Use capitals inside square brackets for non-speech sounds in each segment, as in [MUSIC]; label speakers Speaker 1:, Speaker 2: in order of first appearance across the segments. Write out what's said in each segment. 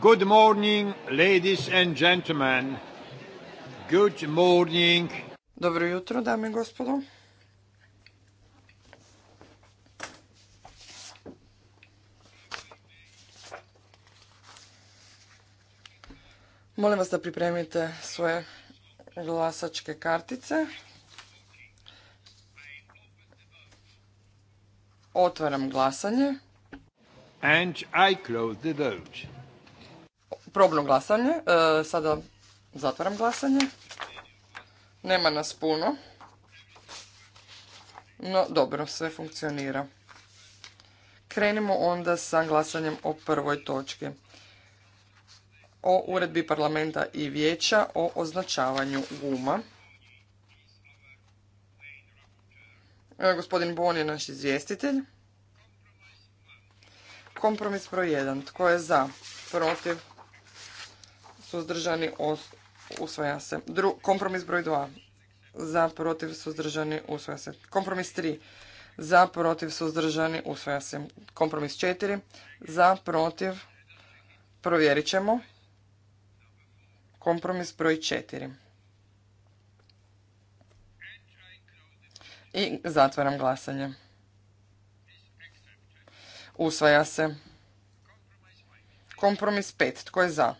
Speaker 1: Good morning, ladies and gentlemen.
Speaker 2: Good morning. Dobro jutro, dame i gospodo. Molim vas da pripremite svoje glasačke kartice. Otvaram glasanje. And I close the vote probno glasanje. E, sada zatvaram glasanje. Nema nas puno. No, dobro, sve funkcionira. Krenimo onda sa glasanjem o prvoj točki. O uredbi parlamenta i vijeća o označavanju guma. E, gospodin Bon je naš izvjestitelj. Kompromis broj 1. Tko je za? Protiv? suzdržani, usvaja se. kompromis broj 2, za, protiv, suzdržani, usvaja se. Kompromis 3, za, protiv, suzdržani, usvaja se. Kompromis 4, za, protiv, provjerit ćemo. Kompromis broj 4. I zatvaram glasanje. Usvaja se. Kompromis 5. Tko je za?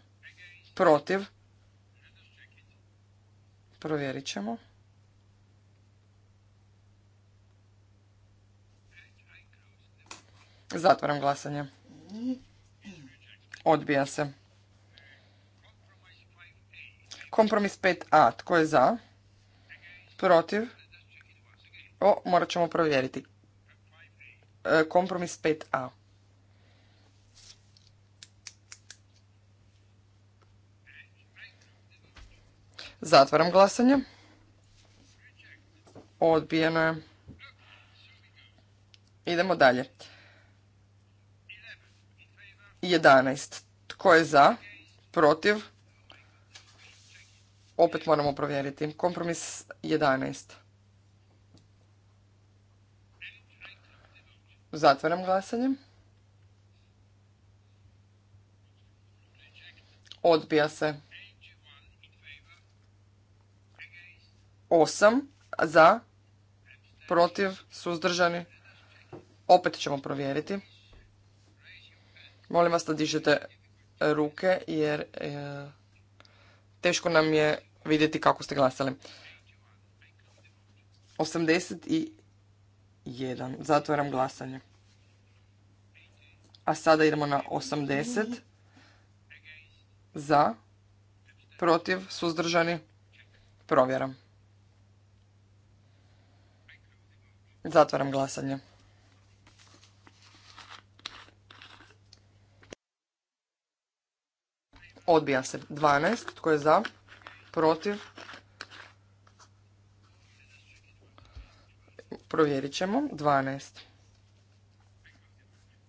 Speaker 2: protiv, provjerit ćemo. Zatvaram glasanje. Odbija se. Kompromis 5a. Tko je za? Protiv? O, morat ćemo provjeriti. E, kompromis 5a. Zatvaram glasanje. Odbijeno je. Idemo dalje. 11. Tko je za? Protiv? Opet moramo provjeriti. Kompromis 11. Zatvaram glasanje. Odbija se. 8 za, protiv, suzdržani. Opet ćemo provjeriti. Molim vas da dižete ruke jer e, teško nam je vidjeti kako ste glasali. 81. Zatvaram glasanje. A sada idemo na 80. Za. Protiv. Suzdržani. Provjeram. Zatvaram glasanje. Odbija se 12. Tko je za? Protiv? Provjerit ćemo. 12.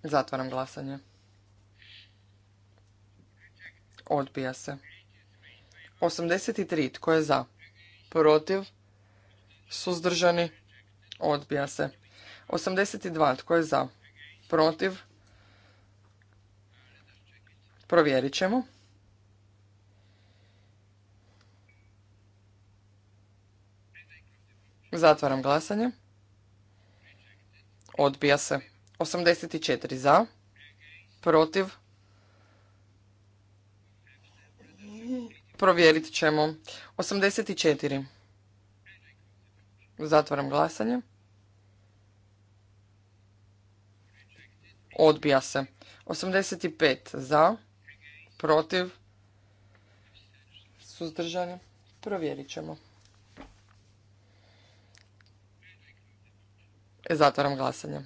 Speaker 2: Zatvaram glasanje. Odbija se. 83. Tko je za? Protiv? Suzdržani? Odbija se. 82. Tko je za? Protiv? Provjerit ćemo. Zatvaram glasanje. Odbija se. 84 za. Protiv. Provjerit ćemo. 84. Zatvaram glasanje. Odbija se. 85 za, protiv, suzdržanje. Provjerit ćemo. E, zatvaram glasanje.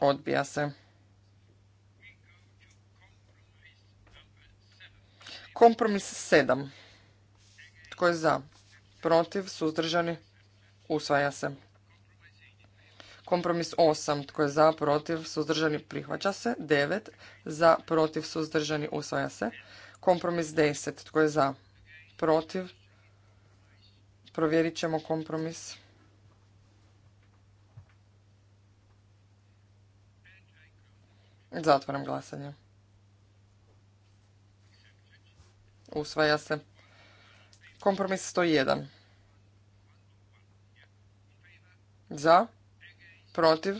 Speaker 2: Odbija se. Kompromis 7. Tko je za? protiv, suzdržani, usvaja se. Kompromis 8, tko je za, protiv, suzdržani, prihvaća se. 9, za, protiv, suzdržani, usvaja se. Kompromis 10, tko je za, protiv, provjerit ćemo kompromis. Zatvaram glasanje. Usvaja se. Kompromis 101. Za. Protiv.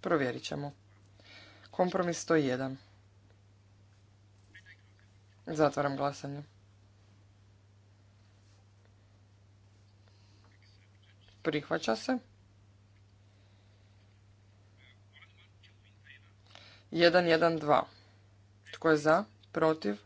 Speaker 2: Provjerit ćemo. Kompromis 101. Zatvaram glasanje. Prihvaća se. dva. Tko je za? Protiv?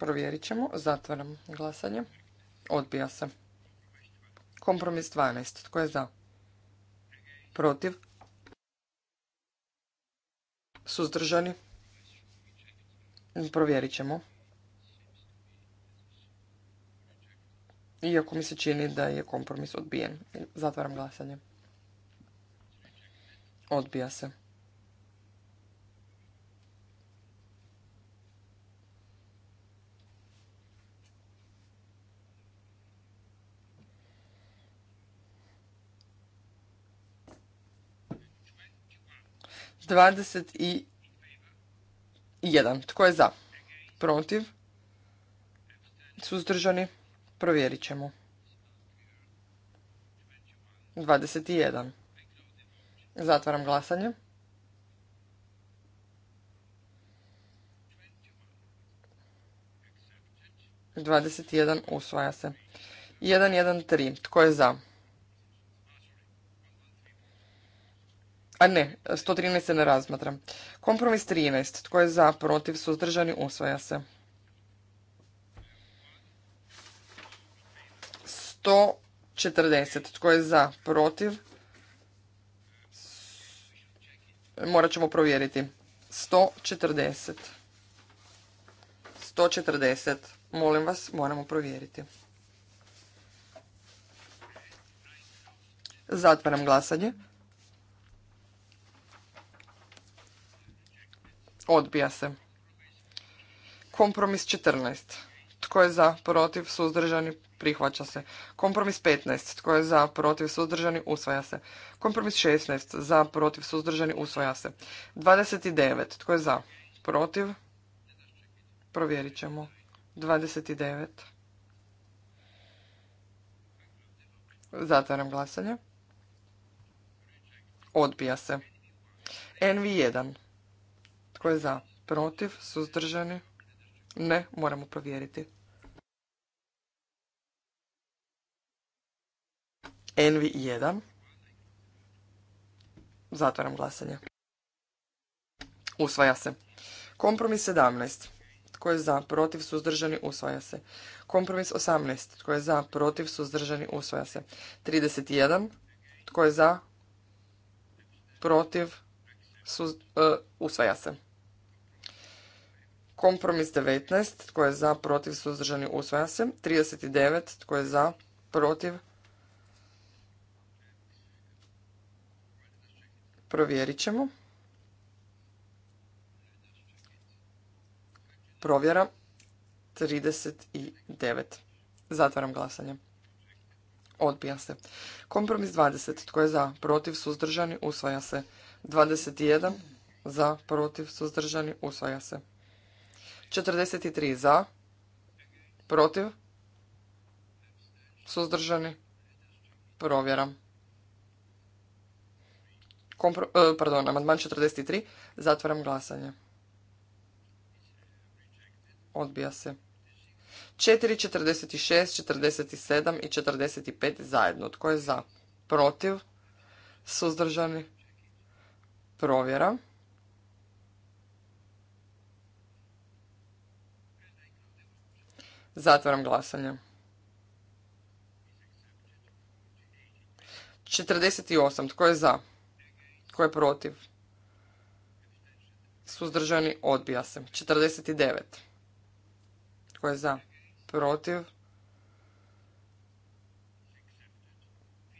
Speaker 2: Provjerit ćemo. Zatvaram glasanje. Odbija se. Kompromis 12. Tko je za? Protiv? Suzdržani? Provjerit ćemo. Iako mi se čini da je kompromis odbijen. Zatvaram glasanje. Odbija se. 21. Tko je za? Protiv? Suzdržani? Provjerit ćemo. 21. Zatvaram glasanje. 21. Usvaja se. 1, 1, 3 Tko je za? A ne, 113 se ne razmatra. Kompromis 13. Tko je za, protiv, suzdržani, usvaja se. 140. Tko je za, protiv? Morat ćemo provjeriti. 140. 140. Molim vas, moramo provjeriti. Zatvaram glasanje. Odbija se. Kompromis 14. Tko je za, protiv, suzdržani, prihvaća se. Kompromis 15. Tko je za, protiv, suzdržani, usvaja se. Kompromis 16. Za, protiv, suzdržani, usvaja se. 29. Tko je za, protiv, provjerit ćemo. 29. Zatvaram glasanje. Odbija se. NV1. Tko je za? Protiv? Suzdržani? Ne, moramo provjeriti. Envi 1. Zatvaram glasanje. Usvaja se. Kompromis 17. Tko je za? Protiv? Suzdržani? Usvaja se. Kompromis 18. Tko je za? Protiv? Suzdržani? Usvaja se. 31. Tko je za? Protiv? Suz, e, usvaja se. Kompromis 19, tko je za, protiv, suzdržani, usvaja se. 39, tko je za, protiv. Provjerit ćemo. Provjera 39. Zatvaram glasanje. Odbija se. Kompromis 20. Tko je za? Protiv, suzdržani, usvaja se. 21. Za, protiv, suzdržani, usvaja se. 43 za, protiv, suzdržani, provjera. E, pardon, amandman 43, zatvaram glasanje. Odbija se. 4, 46, 47 i 45 zajedno. Tko je za? Protiv? Suzdržani? Provjera. Zatvaram glasanje. 48. Tko je za? Tko je protiv? Suzdržani odbija se. 49. Tko je za? Protiv?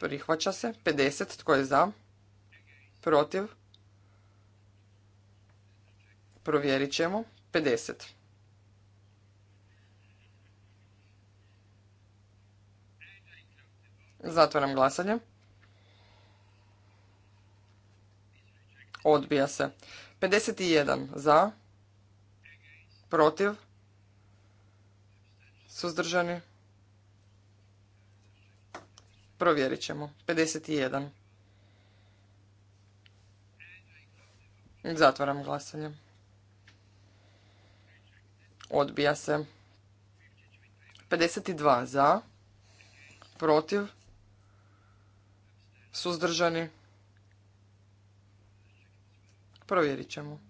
Speaker 2: Prihvaća se. 50. Tko je za? Protiv? Provjerit ćemo. 50. Zatvaram glasanje. Odbija se. 51 za. Protiv. Suzdržani. Provjerit ćemo. 51. Zatvaram glasanje. Odbija se. 52 za. Protiv. Suzdržani? Provjerit ćemo.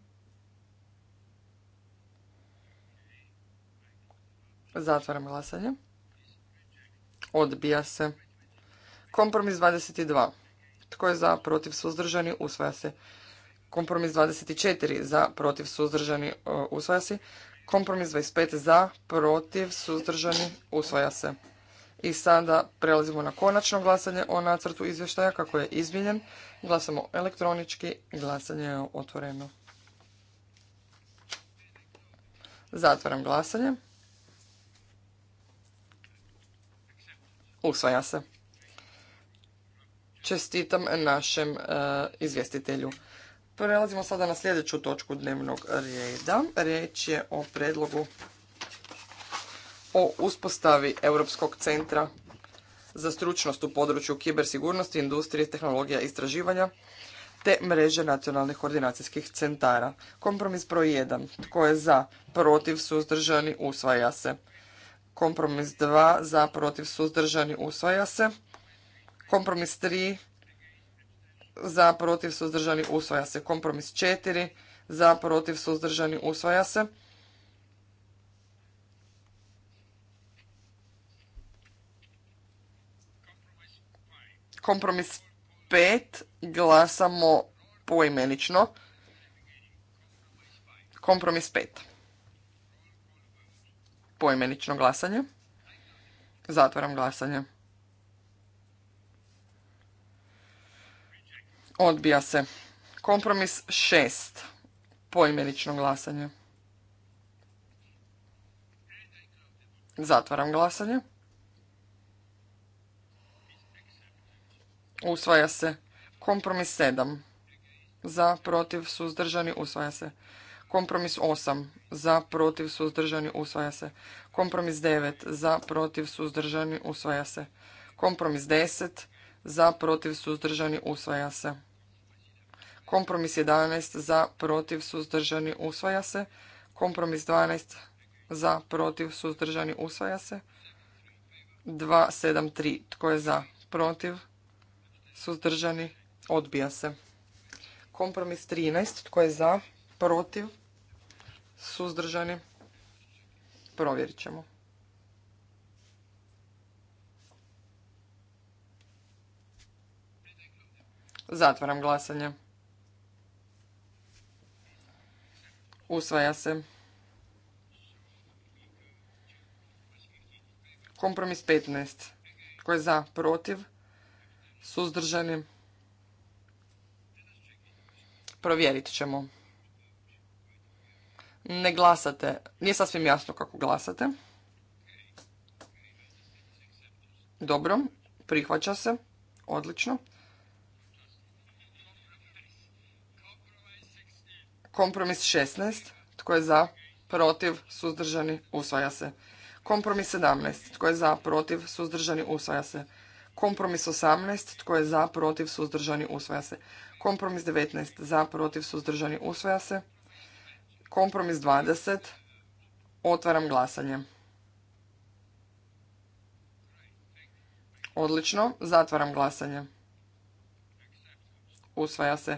Speaker 2: Zatvaram glasanje. Odbija se. Kompromis 22. Tko je za, protiv, suzdržani, usvaja se. Kompromis 24. E, za, protiv, suzdržani, usvaja se. Kompromis 25. Za, protiv, suzdržani, usvaja se. I sada prelazimo na konačno glasanje o nacrtu izvještaja kako je izmijenjen. Glasamo elektronički, glasanje je otvoreno. Zatvaram glasanje. Usvaja se. Čestitam našem e, izvjestitelju. Prelazimo sada na sljedeću točku dnevnog reda. Riječ je o predlogu o uspostavi Europskog centra za stručnost u području kibersigurnosti, industrije, tehnologija i istraživanja te mreže nacionalnih koordinacijskih centara. Kompromis broj 1. Tko je za? Protiv? Suzdržani? Usvaja se. Kompromis 2. Za? Protiv? Suzdržani? Usvaja se. Kompromis 3. Za? Protiv? Suzdržani? Usvaja se. Kompromis 4. Za? Protiv? Suzdržani? Usvaja se. Kompromis 5 glasamo poimenično. Kompromis 5. Poimenično glasanje. Zatvaram glasanje. Odbija se. Kompromis 6. Poimenično glasanje. Zatvaram glasanje. usvaja se. Kompromis 7 za, protiv, suzdržani, usvaja se. Kompromis 8 za, protiv, suzdržani, usvaja se. Kompromis 9 za, protiv, suzdržani, usvaja se. Kompromis 10 za, protiv, suzdržani, usvaja se. Kompromis 11 za, protiv, suzdržani, usvaja se. Kompromis 12 za, protiv, suzdržani, usvaja se. 2, 7, 3. Tko je za? Protiv? suzdržani, odbija se. Kompromis 13, tko je za, protiv, suzdržani, provjerit ćemo. Zatvaram glasanje. Usvaja se. Kompromis 15. Tko je za, protiv, Suzdržani? Provjerit ćemo. Ne glasate. Nije sasvim jasno kako glasate. Dobro, prihvaća se. Odlično. Kompromis 16. Tko je za? Protiv? Suzdržani? Usvaja se. Kompromis 17. Tko je za? Protiv? Suzdržani? Usvaja se. Kompromis 18. Tko je za, protiv, suzdržani, usvaja se. Kompromis 19. Za, protiv, suzdržani, usvaja se. Kompromis 20. Otvaram glasanje. Odlično. Zatvaram glasanje. Usvaja se.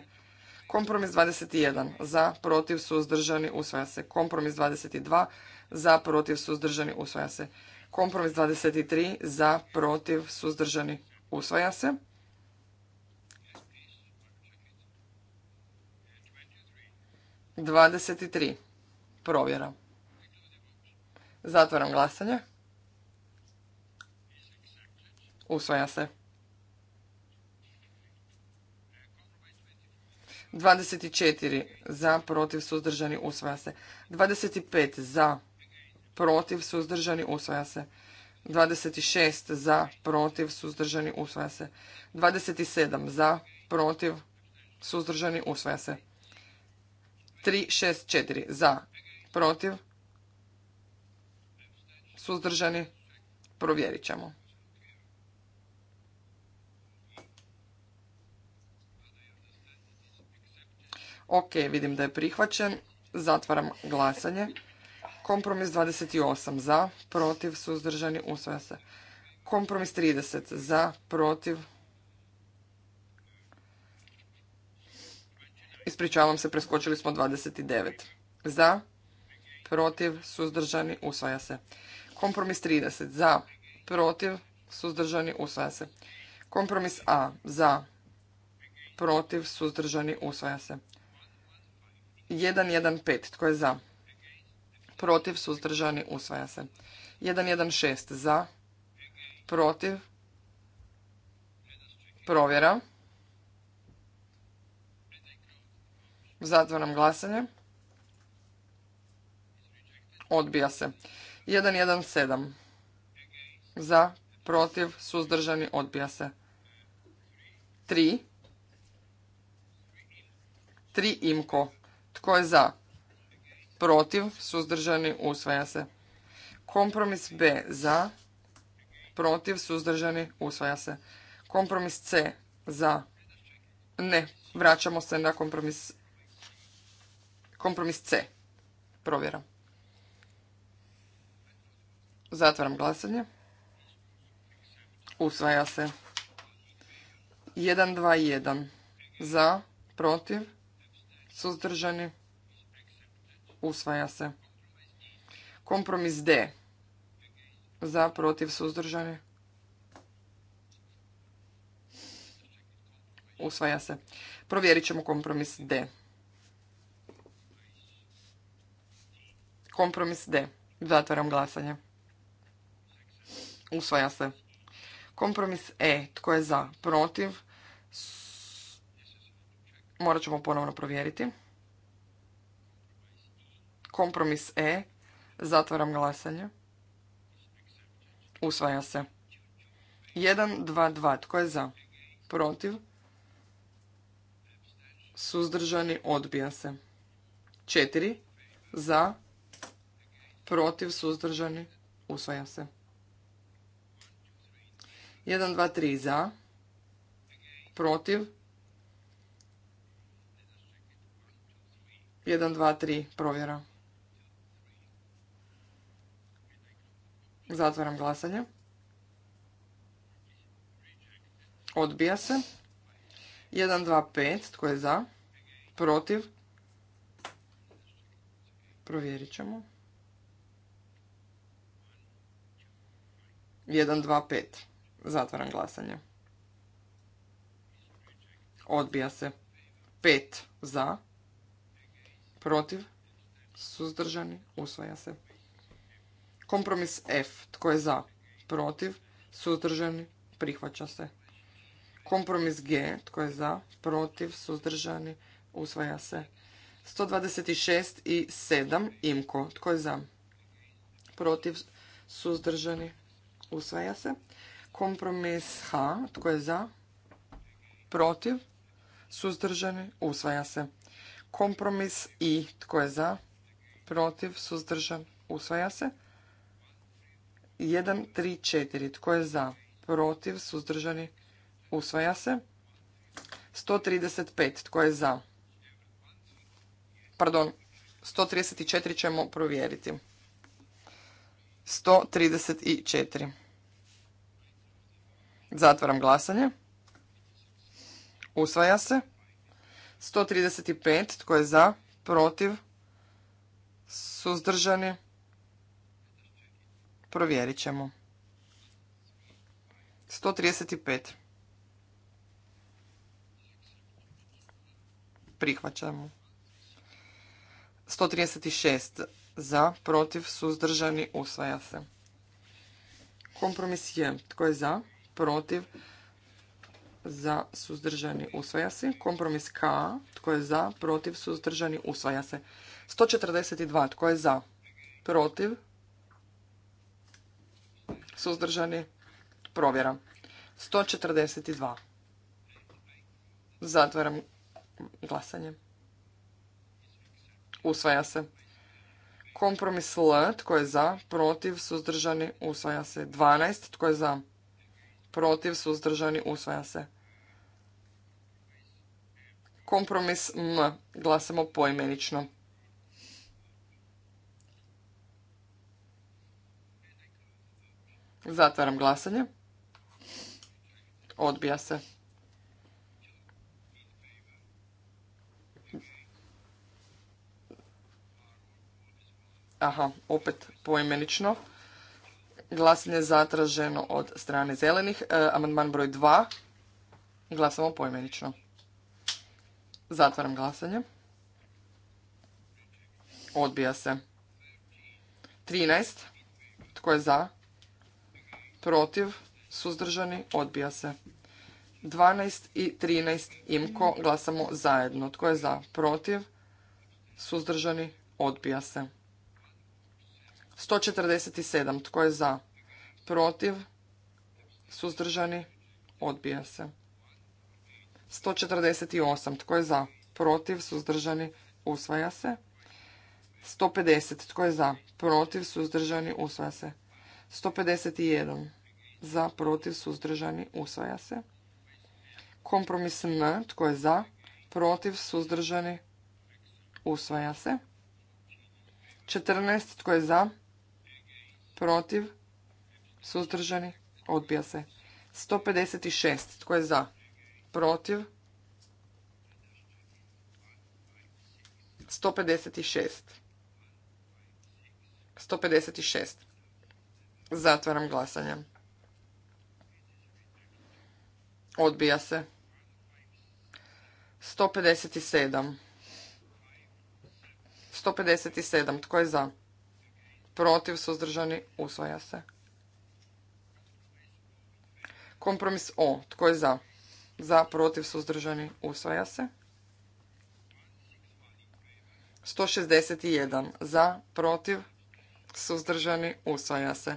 Speaker 2: Kompromis 21. Za, protiv, suzdržani, usvaja se. Kompromis 22. Za, protiv, suzdržani, usvaja se. Kompromis 23 za, protiv, suzdržani, usvaja se. 23. Provjera. Zatvaram glasanje. Usvaja se. 24 za, protiv, suzdržani, usvaja se. 25 za, protiv, suzdržani, usvaja se. 26 za, protiv, suzdržani, usvaja se. 27 za, protiv, suzdržani, usvaja se. 364 za, protiv, suzdržani, provjerit ćemo. Ok, vidim da je prihvaćen. Zatvaram glasanje. Kompromis 28 za, protiv, suzdržani, usvaja se. Kompromis 30 za, protiv. Ispričavam se, preskočili smo 29. Za, protiv, suzdržani, usvaja se. Kompromis 30 za, protiv, suzdržani, usvaja se. Kompromis A za, protiv, suzdržani, usvaja se. 115. Tko je za? protiv, suzdržani, usvaja se. 116 za, protiv, provjera. Zatvaram glasanje. Odbija se. 117 za, protiv, suzdržani, odbija se. 3. 3 imko. Tko je za? protiv, suzdržani, usvaja se. Kompromis B za, protiv, suzdržani, usvaja se. Kompromis C za, ne, vraćamo se na kompromis, kompromis C. Provjeram. Zatvaram glasanje. Usvaja se. 1, 2, 1. Za, protiv, suzdržani, Usvaja se. Kompromis D. Za, protiv, suzdržane Usvaja se. Provjerit ćemo kompromis D. Kompromis D. Zatvaram glasanje. Usvaja se. Kompromis E. Tko je za? Protiv? Morat ćemo ponovno provjeriti. Kompromis E. Zatvaram glasanje. Usvaja se. 1, 2, 2. Tko je za? Protiv? Suzdržani odbija se. 4. Za? Protiv? Suzdržani? Usvaja se. 1, 2, 3. Za? Protiv? 1, 2, 3. Provjera. Zatvaram glasanje. Odbija se. 1, 2, 5. Tko je za? Protiv? Provjerit ćemo. 1, 2, 5. Zatvaram glasanje. Odbija se. 5 za. Protiv? Suzdržani? Usvaja se. Kompromis F. Tko je za? Protiv? Suzdržani? Prihvaća se. Kompromis G. Tko je za? Protiv? Suzdržani? Usvaja se. 126 i 7. Imko. Tko je za? Protiv? Suzdržani? Usvaja se. Kompromis H. Tko je za? Protiv? Suzdržani? Usvaja se. Kompromis I. Tko je za? Protiv? Suzdržan? Usvaja se. 1, 3, 4. Tko je za? Protiv, suzdržani, usvaja se. 135. Tko je za? Pardon, 134 ćemo provjeriti. 134. Zatvaram glasanje. Usvaja se. 135. Tko je za? Protiv? Suzdržani? Provjerit ćemo. 135. Prihvaćamo. 136. Za, protiv, suzdržani, usvaja se. Kompromis je. Tko je za, protiv, za, suzdržani, usvaja se. Kompromis K. Tko je za, protiv, suzdržani, usvaja se. 142. Tko je za, protiv, suzdržani, provjera. 142. Zatvaram glasanje. Usvaja se. Kompromis L, tko je za, protiv, suzdržani, usvaja se. 12, tko je za, protiv, suzdržani, usvaja se. Kompromis M, glasamo poimenično. Zatvaram glasanje. Odbija se. Aha, opet poimenično. Glasanje je zatraženo od strane zelenih. E, amandman broj 2. Glasamo poimenično. Zatvaram glasanje. Odbija se. 13. Tko je za? protiv, suzdržani, odbija se. 12 i 13 imko glasamo zajedno. Tko je za? Protiv, suzdržani, odbija se. 147. Tko je za? Protiv, suzdržani, odbija se. 148. Tko je za? Protiv, suzdržani, usvaja se. 150. Tko je za? Protiv, suzdržani, usvaja se. 151 za, protiv, suzdržani, usvaja se. Kompromis N, tko je za, protiv, suzdržani, usvaja se. 14, tko je za, protiv, suzdržani, odbija se. 156, tko je za, protiv, 156. 156. Zatvaram glasanje. Odbija se. 157. 157. Tko je za? Protiv suzdržani usvaja se. Kompromis O. Tko je za? Za, protiv, suzdržani, usvaja se. 161. Za, protiv, suzdržani, usvaja se.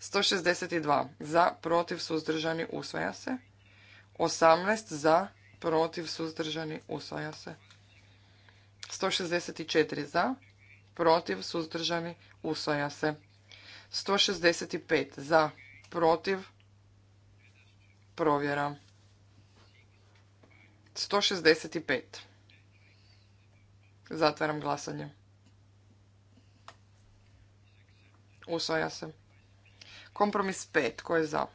Speaker 2: 162 za, protiv, suzdržani, usvaja se. 18 za, protiv, suzdržani, usvaja se. 164 za, protiv, suzdržani, usvaja se. 165 za, protiv, provjera. 165. Zatvaram glasanje. Usvaja se. Kompromis 5. Tko je za?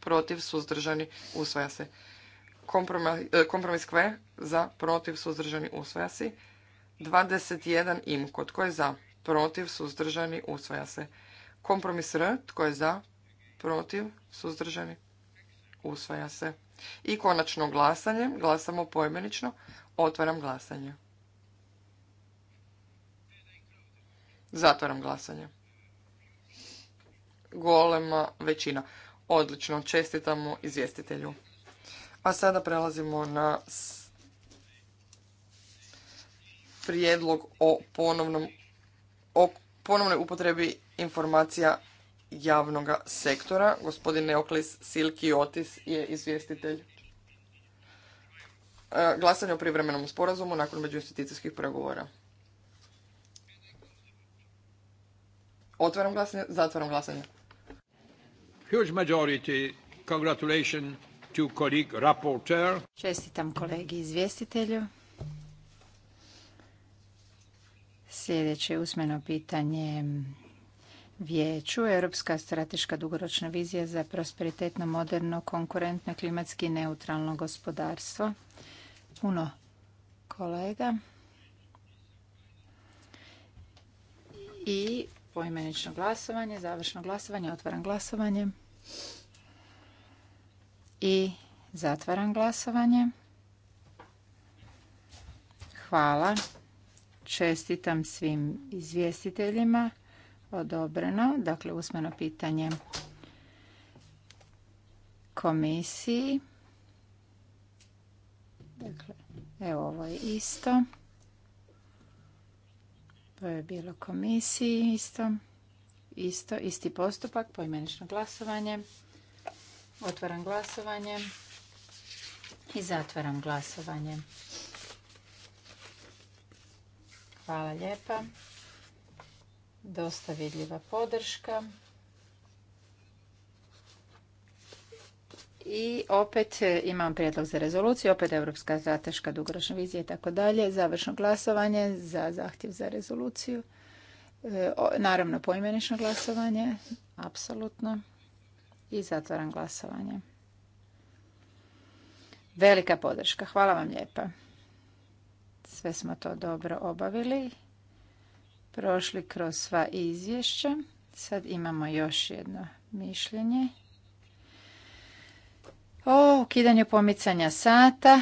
Speaker 2: Protiv, suzdržani, usvaja se. E, kompromis, kompromis za, protiv, suzdržani, usvaja se. 21 imko. Tko je za? Protiv, suzdržani, usvaja se. Kompromis R. Tko je za? Protiv, suzdržani, usvaja se. I konačno glasanje. Glasamo poimenično. Otvaram glasanje. Zatvaram glasanje golema većina. Odlično, čestitamo izvjestitelju. A sada prelazimo na prijedlog o ponovnom o ponovnoj upotrebi informacija javnog sektora. Gospodin Neoklis Otis je izvjestitelj. E, glasanje o privremenom sporazumu nakon međuinstitucijskih pregovora. Otvaram glasanje, zatvaram glasanje.
Speaker 1: Huge majority. Congratulations to colleague rapporteur.
Speaker 3: Čestitam kolegi izvjestitelju. Sljedeće usmeno pitanje vijeću. Europska strateška dugoročna vizija za prosperitetno, moderno, konkurentno, klimatski neutralno gospodarstvo. Puno kolega. I poimenično glasovanje, završno glasovanje, otvaram glasovanje i zatvaram glasovanje. Hvala. Čestitam svim izvjestiteljima. Odobreno. Dakle, usmeno pitanje komisiji. Dakle, evo ovo je isto. To je bilo komisiji isto. Isto, isti postupak, poimenično glasovanje. Otvaram glasovanje i zatvaram glasovanje. Hvala lijepa. Dosta vidljiva podrška. I opet e, imam prijedlog za rezoluciju, opet Europska strateška dugoročna vizija i tako dalje. Završno glasovanje za zahtjev za rezoluciju. E, naravno poimenično glasovanje, apsolutno. I zatvaram glasovanje. Velika podrška. Hvala vam lijepa. Sve smo to dobro obavili. Prošli kroz sva izvješća. Sad imamo još jedno mišljenje o ukidanju pomicanja sata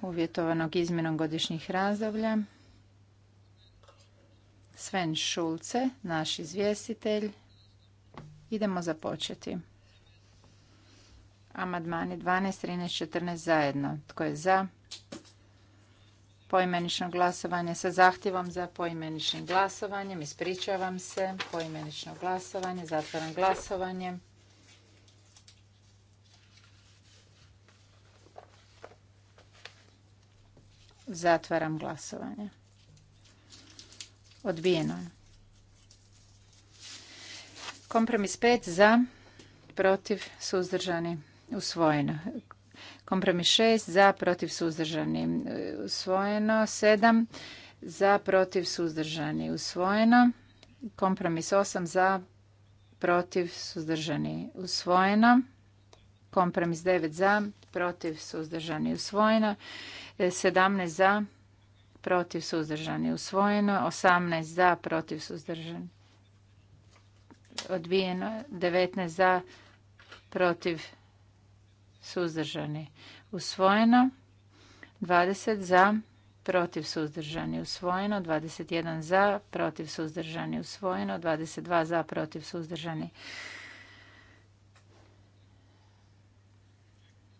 Speaker 3: uvjetovanog izmjenom godišnjih razdoblja. Sven Šulce, naš izvjestitelj. Idemo započeti. Amadmani 12, 13, 14 zajedno. Tko je za? Poimenično glasovanje sa zahtjevom za poimeničnim glasovanjem. Ispričavam se. Poimenično glasovanje. Zatvaram glasovanje. Zatvaram glasovanje. Odbijeno je. Kompromis 5 za, protiv, suzdržani, usvojeno. Kompromis 6 za, protiv, suzdržani, usvojeno. 7 za, protiv, suzdržani, usvojeno. Kompromis 8 za, protiv, suzdržani, usvojeno. Kompromis 9 za, protiv, suzdržani, usvojeno. 17 za, protiv suzdržani usvojeno, 18 za, protiv suzdržani odbijeno, 19 za, protiv suzdržani usvojeno, 20 za, protiv suzdržani usvojeno, 21 za, protiv suzdržani usvojeno, 22 za, protiv suzdržani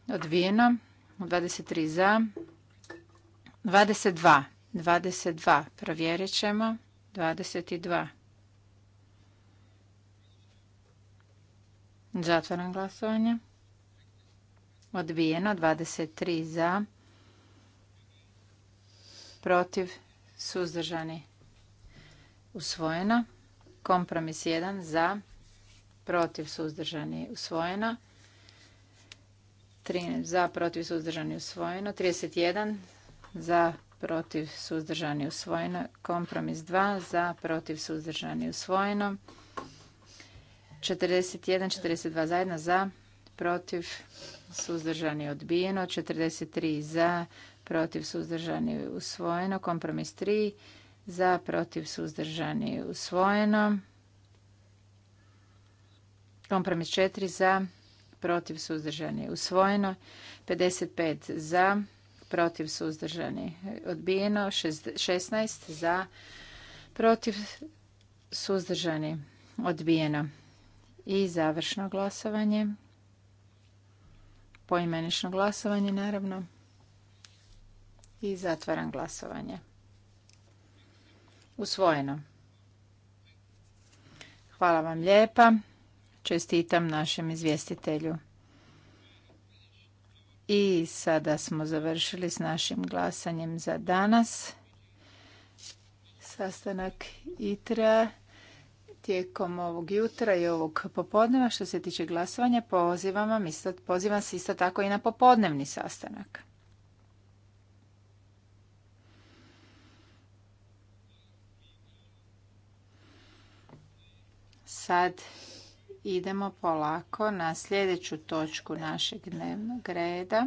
Speaker 3: odbijeno, 23 za, 22. 22. Provjerit ćemo. 22. Zatvaram glasovanje. Odbijeno. 23 za. Protiv. Suzdržani. Usvojeno. Kompromis 1 za. Protiv. Suzdržani. Usvojeno. 13 za. Protiv. Suzdržani. Usvojeno. 31 za, protiv, suzdržani, usvojeno. Kompromis 2 za, protiv, suzdržani, usvojeno. 41, 42 zajedno za, protiv, suzdržani, odbijeno. 43 za, protiv, suzdržani, usvojeno. Kompromis 3 za, protiv, suzdržani, usvojeno. Kompromis 4 za, protiv, suzdržani, usvojeno. 55 za, protiv suzdržani odbijeno, 16 za protiv suzdržani odbijeno. I završno glasovanje, poimenično glasovanje naravno i zatvaram glasovanje. Usvojeno. Hvala vam lijepa. Čestitam našem izvjestitelju. I sada smo završili s našim glasanjem za danas. Sastanak ITRA tijekom ovog jutra i ovog popodneva što se tiče glasovanja pozivam, vam isto, pozivam se isto tako i na popodnevni sastanak. Sad idemo polako na sljedeću točku našeg dnevnog reda.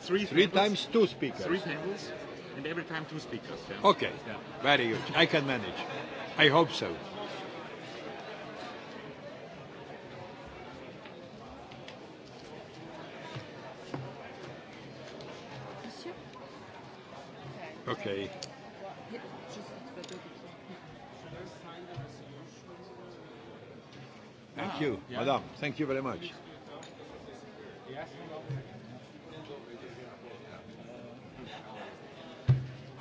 Speaker 1: three, three times two speakers. Three
Speaker 4: tables. and every time two speakers. Yeah. Okay, yeah.
Speaker 1: very good. I can manage. I hope so. Okay.
Speaker 5: Thank ah, you, madame. Thank you very much.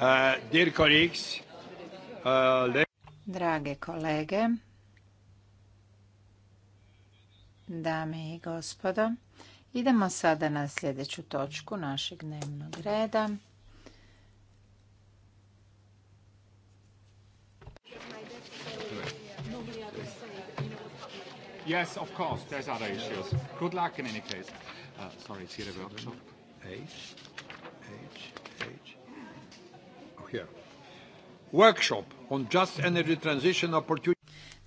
Speaker 3: Uh, uh, Drage kolege, dame i gospodo, idemo sada na sljedeću točku našeg dnevnog reda.
Speaker 1: Yes, of course, there's other issues. Good luck in any case. Uh, sorry, it's here a workshop. Eight.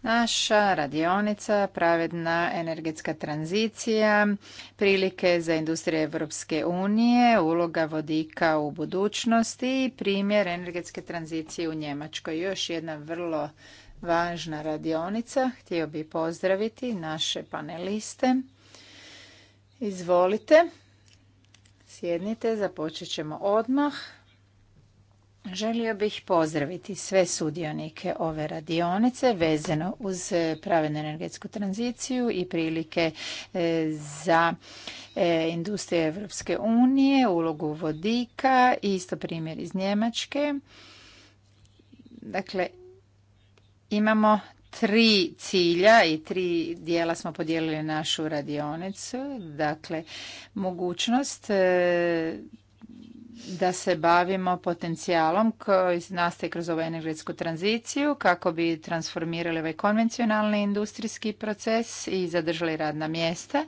Speaker 3: Naša radionica Pravedna energetska tranzicija, prilike za industrije Europske unije, uloga vodika u budućnosti i primjer energetske tranzicije u Njemačkoj. Još jedna vrlo važna radionica. Htio bih pozdraviti naše paneliste. Izvolite, sjednite, započet ćemo odmah. Želio bih pozdraviti sve sudionike ove radionice vezano uz pravednu energetsku tranziciju i prilike e, za e, industrije Evropske unije, ulogu vodika i isto primjer iz Njemačke. Dakle, imamo tri cilja i tri dijela smo podijelili našu radionicu. Dakle, mogućnost e, da se bavimo potencijalom koji nastaje kroz ovu energetsku tranziciju kako bi transformirali ovaj konvencionalni industrijski proces i zadržali radna mjesta.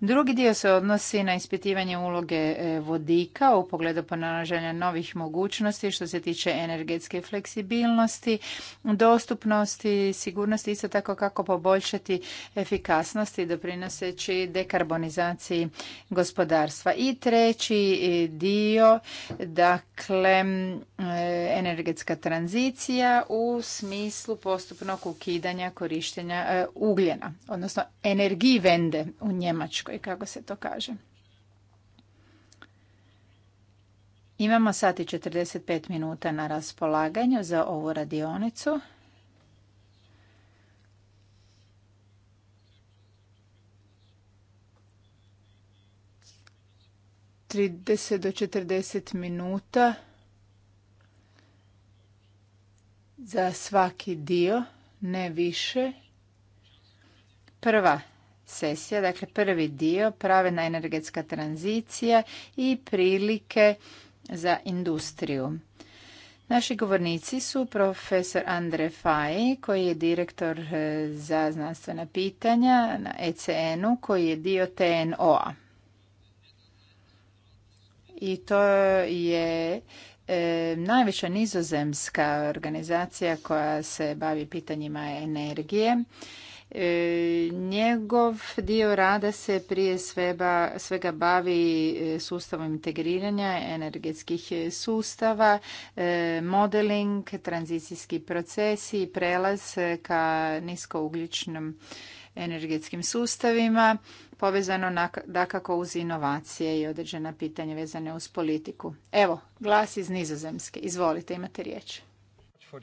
Speaker 3: Drugi dio se odnosi na ispitivanje uloge e, vodika u pogledu ponalaženja novih mogućnosti što se tiče energetske fleksibilnosti, dostupnosti, sigurnosti, isto tako kako poboljšati efikasnost i doprinoseći dekarbonizaciji gospodarstva. I treći e, dio Dakle, e, energetska tranzicija u smislu postupnog ukidanja korištenja e, ugljena, odnosno vende u Njemačkoj, kako se to kaže. Imamo sat i 45 minuta na raspolaganju za ovu radionicu. 30 do 40 minuta za svaki dio, ne više. Prva sesija, dakle prvi dio, pravena energetska tranzicija i prilike za industriju. Naši govornici su profesor Andre Faj, koji je direktor eh, za znanstvena pitanja na ECN-u, koji je dio TNO-a i to je E, najveća nizozemska organizacija koja se bavi pitanjima energije. E, njegov dio rada se prije svega, svega bavi e, sustavom integriranja energetskih sustava, e, modeling, tranzicijski procesi, prelaz ka niskougljičnom energetskim sustavima povezano dakako uz inovacije i određena pitanja vezane uz politiku. Evo, glas iz Nizozemske. Izvolite, imate riječ. Uh,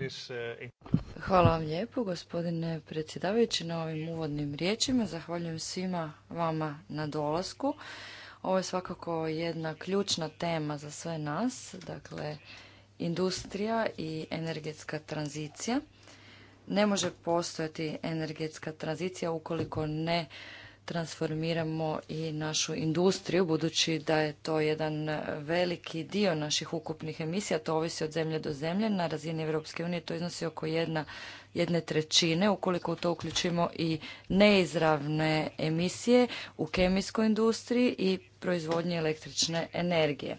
Speaker 3: Hvala vam lijepo, gospodine predsjedavajući,
Speaker 6: na ovim uvodnim riječima. Zahvaljujem svima vama na dolasku. Ovo je svakako jedna ključna tema za sve nas, dakle, industrija i energetska tranzicija. Ne može postojati energetska tranzicija ukoliko ne transformiramo i našu industriju, budući da je to jedan veliki dio naših ukupnih emisija, to ovisi od zemlje do zemlje. Na razini Europske unije to iznosi oko jedna, jedne trećine, ukoliko u to uključimo i neizravne emisije u kemijskoj industriji i proizvodnje električne energije.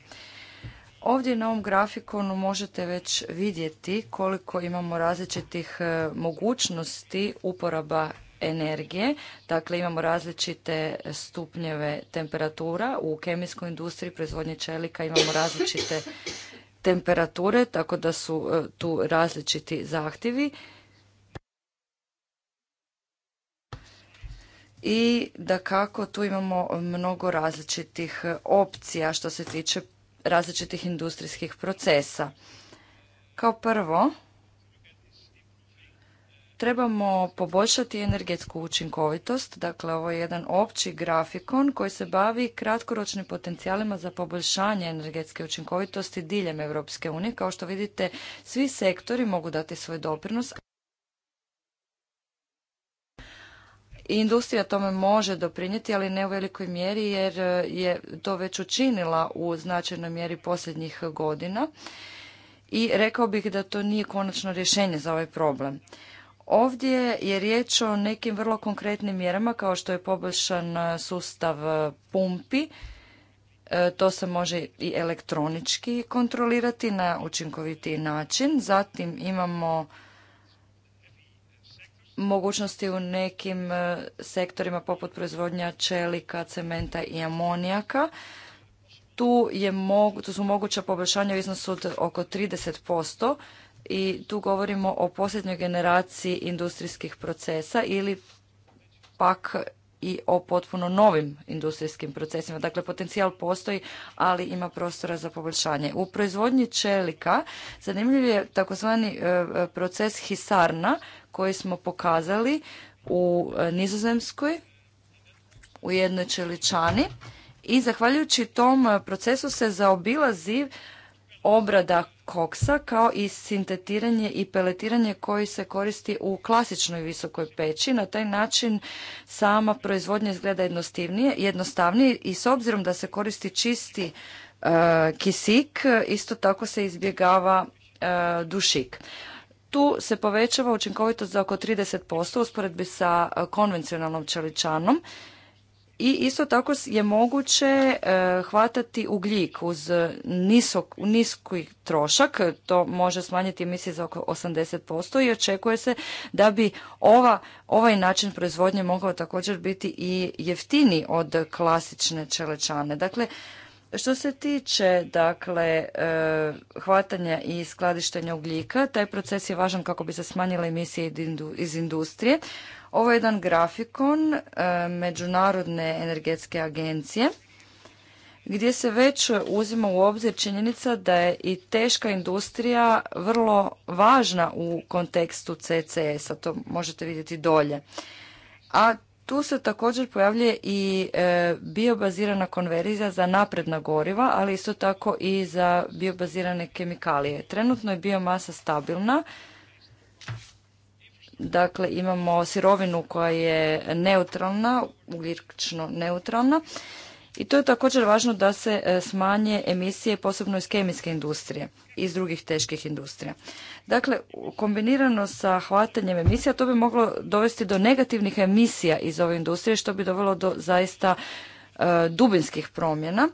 Speaker 6: Ovdje na ovom grafikonu možete već vidjeti koliko imamo različitih e, mogućnosti uporaba energije. Dakle, imamo različite stupnjeve temperatura. U kemijskoj industriji proizvodnje čelika imamo različite temperature, tako da su e, tu različiti zahtjevi. I da kako tu imamo mnogo različitih opcija što se tiče različitih industrijskih procesa. Kao prvo, trebamo poboljšati energetsku učinkovitost. Dakle, ovo je jedan opći grafikon koji se bavi kratkoročnim potencijalima za poboljšanje energetske učinkovitosti diljem Europske unije. Kao što vidite, svi sektori mogu dati svoj doprinos. industrija tome može doprinijeti, ali ne u velikoj mjeri jer je to već učinila u značajnoj mjeri posljednjih godina. I rekao bih da to nije konačno rješenje za ovaj problem. Ovdje je riječ o nekim vrlo konkretnim mjerama kao što je poboljšan e, sustav e, pumpi. E, to se može i elektronički kontrolirati na učinkovitiji način. Zatim imamo mogućnosti u nekim sektorima poput proizvodnja čelika, cementa i amonijaka. Tu, je, su moguća poboljšanja u iznosu od oko 30% i tu govorimo o posljednjoj generaciji industrijskih procesa ili pak i o potpuno novim industrijskim procesima. Dakle, potencijal postoji, ali ima prostora za poboljšanje. U proizvodnji čelika zanimljiv je takozvani e, proces hisarna koji smo pokazali u e, Nizozemskoj u jednoj čeličani i zahvaljujući tom procesu se zaobilazi obrada koksa kao i sintetiranje i peletiranje koji se koristi u klasičnoj visokoj peći. Na taj način sama proizvodnja izgleda jednostavnije, jednostavnije i s obzirom da se koristi čisti e, kisik, isto tako se izbjegava e, dušik. Tu se povećava učinkovitost za oko 30% usporedbi sa e, konvencionalnom čeličanom i isto tako je moguće e, hvatati ugljik uz nisok, niski trošak, to može smanjiti emisije za oko 80% i očekuje se da bi ova, ovaj način proizvodnje mogao također biti i jeftini od klasične čelečane. Dakle, što se tiče dakle e, hvatanja i skladištenja ugljika, taj proces je važan kako bi se smanjile emisije iz industrije, ovo je jedan grafikon e, Međunarodne energetske agencije gdje se već uzima u obzir činjenica da je i teška industrija vrlo važna u kontekstu CCS-a, to možete vidjeti dolje. A tu se također pojavljuje i e, biobazirana konverzija za napredna goriva, ali isto tako i za biobazirane kemikalije. Trenutno je biomasa stabilna Dakle, imamo sirovinu koja je neutralna, ugljično neutralna. I to je također važno da se e, smanje emisije posebno iz kemijske industrije i iz drugih teških industrija. Dakle, kombinirano sa hvatanjem emisija to bi moglo dovesti do negativnih emisija iz ove industrije što bi dovelo do zaista e, dubinskih promjena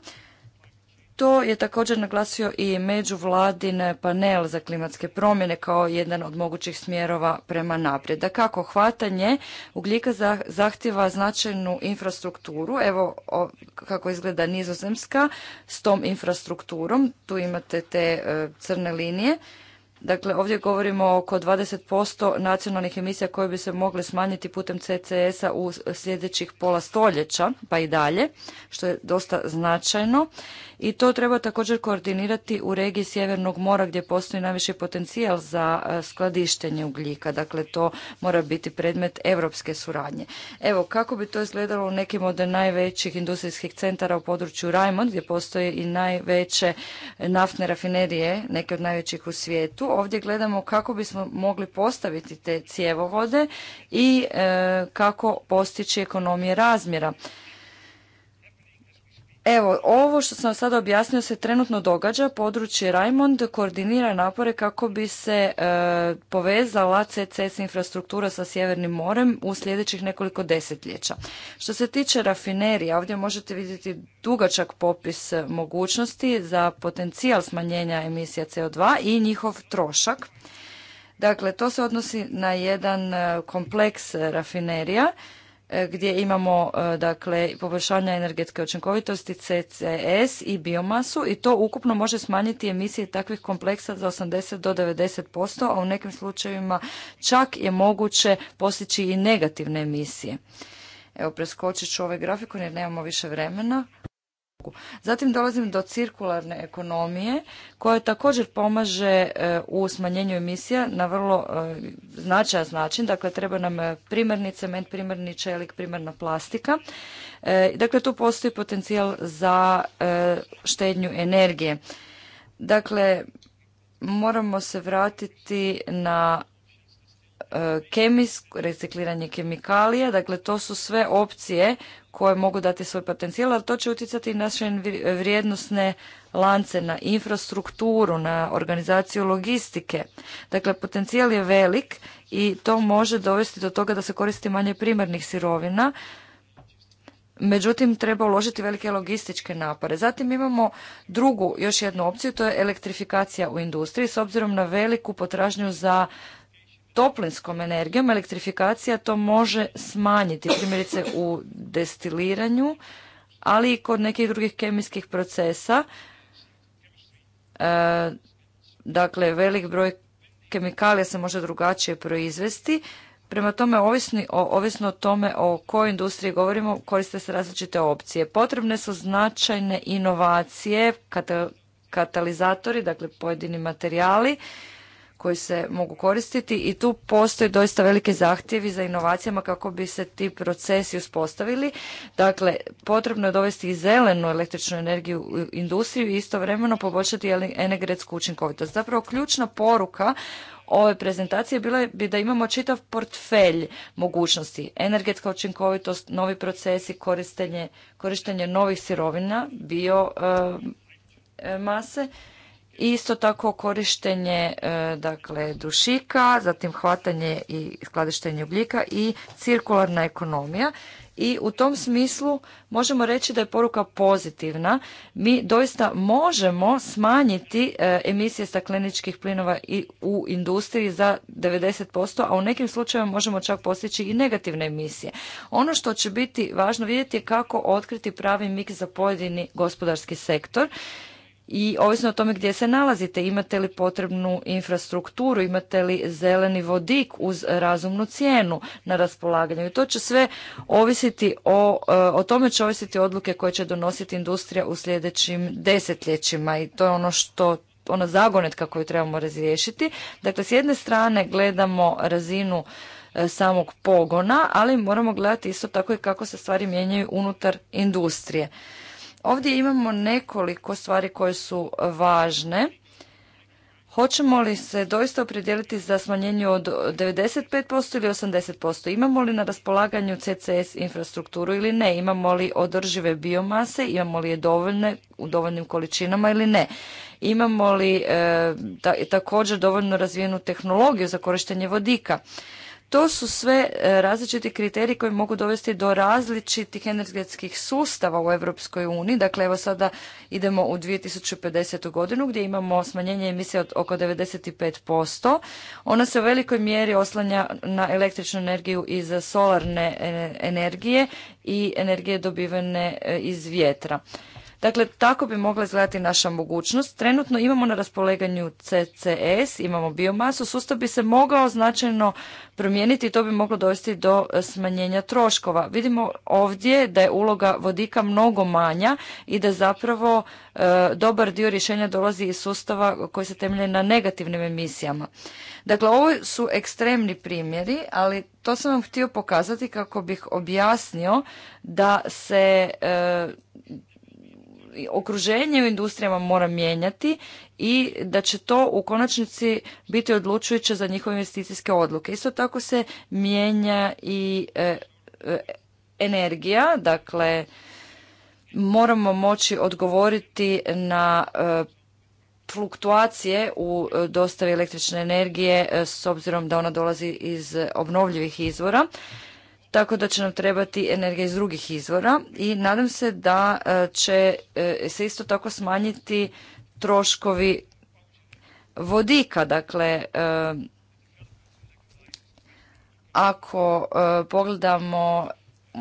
Speaker 6: to je također naglasio i međuvladin panel za klimatske promjene kao jedan od mogućih smjerova prema naprijed. Da kako hvatanje ugljika zahtjeva značajnu infrastrukturu, evo kako izgleda nizozemska s tom infrastrukturom, tu imate te e, crne linije, Dakle, ovdje govorimo oko 20% nacionalnih emisija koje bi se mogle smanjiti putem CCS-a u sljedećih pola stoljeća, pa i dalje, što je dosta značajno. I to treba također koordinirati u regiji Sjevernog mora gdje postoji najviši potencijal za e, skladištenje ugljika. Dakle, to mora biti predmet evropske suradnje. Evo, kako bi to izgledalo u nekim od najvećih industrijskih centara u području Rajmond, gdje postoje i najveće naftne rafinerije, neke od najvećih u svijetu, Ovdje gledamo kako bismo mogli postaviti te cjevovode i e, kako postići ekonomije razmjera. Evo, ovo što sam sada objasnio se trenutno događa. Područje Raimond koordinira napore kako bi se e, povezala CCS infrastruktura sa Sjevernim morem u sljedećih nekoliko desetljeća. Što se tiče rafinerija, ovdje možete vidjeti dugačak popis mogućnosti za potencijal smanjenja emisija CO2 i njihov trošak. Dakle, to se odnosi na jedan e, kompleks rafinerija E, gdje imamo e, dakle poboljšanje energetske učinkovitosti CCS i biomasu i to ukupno može smanjiti emisije takvih kompleksa za 80 do 90%, a u nekim slučajevima čak je moguće postići i negativne emisije. Evo preskočit ću ovaj grafikon jer nemamo više vremena. Zatim dolazim do cirkularne ekonomije koja također pomaže e, u smanjenju emisija na vrlo e, značajan način. Dakle, treba nam primarni cement, primarni čelik, primarna plastika. E, dakle, tu postoji potencijal za štednju energije. Dakle, moramo se vratiti na E, kemijsko, recikliranje kemikalija, dakle to su sve opcije koje mogu dati svoj potencijal, ali to će utjecati i naše vrijednosne lance, na infrastrukturu, na organizaciju logistike. Dakle, potencijal je velik i to može dovesti do toga da se koristi manje primarnih sirovina, međutim treba uložiti velike logističke napore. Zatim imamo drugu, još jednu opciju, to je elektrifikacija u industriji s obzirom na veliku potražnju za toplinskom energijom, elektrifikacija to može smanjiti, primjerice u destiliranju, ali i kod nekih drugih kemijskih procesa. E, dakle, velik broj kemikalija se može drugačije proizvesti. Prema tome, ovisno o tome o kojoj industriji govorimo, koriste se različite opcije. Potrebne su značajne inovacije, katalizatori, dakle pojedini materijali, koji se mogu koristiti i tu postoje doista velike zahtjevi za inovacijama kako bi se ti procesi uspostavili. Dakle, potrebno je dovesti i zelenu električnu energiju u industriju i istovremeno poboljšati energetsku učinkovitost. Zapravo, ključna poruka ove prezentacije bila bi da imamo čitav portfelj mogućnosti. Energetska učinkovitost, novi procesi, korištenje, korištenje novih sirovina, bio eh, eh, mase, Isto tako korištenje e, dakle, dušika, zatim hvatanje i skladištenje ugljika i cirkularna ekonomija. I u tom smislu možemo reći da je poruka pozitivna. Mi doista možemo smanjiti e, emisije stakleničkih plinova i u industriji za 90%, a u nekim slučajevima možemo čak postići i negativne emisije. Ono što će biti važno vidjeti je kako otkriti pravi miks za pojedini gospodarski sektor i ovisno o tome gdje se nalazite, imate li potrebnu infrastrukturu, imate li zeleni vodik uz razumnu cijenu na raspolaganju. I to će sve ovisiti o, e, o tome će ovisiti odluke koje će donositi industrija u sljedećim desetljećima i to je ono što ona zagonetka koju trebamo razriješiti. Dakle, s jedne strane gledamo razinu e, samog pogona, ali moramo gledati isto tako i kako se stvari mijenjaju unutar industrije. Ovdje imamo nekoliko stvari koje su važne. Hoćemo li se doista opredijeliti za smanjenje od 95% ili 80%? Imamo li na raspolaganju CCS infrastrukturu ili ne? Imamo li održive biomase? Imamo li je dovoljne u dovoljnim količinama ili ne? Imamo li e, također dovoljno razvijenu tehnologiju za korištenje vodika? To su sve e, različiti kriteriji koji mogu dovesti do različitih energetskih sustava u Europskoj uniji. Dakle, evo sada idemo u 2050. godinu gdje imamo smanjenje emisije od oko 95%. Ona se u velikoj mjeri oslanja na električnu energiju iz solarne e, energije i energije dobivene e, iz vjetra. Dakle, tako bi mogla izgledati naša mogućnost. Trenutno imamo na raspoleganju CCS, imamo biomasu, sustav bi se mogao značajno promijeniti i to bi moglo dovesti do e, smanjenja troškova. Vidimo ovdje da je uloga vodika mnogo manja i da zapravo e, dobar dio rješenja dolazi iz sustava koji se temelje na negativnim emisijama. Dakle, ovo su ekstremni primjeri, ali to sam vam htio pokazati kako bih objasnio da se e, okruženje u industrijama mora mijenjati i da će to u konačnici biti odlučujuće za njihove investicijske odluke. Isto tako se mijenja i e, e, energija, dakle moramo moći odgovoriti na e, fluktuacije u dostavi električne energije s obzirom da ona dolazi iz obnovljivih izvora tako da će nam trebati energija iz drugih izvora i nadam se da e, će e, se isto tako smanjiti troškovi vodika. Dakle, e, ako pogledamo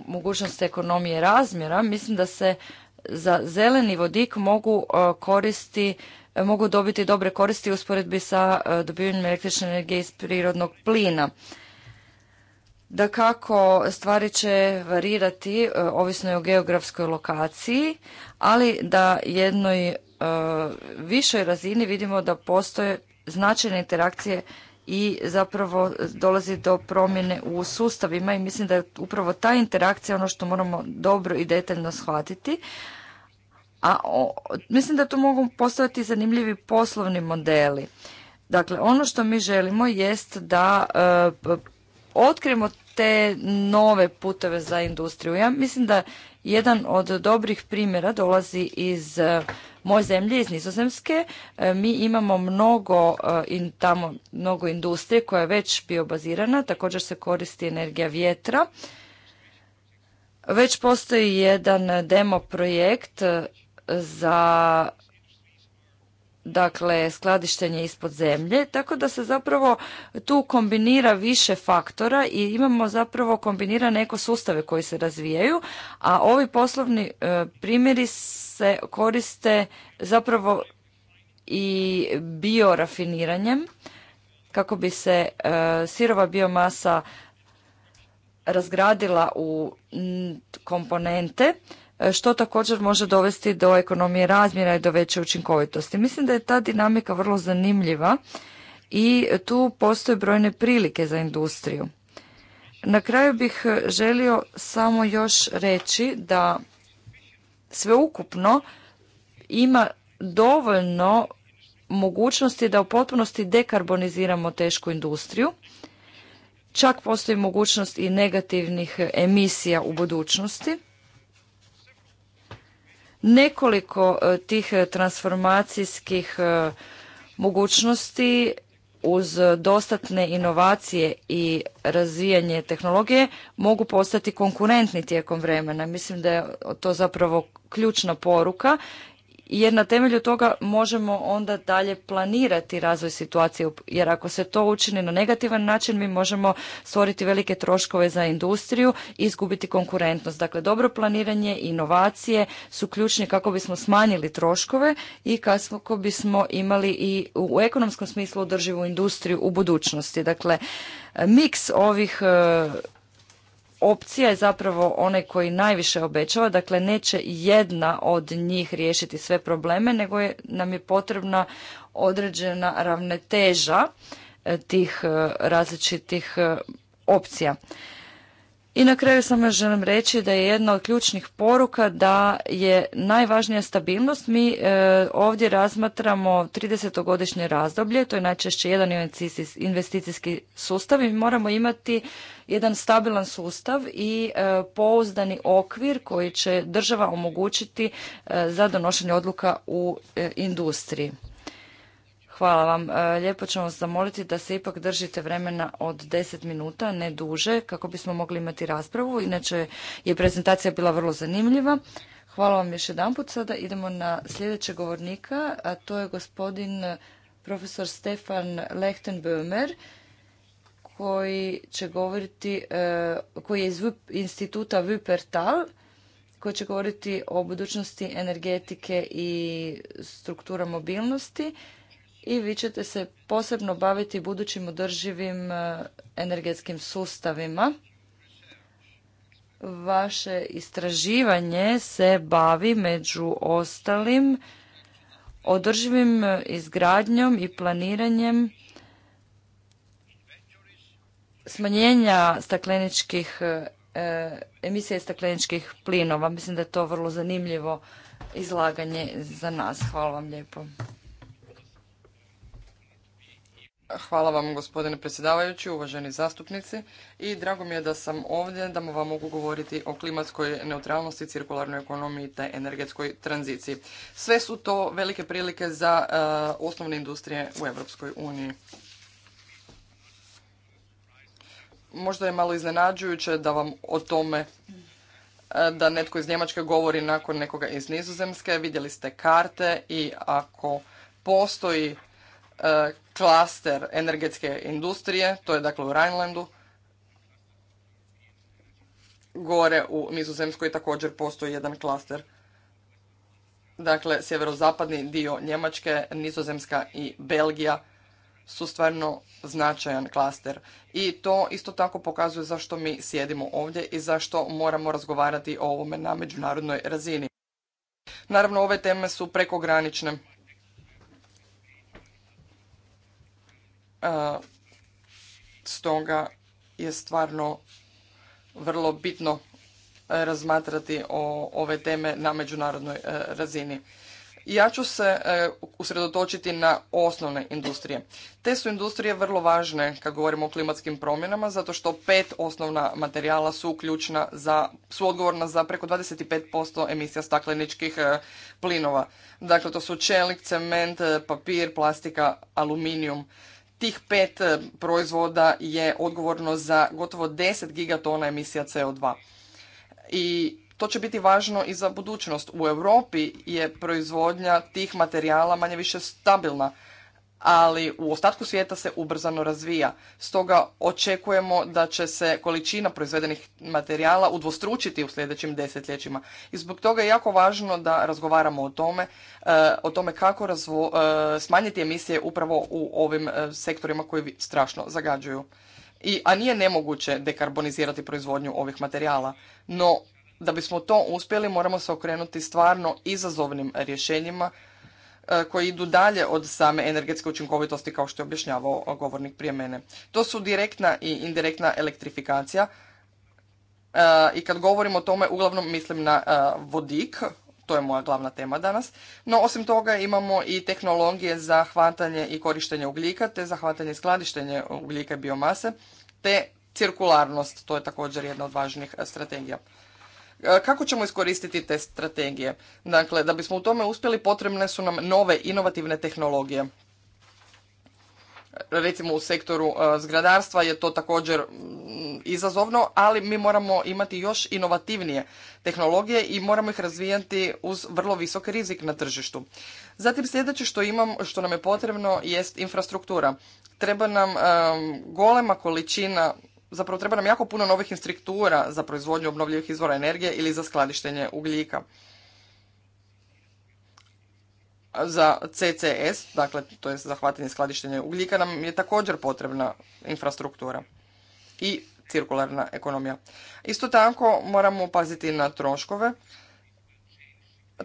Speaker 6: mogućnost ekonomije razmjera, mislim da se za zeleni vodik mogu koristi mogu dobiti dobre koristi usporedbi sa dobivanjem električne energije iz prirodnog plina da kako stvari će varirati e, ovisno je o geografskoj lokaciji, ali da jednoj e, višoj razini vidimo da postoje značajne interakcije i zapravo dolazi do promjene u sustavima i mislim da je upravo ta interakcija ono što moramo dobro i detaljno shvatiti. A mislim da tu mogu postojati zanimljivi poslovni modeli. Dakle, ono što mi želimo jest da e, otkrijemo te nove puteve za industriju. Ja mislim da jedan od dobrih primjera dolazi iz e, moje zemlje, iz Nizozemske. E, mi imamo mnogo e, tamo mnogo industrije koja je već biobazirana, također se koristi energija vjetra. Već postoji jedan demo projekt za dakle skladištenje ispod zemlje, tako da se zapravo tu kombinira više faktora i imamo zapravo kombinirane ekosustave koji se razvijaju, a ovi poslovni e, primjeri se koriste zapravo i biorafiniranjem kako bi se e, sirova biomasa razgradila u komponente što također može dovesti do ekonomije razmjera i do veće učinkovitosti. Mislim da je ta dinamika vrlo zanimljiva i tu postoje brojne prilike za industriju. Na kraju bih želio samo još reći da sveukupno ima dovoljno mogućnosti da u potpunosti dekarboniziramo tešku industriju. Čak postoji mogućnost i negativnih emisija u budućnosti nekoliko e, tih e, transformacijskih e, mogućnosti uz dostatne inovacije i razvijanje tehnologije mogu postati konkurentni tijekom vremena. Mislim da je to zapravo ključna poruka jer na temelju toga možemo onda dalje planirati razvoj situacije jer ako se to učini na negativan način mi možemo stvoriti velike troškove za industriju i izgubiti konkurentnost. Dakle, dobro planiranje i inovacije su ključni kako bismo smanjili troškove i kako bismo imali i u ekonomskom smislu održivu industriju u budućnosti. Dakle, miks ovih e, opcija je zapravo onaj koji najviše obećava, dakle neće jedna od njih riješiti sve probleme, nego je, nam je potrebna određena ravnoteža eh, tih eh, različitih eh, opcija. I na kraju samo želim reći da je jedna od ključnih poruka da je najvažnija stabilnost. Mi e, ovdje razmatramo 30-godišnje razdoblje, to je najčešće jedan investicijski sustav i moramo imati jedan stabilan sustav i e, pouzdani okvir koji će država omogućiti e, za donošenje odluka u industriji. Hvala vam. E, lijepo ćemo vas zamoliti da se ipak držite vremena od 10 minuta, ne duže, kako bismo mogli imati raspravu. Inače je prezentacija bila vrlo zanimljiva. Hvala vam još jedan put. Sada idemo na sljedećeg govornika, a to je gospodin profesor Stefan Lechtenböhmer, koji će govoriti, e, koji je iz instituta Wuppertal, koji će govoriti o budućnosti energetike i struktura mobilnosti i vi ćete se posebno baviti budućim održivim e, energetskim sustavima. Vaše istraživanje se bavi među ostalim održivim izgradnjom i planiranjem smanjenja stakleničkih e, emisije stakleničkih plinova. Mislim da je to vrlo zanimljivo izlaganje za nas. Hvala vam lijepo.
Speaker 2: Hvala vam gospodine predsjedavajući, uvaženi zastupnici i drago mi je da sam ovdje da vam mogu govoriti o klimatskoj neutralnosti, cirkularnoj ekonomiji te energetskoj tranziciji. Sve su to velike prilike za eh, osnovne industrije u Europskoj uniji. Možda je malo iznenađujuće da vam o tome eh, da netko iz Njemačke govori nakon nekoga iz Nizozemske. Vidjeli ste karte i ako postoji E, klaster energetske industrije, to je dakle u Rhinelandu. Gore u Nizozemskoj također postoji jedan klaster. Dakle, sjeverozapadni dio Njemačke, Nizozemska i Belgija su stvarno značajan klaster. I to isto tako pokazuje zašto mi sjedimo ovdje i zašto moramo razgovarati o ovome na međunarodnoj razini. Naravno, ove teme su prekogranične E, stoga je stvarno vrlo bitno e, razmatrati o ove teme na međunarodnoj e, razini. Ja ću se usredotočiti na osnovne industrije. Te su industrije vrlo važne kad govorimo o klimatskim promjenama zato što pet osnovna materijala su ključna za, su odgovorna za preko 25% emisija stakleničkih plinova. Dakle, to su čelik, cement, papir, plastika, aluminijum tih pet e, proizvoda je odgovorno za gotovo 10 gigatona emisija CO2. I to će biti važno i za budućnost. U Europi je proizvodnja tih materijala manje više stabilna, ali u ostatku svijeta se ubrzano razvija. Stoga očekujemo da će se količina proizvedenih materijala udvostručiti u sljedećim desetljećima. I zbog toga je jako važno da razgovaramo o tome, e, o tome kako e, smanjiti emisije upravo u ovim e, sektorima koji strašno zagađuju. I, a nije nemoguće dekarbonizirati proizvodnju ovih materijala, no da bismo to uspjeli moramo se okrenuti stvarno izazovnim rješenjima E, koji idu dalje od same energetske učinkovitosti kao što je objašnjavao e, govornik prije mene. To su direktna i indirektna elektrifikacija e, i kad govorim o tome uglavnom mislim na vodik, to je moja glavna tema danas. No, osim toga imamo i tehnologije za hvatanje i korištenje ugljika, te za hvatanje i skladištenje ugljika i biomase, te cirkularnost, to je također jedna od važnijih strategija. Kako ćemo iskoristiti te strategije? Dakle, da bismo u tome uspjeli potrebne su nam nove inovativne tehnologije. Recimo u sektoru zgradarstva je to također izazovno, ali mi moramo imati još inovativnije tehnologije i moramo ih razvijati uz vrlo visok rizik na tržištu. Zatim sljedeće što imam, što nam je potrebno jest infrastruktura. Treba nam golema količina zapravo treba nam jako puno novih instruktura za proizvodnju obnovljivih izvora energije ili za skladištenje ugljika. Za CCS, dakle to je za skladištenje ugljika, nam je također potrebna infrastruktura i cirkularna ekonomija. Isto tako moramo paziti na troškove.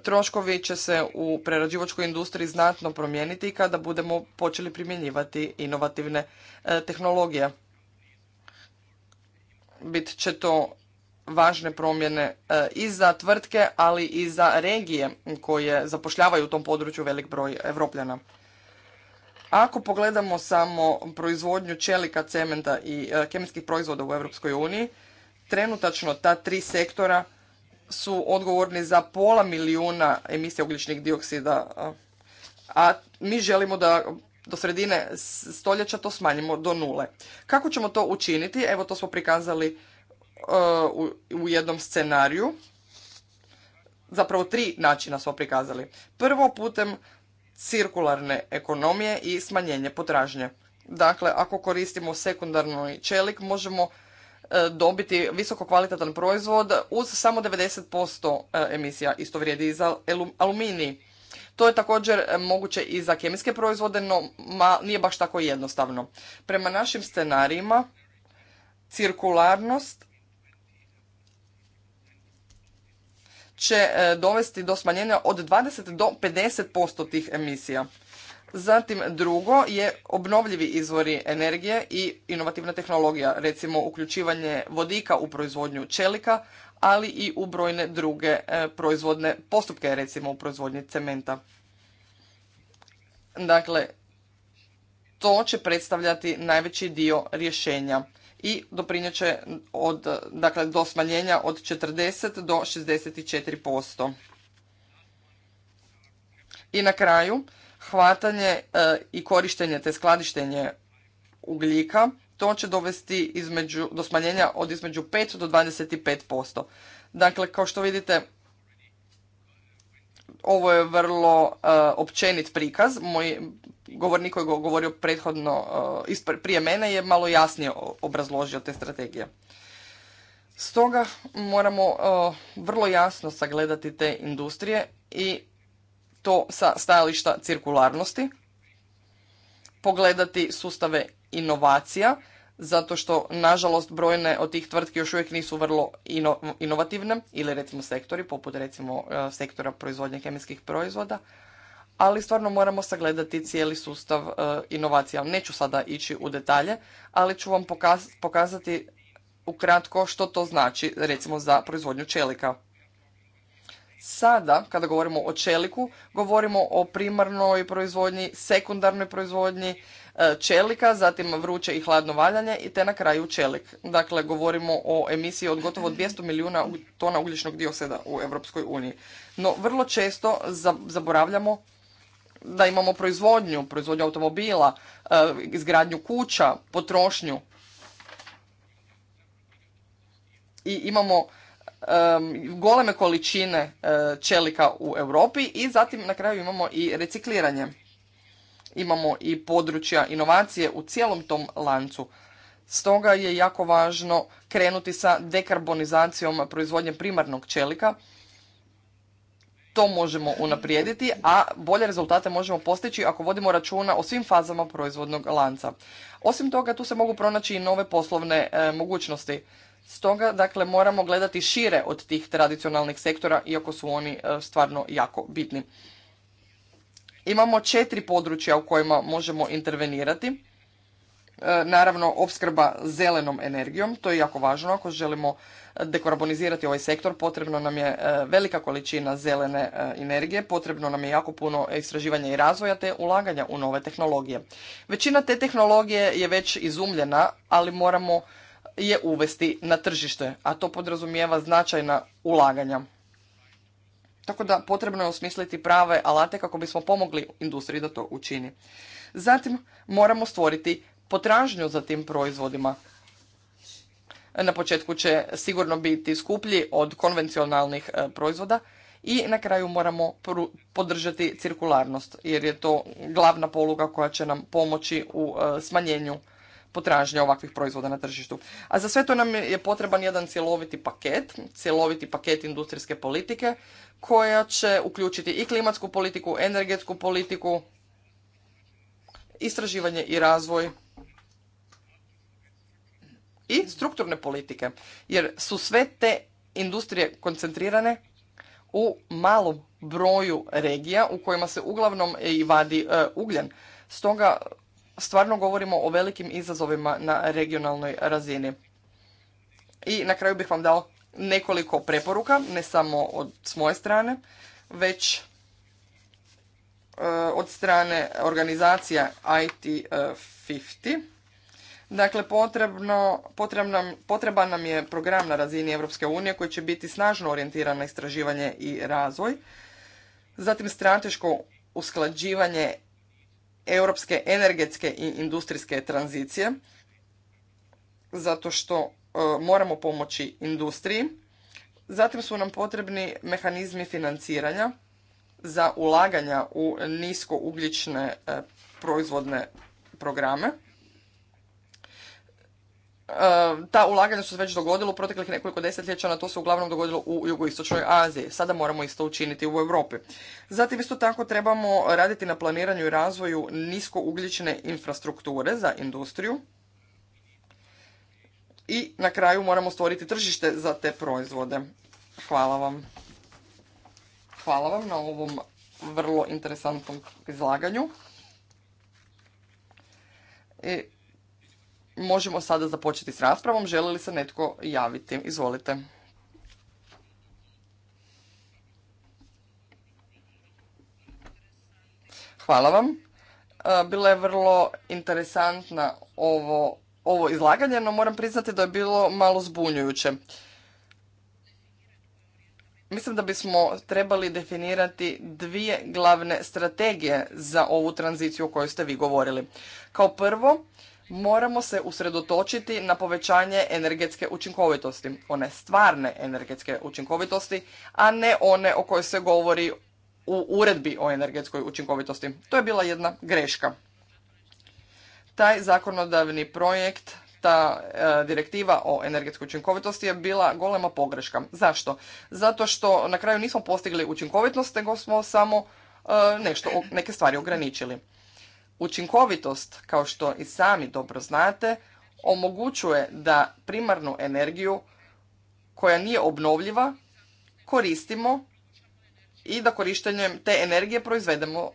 Speaker 2: Troškovi će se u prerađivačkoj industriji znatno promijeniti kada budemo počeli primjenjivati inovativne e, tehnologije bit će to važne promjene e, i za tvrtke, ali i za regije koje zapošljavaju u tom području velik broj evropljana. Ako pogledamo samo proizvodnju čelika, cementa i e, kemijskih proizvoda u Europskoj uniji, trenutačno ta tri sektora su odgovorni za pola milijuna emisija ugljičnih dioksida, a mi želimo da do sredine stoljeća to smanjimo do nule. Kako ćemo to učiniti? Evo to smo prikazali e, u jednom scenariju. Zapravo tri načina smo prikazali. Prvo putem cirkularne ekonomije i smanjenje potražnje. Dakle, ako koristimo sekundarni čelik, možemo e, dobiti visoko kvalitetan proizvod uz samo 90% e, emisija. Isto vrijedi i za aluminij. To je također e, moguće i za kemijske proizvode, no nije baš tako jednostavno. Prema našim scenarijima, cirkularnost će e, dovesti do smanjenja od 20 do 50% tih emisija. Zatim drugo je obnovljivi izvori energije i inovativna tehnologija, recimo uključivanje vodika u proizvodnju čelika, ali i u brojne druge e, proizvodne postupke, recimo u proizvodnji cementa. Dakle, to će predstavljati najveći dio rješenja i doprinijet će od, dakle, do smanjenja od 40 do 64%. I na kraju, hvatanje e, i korištenje te skladištenje ugljika to će dovesti između, do smanjenja od između 5 do 25%. Dakle, kao što vidite, ovo je vrlo uh, općenit prikaz. Moj govornik koji je govorio prethodno uh, prije mene je malo jasnije obrazložio te strategije. Stoga moramo eh, vrlo jasno sagledati te industrije i to sa stajališta cirkularnosti, pogledati sustave inovacija, zato što, nažalost, brojne od tih tvrtki još uvijek nisu vrlo inovativne ili recimo sektori, poput recimo e, sektora proizvodnje kemijskih proizvoda, ali stvarno moramo sagledati cijeli sustav e, inovacija. Neću sada ići u detalje, ali ću vam pokazati ukratko što to znači recimo za proizvodnju čelika. Sada, kada govorimo o čeliku, govorimo o primarnoj proizvodnji, sekundarnoj proizvodnji, E, čelika, zatim vruće i hladno valjanje i te na kraju čelik. Dakle, govorimo o emisiji od gotovo 200 milijuna tona ugljičnog dioksida u Europskoj uniji. No, vrlo često zaboravljamo da imamo proizvodnju, proizvodnju automobila, e, izgradnju kuća, potrošnju. I imamo goleme količine e, čelika u Europi i zatim na kraju imamo i recikliranje imamo i područja inovacije u cijelom tom lancu. Stoga je jako važno krenuti sa dekarbonizacijom proizvodnje primarnog čelika. To možemo unaprijediti, a bolje rezultate možemo postići ako vodimo računa o svim fazama proizvodnog lanca. Osim toga, tu se mogu pronaći i nove poslovne e, mogućnosti. Stoga, dakle, moramo gledati šire od tih tradicionalnih sektora, iako su oni e, stvarno jako bitni. Imamo četiri područja u kojima možemo intervenirati. E, naravno, opskrba zelenom energijom, to je jako važno. Ako želimo dekarbonizirati ovaj sektor, potrebno nam je e, velika količina zelene e, energije, potrebno nam je jako puno istraživanja i razvoja te ulaganja u nove tehnologije. Većina te tehnologije je već izumljena, ali moramo je uvesti na tržište, a to podrazumijeva značajna ulaganja. Tako da potrebno je osmisliti prave alate kako bismo pomogli industriji da to učini. Zatim moramo stvoriti potražnju za tim proizvodima. Na početku će sigurno biti skuplji od konvencionalnih e, proizvoda i na kraju moramo podržati cirkularnost jer je to glavna poluga koja će nam pomoći u e, smanjenju potražnja ovakvih proizvoda na tržištu. A za sve to nam je potreban jedan cjeloviti paket, cjeloviti paket industrijske politike koja će uključiti i klimatsku politiku, energetsku politiku, istraživanje i razvoj i strukturne politike. Jer su sve te industrije koncentrirane u malom broju regija u kojima se uglavnom i vadi e, ugljen. Stoga stvarno govorimo o velikim izazovima na regionalnoj razini. I na kraju bih vam dao nekoliko preporuka, ne samo od s moje strane, već e, od strane organizacija IT50. E, dakle, potrebno, potrebno, potreban nam je program na razini Europske unije koji će biti snažno orijentiran na istraživanje i razvoj. Zatim strateško usklađivanje europske energetske i industrijske tranzicije zato što e, moramo pomoći industriji. Zatim su nam potrebni mehanizmi financiranja za ulaganja u niskougljične e, proizvodne programe ta ulaganja su se već dogodila u proteklih nekoliko desetljeća, na to se uglavnom dogodilo u jugoistočnoj Aziji. Sada moramo isto učiniti u Europi. Zatim isto tako trebamo raditi na planiranju i razvoju niskougljične infrastrukture za industriju. I na kraju moramo stvoriti tržište za te proizvode. Hvala vam. Hvala vam na ovom vrlo interesantnom izlaganju. I možemo sada započeti s raspravom. Želi li se netko javiti? Izvolite. Hvala vam. E, bilo je vrlo interesantno ovo, ovo izlaganje, no moram priznati da je bilo malo zbunjujuće. Mislim da bismo trebali definirati dvije glavne strategije za ovu tranziciju o kojoj ste vi govorili. Kao prvo, moramo se usredotočiti na povećanje energetske učinkovitosti, one stvarne energetske učinkovitosti, a ne one o kojoj se govori u uredbi o energetskoj učinkovitosti. To je bila jedna greška. Taj zakonodavni projekt, ta e, direktiva o energetskoj učinkovitosti je bila golema pogreška. Zašto? Zato što na kraju nismo postigli učinkovitost, nego smo samo e, nešto, neke stvari ograničili. Učinkovitost, kao što i sami dobro znate, omogućuje da primarnu energiju koja nije obnovljiva koristimo i da korištenjem te energije proizvedemo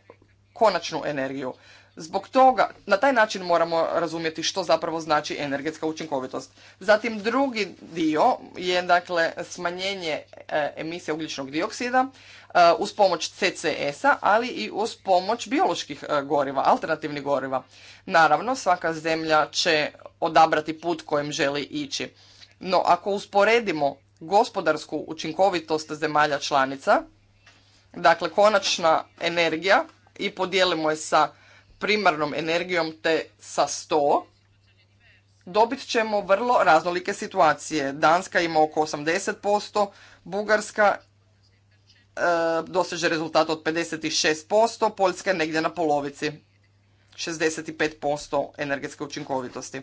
Speaker 2: konačnu energiju. Zbog toga, na taj način moramo razumjeti što zapravo znači energetska učinkovitost. Zatim drugi dio je dakle smanjenje e, emisije ugljičnog dioksida e, uz pomoć CCS-a, ali i uz pomoć bioloških e, goriva, alternativnih goriva. Naravno, svaka zemlja će odabrati put kojim želi ići. No, ako usporedimo gospodarsku učinkovitost zemalja članica, dakle konačna energija i podijelimo je sa primarnom energijom te sa 100, dobit ćemo vrlo raznolike situacije. Danska ima oko 80%, Bugarska e, doseže rezultat od 56%, Poljska je negdje na polovici, 65% energetske učinkovitosti.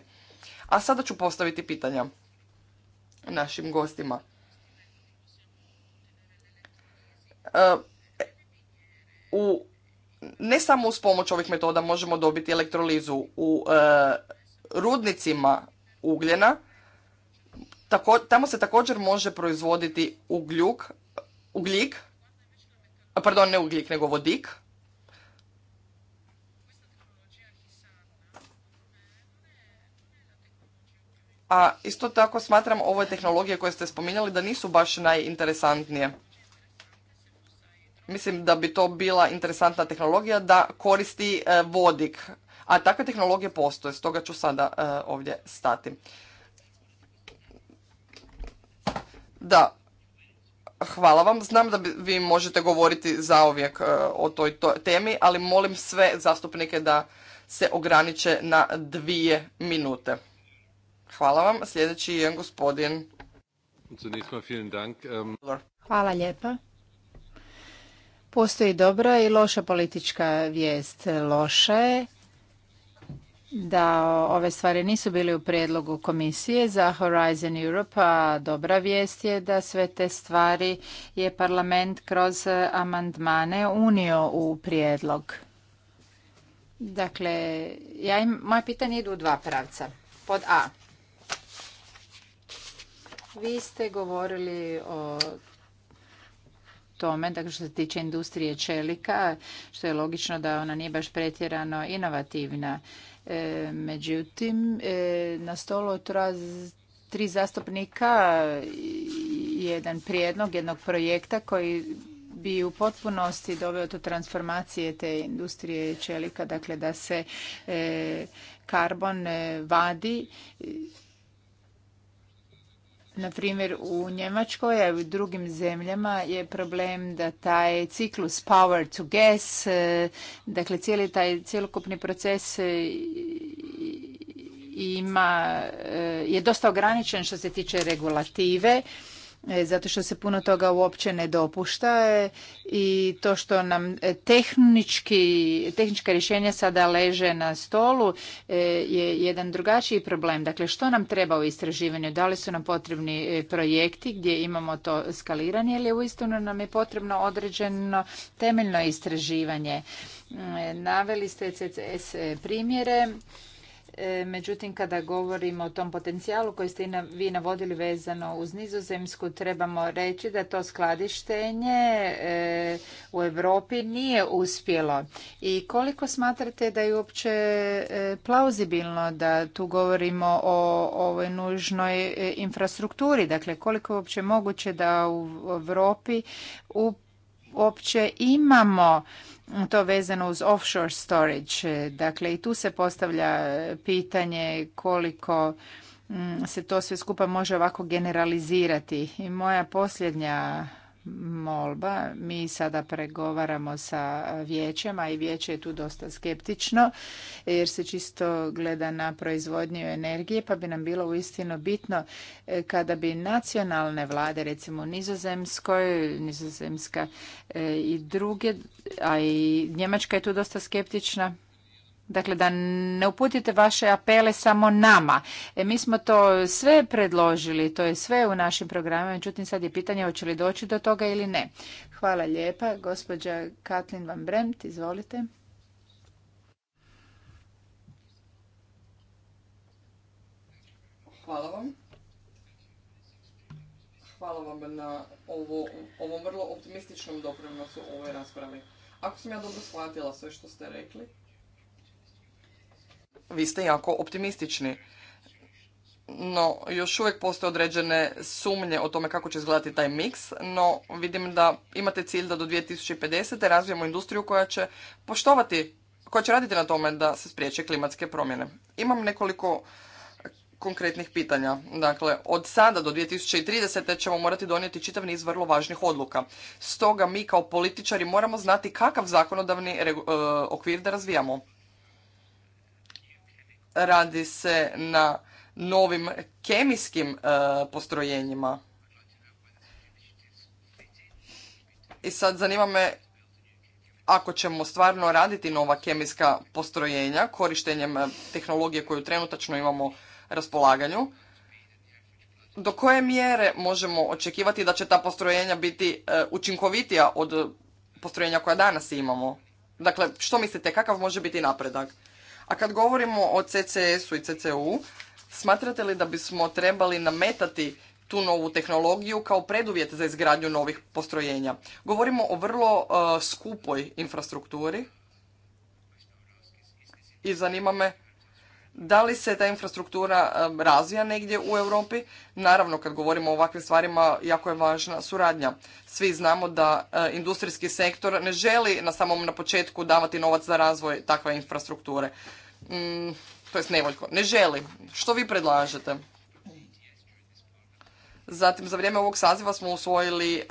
Speaker 2: A sada ću postaviti pitanja našim gostima. E, u ne samo uz pomoć ovih metoda možemo dobiti elektrolizu u e, rudnicima ugljena. Tako, tamo se također može proizvoditi ugljuk, ugljik, pardon, ne ugljik, nego vodik. A isto tako smatram ove tehnologije koje ste spominjali da nisu baš najinteresantnije. Mislim da bi to bila interesantna tehnologija da koristi e, vodik, a takve tehnologije postoje, stoga ću sada e, ovdje stati. Da, hvala vam. Znam da vi možete govoriti zauvijek e, o toj temi, ali molim sve zastupnike da se ograniče na dvije minute. Hvala vam. Sljedeći je gospodin. Ehm,
Speaker 3: hvala lijepa. Postoji dobra i loša politička vijest. Loša je da ove stvari nisu bili u prijedlogu komisije za Horizon Europe, a dobra vijest je da sve te stvari je parlament kroz amandmane unio u prijedlog. Dakle, ja im, pitanje idu u dva pravca. Pod A. Vi ste govorili o tome, dakle što se tiče industrije čelika, što je logično da ona nije baš pretjerano inovativna. E, međutim, e, na stolu od tri zastupnika jedan prijedlog jednog projekta koji bi u potpunosti doveo do transformacije te industrije čelika, dakle da se e, karbon vadi na primjer u Njemačkoj, a i u drugim zemljama je problem da taj ciklus power to gas, e, dakle cijeli taj cjelokupni proces e, ima, e, je dosta ograničen što se tiče regulative E, zato što se puno toga uopće ne dopušta e, i to što nam e, tehnički, tehnička rješenja sada leže na stolu je jedan drugačiji problem. Dakle, što nam treba u istraživanju? Da li su nam potrebni projekti gdje imamo to skaliranje ili uistinu nam je potrebno određeno temeljno istraživanje? Naveli ste CCS primjere E, međutim, kada govorimo o tom potencijalu koji ste vi navodili vezano uz nizozemsku, trebamo reći da to skladištenje e, u Europi nije uspjelo. I koliko smatrate da je uopće e, plauzibilno da tu govorimo o ovoj nužnoj infrastrukturi? Dakle, koliko je uopće moguće da u Europi uopće imamo to vezano uz offshore storage. Dakle, i tu se postavlja pitanje koliko mm, se to sve skupa može ovako generalizirati. I moja posljednja molba. Mi sada pregovaramo sa vijećem, a i vijeće je tu dosta skeptično jer se čisto gleda na proizvodnju energije, pa bi nam bilo uistinu bitno e, kada bi nacionalne vlade, recimo u Nizozemskoj, Nizozemska e, i druge, a i Njemačka je tu dosta skeptična, Dakle, da ne uputite vaše apele samo nama. E, mi smo to sve predložili, to je sve u našim programima, međutim sad je pitanje hoće li doći do toga ili ne. Hvala lijepa. Gospođa Katlin Van Bremt, izvolite.
Speaker 2: Hvala vam. Hvala vam na ovo, ovom vrlo optimističnom doprinosu ovoj raspravi. Ako sam ja dobro shvatila sve što ste rekli, vi ste jako optimistični. No, još uvijek postoje određene sumnje o tome kako će izgledati taj miks, no vidim da imate cilj da do 2050. razvijemo industriju koja će poštovati, koja će raditi na tome da se spriječe klimatske promjene. Imam nekoliko konkretnih pitanja. Dakle, od sada do 2030. ćemo morati donijeti čitav niz vrlo važnih odluka. Stoga mi kao političari moramo znati kakav zakonodavni e, okvir da razvijamo radi se na novim kemijskim e, postrojenjima. I sad zanima me ako ćemo stvarno raditi nova kemijska postrojenja korištenjem e, tehnologije koju trenutačno imamo raspolaganju, do koje mjere možemo očekivati da će ta postrojenja biti e, učinkovitija od postrojenja koja danas imamo? Dakle, što mislite, kakav može biti napredak? A kad govorimo o CCS-u i CCU, smatrate li da bismo trebali nametati tu novu tehnologiju kao preduvjet za izgradnju novih postrojenja? Govorimo o vrlo e, skupoj infrastrukturi i zanima me da li se ta infrastruktura razvija negdje u Europi? Naravno, kad govorimo o ovakvim stvarima, jako je važna suradnja. Svi znamo da e, industrijski sektor ne želi na samom na početku davati novac za razvoj takve infrastrukture. Mm, to je nevoljko. Ne želi. Što vi predlažete? Zatim, za vrijeme ovog saziva smo usvojili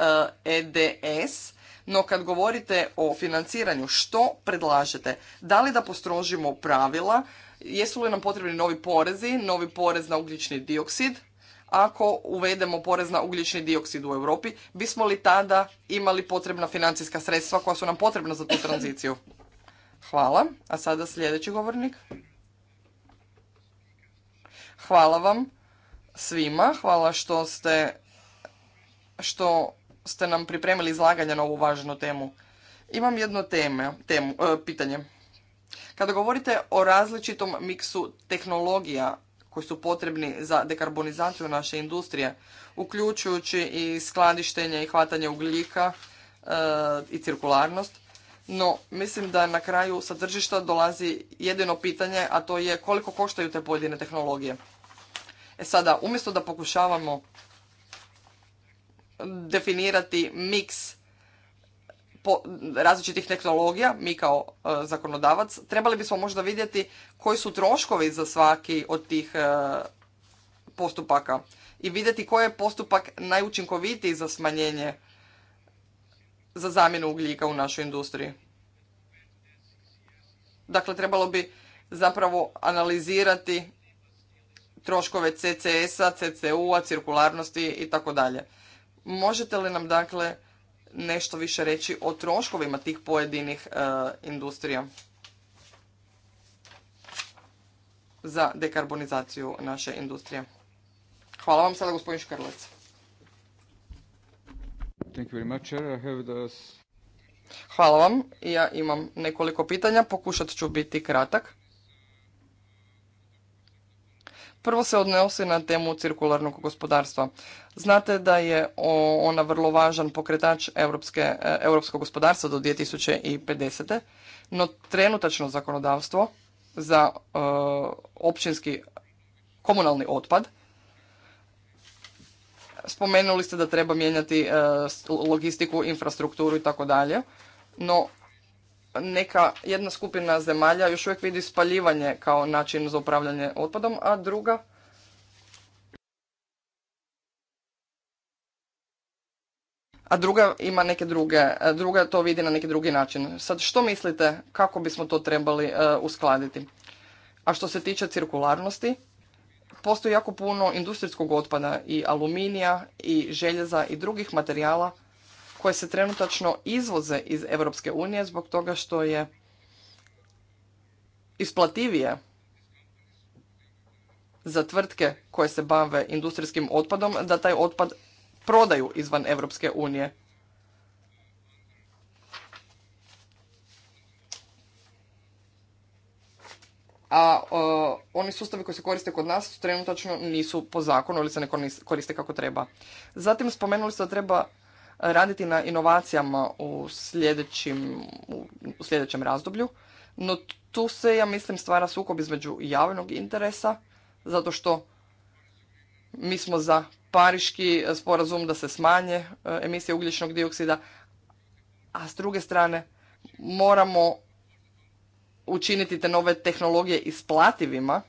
Speaker 2: EDS, e no kad govorite o financiranju, što predlažete? Da li da postrožimo pravila jesu li nam potrebni novi porezi, novi porez na ugljični dioksid, ako uvedemo porez na ugljični dioksid u Europi, bismo li tada imali potrebna financijska sredstva koja su nam potrebna za tu tranziciju? Hvala. A sada sljedeći govornik. Hvala vam svima. Hvala što ste, što ste nam pripremili izlaganje na ovu važnu temu. Imam jedno teme, temu, e, pitanje. Kada govorite o različitom miksu tehnologija koji su potrebni za dekarbonizaciju naše industrije, uključujući i skladištenje i hvatanje ugljika e, i cirkularnost, no mislim da na kraju sa tržišta dolazi jedino pitanje, a to je koliko koštaju te pojedine tehnologije. E sada, umjesto da pokušavamo definirati miks različitih tehnologija, mi kao e, zakonodavac, trebali bismo možda vidjeti koji su troškovi za svaki od tih e, postupaka i vidjeti koji je postupak najučinkovitiji za smanjenje za zamjenu ugljika u našoj industriji. Dakle, trebalo bi zapravo analizirati troškove CCS-a, CCU-a, cirkularnosti i tako dalje. Možete li nam dakle nešto više reći o troškovima tih pojedinih e, industrija za dekarbonizaciju naše industrije. Hvala vam sada gospodin Škrlec. Hvala vam. Ja imam nekoliko pitanja, pokušat ću biti kratak. Prvo se odnosi na temu cirkularnog gospodarstva. Znate da je ona vrlo važan pokretač europske, europskog gospodarstva do 2050. No trenutačno zakonodavstvo za e, općinski komunalni otpad spomenuli ste da treba mijenjati e, logistiku, infrastrukturu i tako dalje. No neka jedna skupina zemalja još uvijek vidi spaljivanje kao način za upravljanje otpadom, a druga a druga ima neke druge, druga to vidi na neki drugi način. Sad što mislite kako bismo to trebali e, uskladiti? A što se tiče cirkularnosti, postoji jako puno industrijskog otpada i aluminija i željeza i drugih materijala koje se trenutačno izvoze iz Europske unije zbog toga što je isplativije za tvrtke koje se bave industrijskim otpadom da taj otpad prodaju izvan Europske unije. a oni sustavi koji se koriste kod nas trenutačno nisu po zakonu ili se ne koriste kako treba. Zatim spomenuli ste da treba raditi na inovacijama u sljedećim, u sljedećem razdoblju, no tu se, ja mislim, stvara sukob između javnog interesa, zato što mi smo za pariški sporazum da se smanje e, emisije ugljičnog dioksida, a s druge strane moramo učiniti te nove tehnologije isplativima,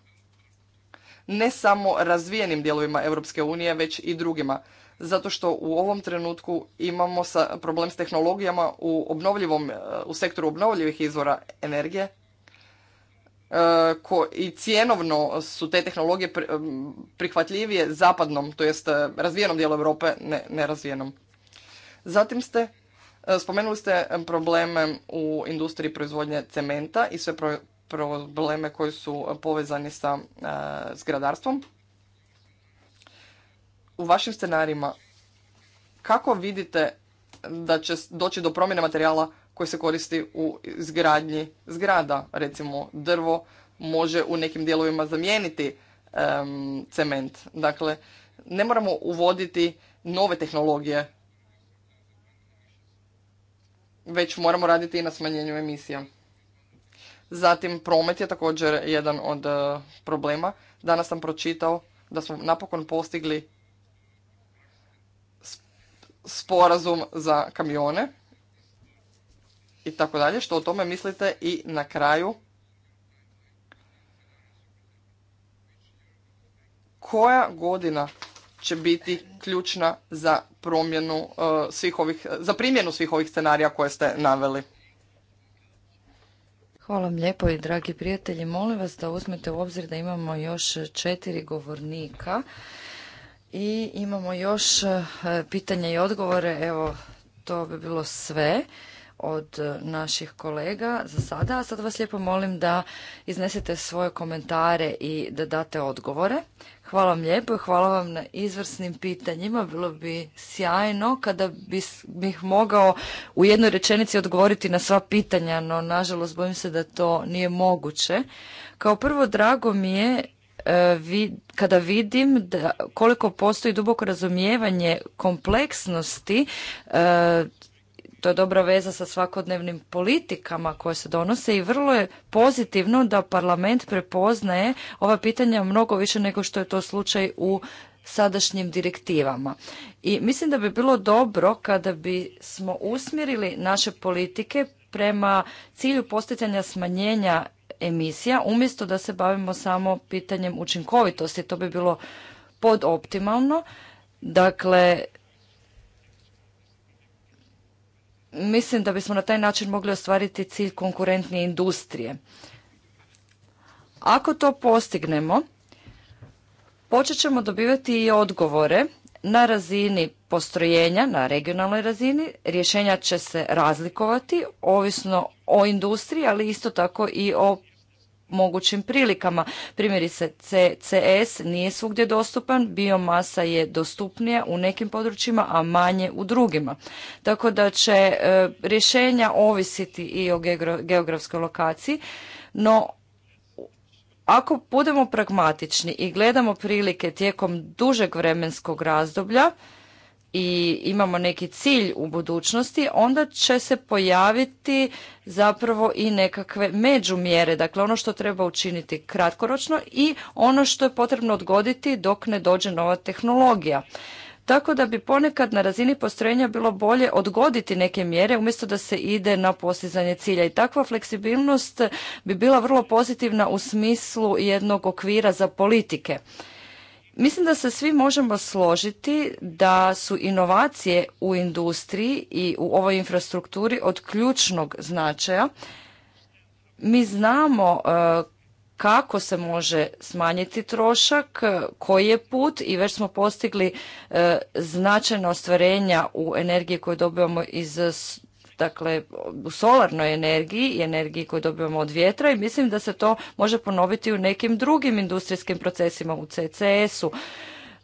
Speaker 2: ne samo razvijenim dijelovima Europske unije, već i drugima zato što u ovom trenutku imamo sa, problem s tehnologijama u obnovljivom, e, u sektoru obnovljivih izvora energije e, ko, i cjenovno su te tehnologije prihvatljivije zapadnom, to jest e, razvijenom dijelu Europe, ne, nerazvijenom. Zatim ste Spomenuli ste probleme u industriji proizvodnje cementa i sve probleme koji su povezani sa zgradarstvom u vašim scenarijima kako vidite da će doći do promjene materijala koji se koristi u izgradnji zgrada, recimo drvo može u nekim dijelovima zamijeniti cement. Dakle, ne moramo uvoditi nove tehnologije, već moramo raditi i na smanjenju emisija. Zatim, promet je također jedan od eh, problema. Danas sam pročitao da smo napokon postigli sporazum za kamione i tako dalje. Što o tome mislite i na kraju koja godina će biti ključna za promjenu e, svih ovih, za primjenu svih ovih scenarija koje ste naveli.
Speaker 6: Hvala vam lijepo i dragi prijatelji, molim vas da uzmete u obzir da imamo još četiri govornika i imamo još e, pitanje i odgovore. Evo, to bi bilo sve od e, naših kolega za sada. A sad vas lijepo molim da iznesete svoje komentare i da date odgovore. Hvala vam lijepo i hvala vam na izvrsnim pitanjima. Bilo bi sjajno kada bih mogao u jednoj rečenici odgovoriti na sva pitanja, no nažalost bojim se da to nije moguće. Kao prvo drago mi je E, kada vidim da koliko postoji duboko razumijevanje kompleksnosti e, to je dobra veza sa svakodnevnim politikama koje se donose i vrlo je pozitivno da parlament prepoznaje ova pitanja mnogo više nego što je to slučaj u sadašnjim direktivama. I mislim da bi bilo dobro kada bi smo usmjerili naše politike prema cilju postizanja smanjenja emisija, umjesto da se bavimo samo pitanjem učinkovitosti. To bi bilo podoptimalno. Dakle, mislim da bismo na taj način mogli ostvariti cilj konkurentnije industrije. Ako to postignemo, počet ćemo dobivati i odgovore na razini postrojenja, na regionalnoj razini, rješenja će se razlikovati ovisno o industriji, ali isto tako i o mogućim prilikama. Primjerice CCS nije svugdje dostupan, biomasa je dostupnija u nekim područjima, a manje u drugima. Tako da će e, rješenja ovisiti i o geografskoj lokaciji, no ako budemo pragmatični i gledamo prilike tijekom dužeg vremenskog razdoblja i imamo neki cilj u budućnosti, onda će se pojaviti zapravo i nekakve međumjere, dakle ono što treba učiniti kratkoročno i ono što je potrebno odgoditi dok ne dođe nova tehnologija. Tako da bi ponekad na razini postrojenja bilo bolje odgoditi neke mjere umjesto da se ide na postizanje cilja. I takva fleksibilnost bi bila vrlo pozitivna u smislu jednog okvira za politike. Mislim da se svi možemo složiti da su inovacije u industriji i u ovoj infrastrukturi od ključnog značaja. Mi znamo e, kako se može smanjiti trošak, koji je put i već smo postigli e, značajna ostvarenja u energiji koju dobivamo iz dakle u solarnoj energiji i energiji koju dobivamo od vjetra i mislim da se to može ponoviti u nekim drugim industrijskim procesima u CCS-u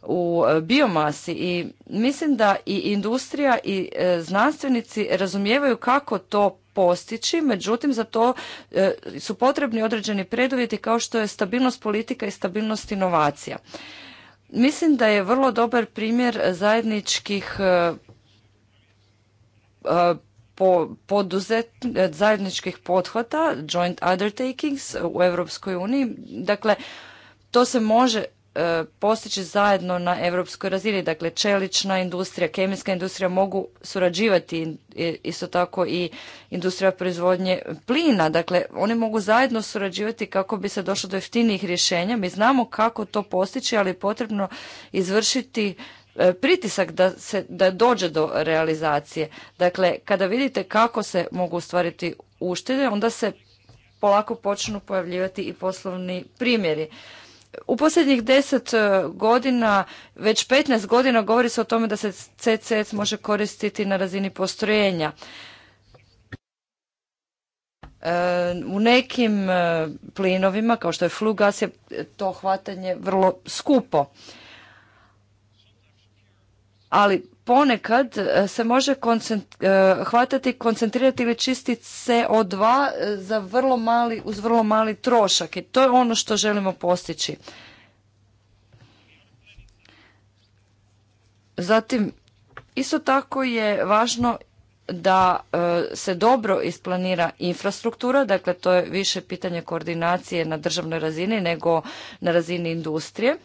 Speaker 6: u e, biomasi i mislim da i industrija i e, znanstvenici razumijevaju kako to postići, međutim za to e, su potrebni određeni preduvjeti kao što je stabilnost politika i stabilnost inovacija. Mislim da je vrlo dobar primjer zajedničkih e, e, poduzet, zajedničkih pothvata, joint undertakings u Europskoj uniji. Dakle, to se može E, postići zajedno na europskoj razini. Dakle, čelična industrija, kemijska industrija mogu surađivati, isto tako i industrija proizvodnje plina. Dakle, oni mogu zajedno surađivati kako bi se došlo do jeftinijih rješenja. Mi znamo kako to postići, ali je potrebno izvršiti e, pritisak da se da dođe do realizacije. Dakle, kada vidite kako se mogu ostvariti uštede, onda se polako počnu pojavljivati i poslovni primjeri u posljednjih deset e, godina, već petnaest godina govori se o tome da se CCS može koristiti na razini postrojenja. E, u nekim e, plinovima, kao što je flugas, je to hvatanje vrlo skupo ali ponekad e, se može e, hvatati, koncentrirati ili čistiti CO2 e, za vrlo mali, uz vrlo mali trošak i to je ono što želimo postići. Zatim, isto tako je važno da se dobro isplanira infrastruktura, dakle to je više pitanje koordinacije na državnoj razini nego na razini industrije.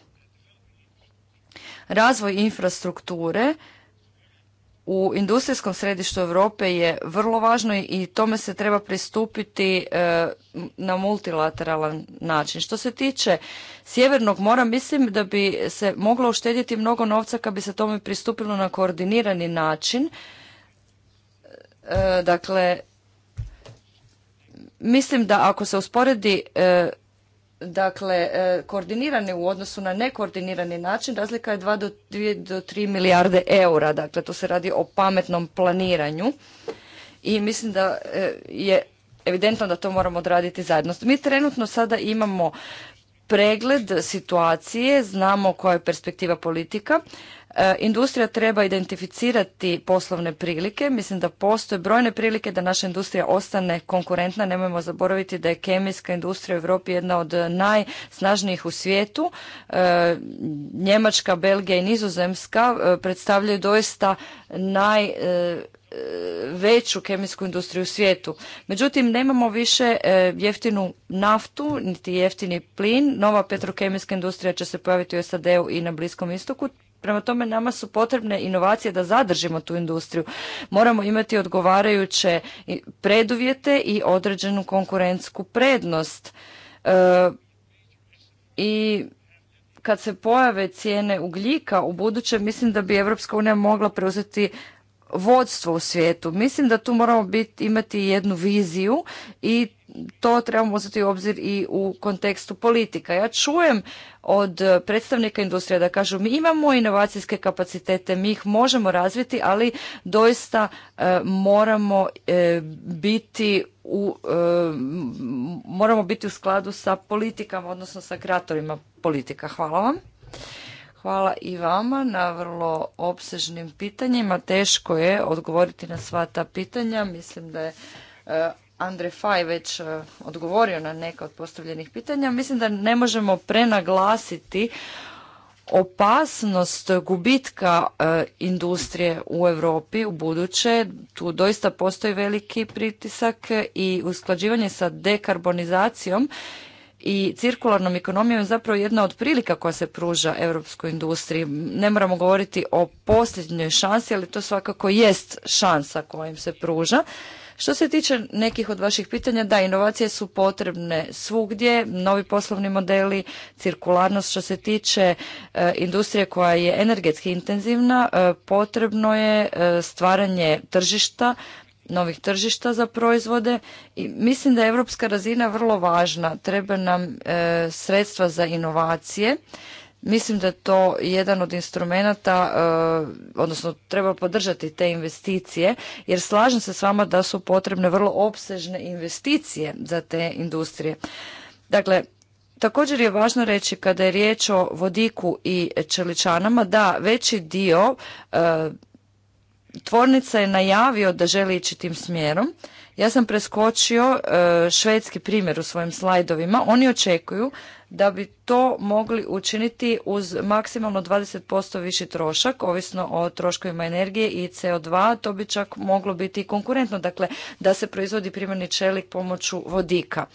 Speaker 6: Razvoj infrastrukture u industrijskom središtu Europe je vrlo važno i tome se treba pristupiti e, na multilateralan način. Što se tiče Sjevernog mora, mislim da bi se moglo uštedjeti mnogo novca kad bi se tome pristupilo na koordinirani način. E, dakle, mislim da ako se usporedi e, dakle e, koordinirane u odnosu na nekoordinirani način razlika je 2 do 2 do 3 milijarde eura dakle to se radi o pametnom planiranju i mislim da e, je evidentno da to moramo odraditi zajedno. Mi trenutno sada imamo pregled situacije, znamo koja je perspektiva politika, E, industrija treba identificirati poslovne prilike. Mislim da postoje brojne prilike da naša industrija ostane konkurentna. Nemojmo zaboraviti da je kemijska industrija u Europi jedna od najsnažnijih u svijetu. E, Njemačka, Belgija i Nizozemska e, predstavljaju doista naj veću kemijsku industriju u svijetu. Međutim, nemamo više jeftinu naftu, niti jeftini plin. Nova petrokemijska industrija će se pojaviti u SAD-u i na Bliskom istoku. Prema tome nama su potrebne inovacije da zadržimo tu industriju. Moramo imati odgovarajuće preduvjete i određenu konkurentsku prednost. E, I kad se pojave cijene ugljika u budućem, mislim da bi Europska unija mogla preuzeti vodstvo u svijetu. Mislim da tu moramo biti, imati jednu viziju i to trebamo uzeti u obzir i u kontekstu politika. Ja čujem od predstavnika industrije da kažu mi imamo inovacijske kapacitete, mi ih možemo razviti, ali doista e, moramo e, biti u, e, moramo biti u skladu sa politikama, odnosno sa kreatorima politika. Hvala vam. Hvala i vama na vrlo opsežnim pitanjima. Teško je odgovoriti na sva ta pitanja. Mislim da je e, Andre Faj već e, odgovorio na neka od postavljenih pitanja. Mislim da ne možemo prenaglasiti opasnost gubitka e, industrije u Europi u buduće. Tu doista postoji veliki pritisak i usklađivanje sa dekarbonizacijom i cirkularnom ekonomijom je zapravo jedna od prilika koja se pruža europskoj industriji. Ne moramo govoriti o posljednjoj šansi, ali to svakako jest šansa koja im se pruža. Što se tiče nekih od vaših pitanja, da, inovacije su potrebne svugdje, novi poslovni modeli, cirkularnost. Što se tiče e, industrije koja je energetski intenzivna, e, potrebno je e, stvaranje tržišta novih tržišta za proizvode i mislim da je europska razina vrlo važna. Treba nam e, sredstva za inovacije. Mislim da je to jedan od instrumenata, e, odnosno treba podržati te investicije, jer slažem se s vama da su potrebne vrlo opsežne investicije za te industrije. Dakle, Također je važno reći kada je riječ o vodiku i čeličanama da veći dio e, tvornica je najavio da želi ići tim smjerom. Ja sam preskočio e, švedski primjer u svojim slajdovima. Oni očekuju da bi to mogli učiniti uz maksimalno 20% viši trošak, ovisno o troškovima energije i CO2, to bi čak moglo biti konkurentno, dakle da se proizvodi primarni čelik pomoću vodika.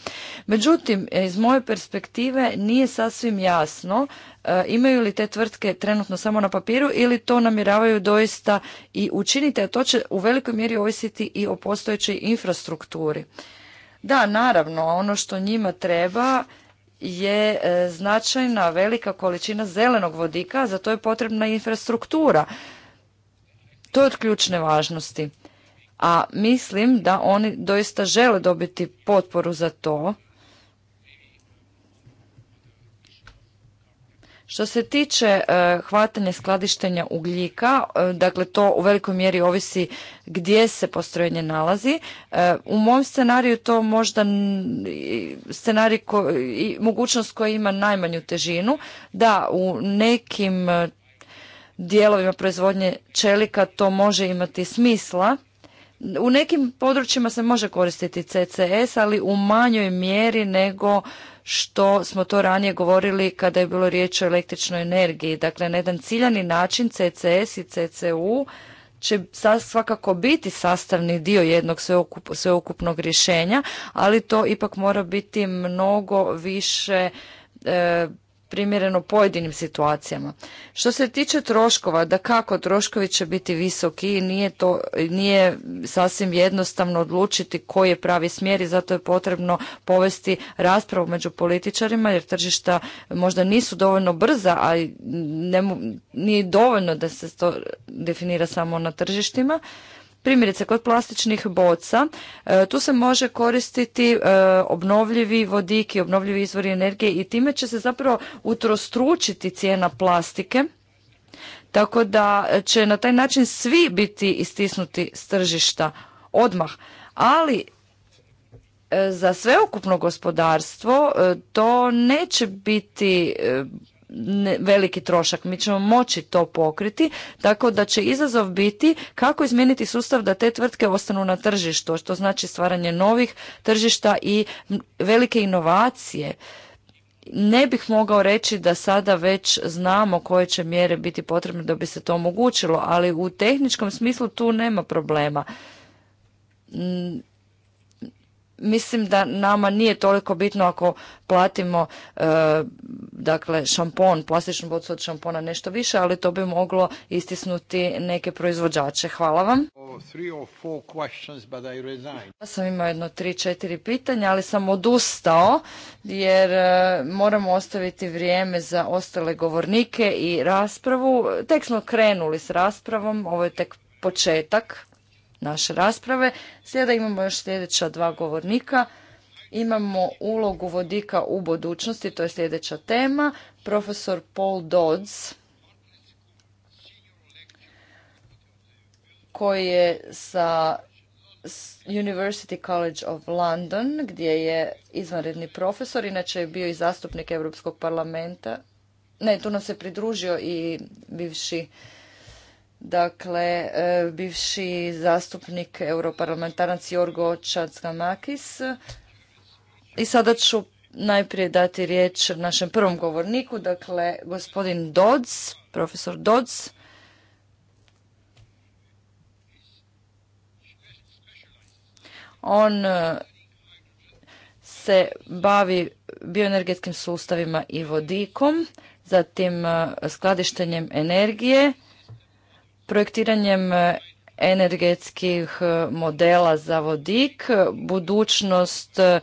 Speaker 6: Međutim, iz moje perspektive nije sasvim jasno e, imaju li te tvrtke trenutno samo na papiru ili to namjeravaju doista i učiniti, a to će u velikoj mjeri ovisiti i o postojećoj infrastrukturi. Da, naravno, ono što njima treba je e, značajna velika količina zelenog vodika, za to je potrebna infrastruktura. To je od ključne važnosti. A mislim da oni doista žele dobiti potporu za to Što se tiče e, hvatanja skladištenja ugljika, e, dakle to u velikoj mjeri ovisi gdje se postrojenje nalazi. E, u mom scenariju to možda scenarij i mogućnost koja ima najmanju težinu, da u nekim dijelovima proizvodnje čelika to može imati smisla. U nekim područjima se može koristiti CCS, ali u manjoj mjeri nego što smo to ranije govorili kada je bilo riječ o električnoj energiji. Dakle, na jedan ciljani način CCS i CCU će svakako biti sastavni dio jednog sveukupnog rješenja, ali to ipak mora biti mnogo više e, primjereno pojedinim situacijama. Što se tiče troškova, da kako troškovi će biti visoki i nije, nije sasvim jednostavno odlučiti koji je pravi smjer i zato je potrebno povesti raspravu među političarima jer tržišta možda nisu dovoljno brza, a ne, nije dovoljno da se to definira samo na tržištima. Primjerice, kod plastičnih boca, e, tu se može koristiti e, obnovljivi vodiki, obnovljivi izvori energije i time će se zapravo utrostručiti cijena plastike, tako da će na taj način svi biti istisnuti s tržišta odmah. Ali e, za sveukupno gospodarstvo to neće biti veliki trošak. Mi ćemo moći to pokriti, tako da će izazov biti kako izmijeniti sustav da te tvrtke ostanu na tržištu, što znači stvaranje novih tržišta i velike inovacije. Ne bih mogao reći da sada već znamo koje će mjere biti potrebne da bi se to omogućilo, ali u tehničkom smislu tu nema problema mm, mislim da nama nije toliko bitno ako platimo e, dakle šampon, plastičnu bocu od šampona nešto više, ali to bi moglo istisnuti neke proizvođače. Hvala vam. Ja sam imao jedno tri, četiri pitanja, ali sam odustao jer e, moramo ostaviti vrijeme za ostale govornike i raspravu. Tek smo krenuli s raspravom, ovo je tek početak naše rasprave. Sada imamo još sljedeća dva govornika. Imamo ulogu vodika u budućnosti, to je sljedeća tema. Profesor Paul Dodds, koji je sa University College of London, gdje je izvanredni profesor, inače je bio i zastupnik Europskog parlamenta. Ne, tu nam se pridružio i bivši Dakle, e, bivši zastupnik europarlamentarac Jorgo Čacka-Makis. I sada ću najprije dati riječ našem prvom govorniku, dakle, gospodin Dodds, profesor Dodds. On e, se bavi bioenergetskim sustavima i vodikom, zatim e, skladištenjem energije, projektiranjem e, energetskih e, modela za vodik, budućnost e,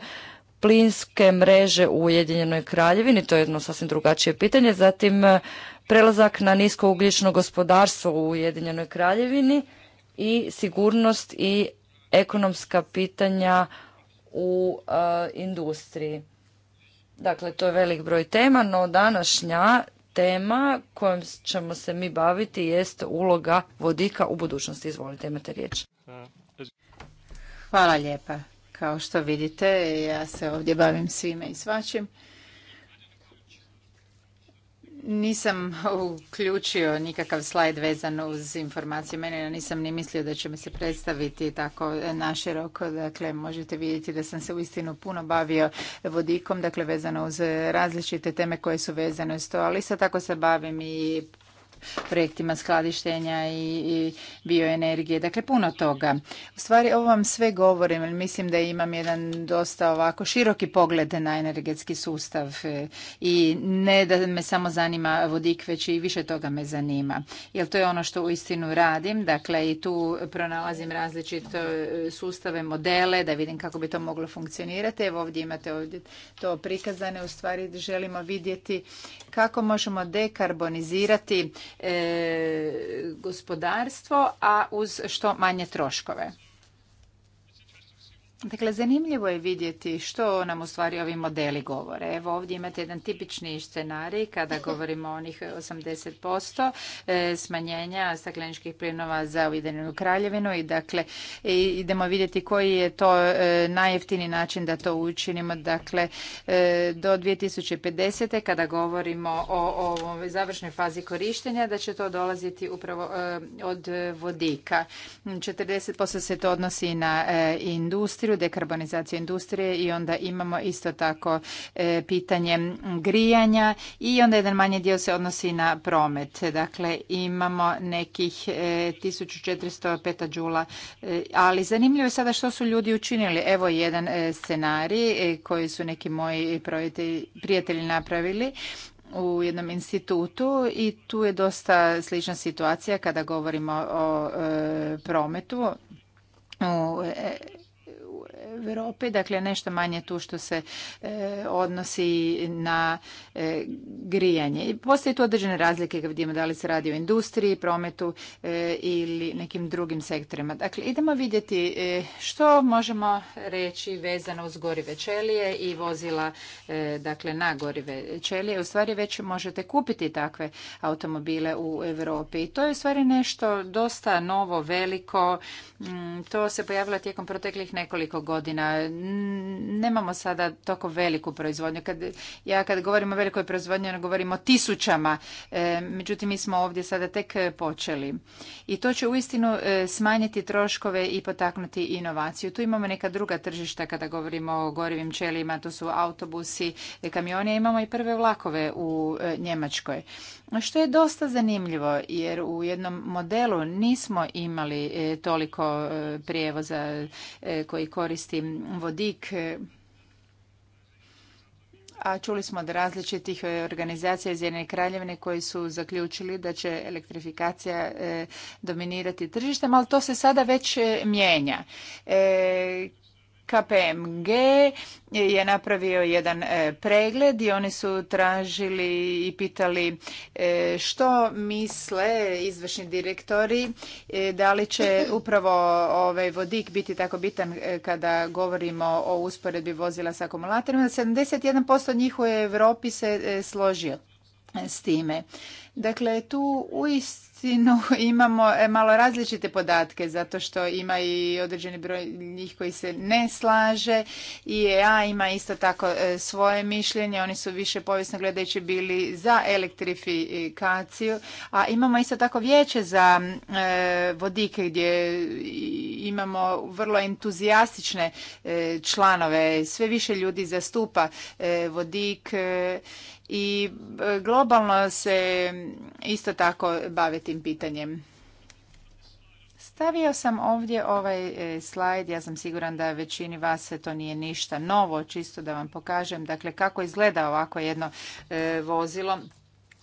Speaker 6: plinske mreže u Ujedinjenoj kraljevini, to je jedno sasvim drugačije pitanje, zatim prelazak na niskougljično gospodarstvo u Ujedinjenoj kraljevini i sigurnost i ekonomska pitanja u industriji. Dakle, to je velik broj tema, no današnja tema kojom ćemo se mi baviti jest uloga vodika u budućnosti.
Speaker 3: Izvolite, imate riječ. Hvala lijepa. Kao što vidite, ja se ovdje bavim svime i svačim. Nisam uključio nikakav slajd vezan uz informacije. Mene nisam ni mislio da će mi se predstaviti tako naširoko. Dakle, možete vidjeti da sam se uistinu puno bavio vodikom, dakle vezano uz različite teme koje su vezane uz to, ali isto tako se bavim i projektima skladištenja i bioenergije. Dakle, puno toga. U stvari, ovo vam sve govorim, jer mislim da imam jedan dosta ovako široki pogled na energetski sustav e, i ne da me samo zanima vodik, već i više toga me zanima. Jer to je ono što uistinu radim, dakle, i tu pronalazim različite e, sustave, modele, da vidim kako bi to moglo funkcionirati. Evo ovdje imate ovdje to prikazane, u stvari želimo vidjeti kako možemo dekarbonizirati E, gospodarstvo, a uz što manje troškove. Dakle, zanimljivo je vidjeti što nam u stvari ovi modeli govore. Evo ovdje imate jedan tipični scenarij kada [LAUGHS] govorimo o onih 80% e, smanjenja stakleničkih plinova za Ujedinjenu kraljevinu i dakle idemo vidjeti koji je to e, najjeftini način da to učinimo. Dakle, e, do 2050. kada govorimo o ovoj završnoj fazi korištenja da će to dolaziti upravo od vodika. 40% se to odnosi na industriju okviru dekarbonizacije industrije i onda imamo isto tako e, pitanje grijanja i onda jedan manji dio se odnosi na promet. Dakle, imamo nekih 1400 e, džula, e, ali zanimljivo je sada što su ljudi učinili. Evo jedan scenarij koji su neki moji prijatelji napravili u jednom institutu i tu je dosta slična situacija kada govorimo o prometu u Europi, dakle nešto manje tu što se e, odnosi na e, grijanje. I postoje tu određene razlike kad vidimo da li se radi o industriji, prometu e, ili nekim drugim sektorima. Dakle, idemo vidjeti što možemo reći vezano uz gorive čelije i vozila dakle na gorive čelije. U stvari već možete kupiti takve automobile u Europi. I to je u stvari nešto dosta novo, veliko. Mm, to se pojavilo tijekom proteklih nekoliko godina godina. Nemamo sada toliko veliku proizvodnju. Kad, ja kad govorim o velikoj proizvodnji, ono govorim o tisućama. E, međutim, mi smo ovdje sada tek počeli. I to će uistinu e, smanjiti troškove i potaknuti inovaciju. Tu imamo neka druga tržišta kada govorimo o gorivim čelima, to su autobusi, e, kamioni, imamo i prve vlakove u Njemačkoj. Što je dosta zanimljivo, jer u jednom modelu nismo imali toliko prijevoza koji koristi vodik e, a čuli smo od različitih e, organizacija iz jedne kraljevine koji su zaključili da će elektrifikacija e, dominirati tržištem, ali to se sada već mijenja. KPMG je napravio jedan e, pregled i oni su tražili i pitali e, što misle izvršni direktori, e, da li će upravo ovaj vodik biti tako bitan kada govorimo o usporedbi vozila sa akumulatorima. 71% njih u Europi se složio s time. Dakle, tu uistinu [LAUGHS] imamo e, malo različite podatke, zato što ima i određeni broj njih koji se ne slaže i EA ima isto tako e, svoje mišljenje, oni su više povijesno gledajući bili za elektrifikaciju, a imamo isto tako vijeće za e, vodike gdje imamo vrlo entuzijastične članove, sve više ljudi zastupa vodik i e, globalno se isto tako bave tim pitanjem. Stavio sam ovdje ovaj e, slajd, ja sam siguran da većini vas se to nije ništa novo, čisto da vam pokažem dakle, kako izgleda ovako jedno e, vozilo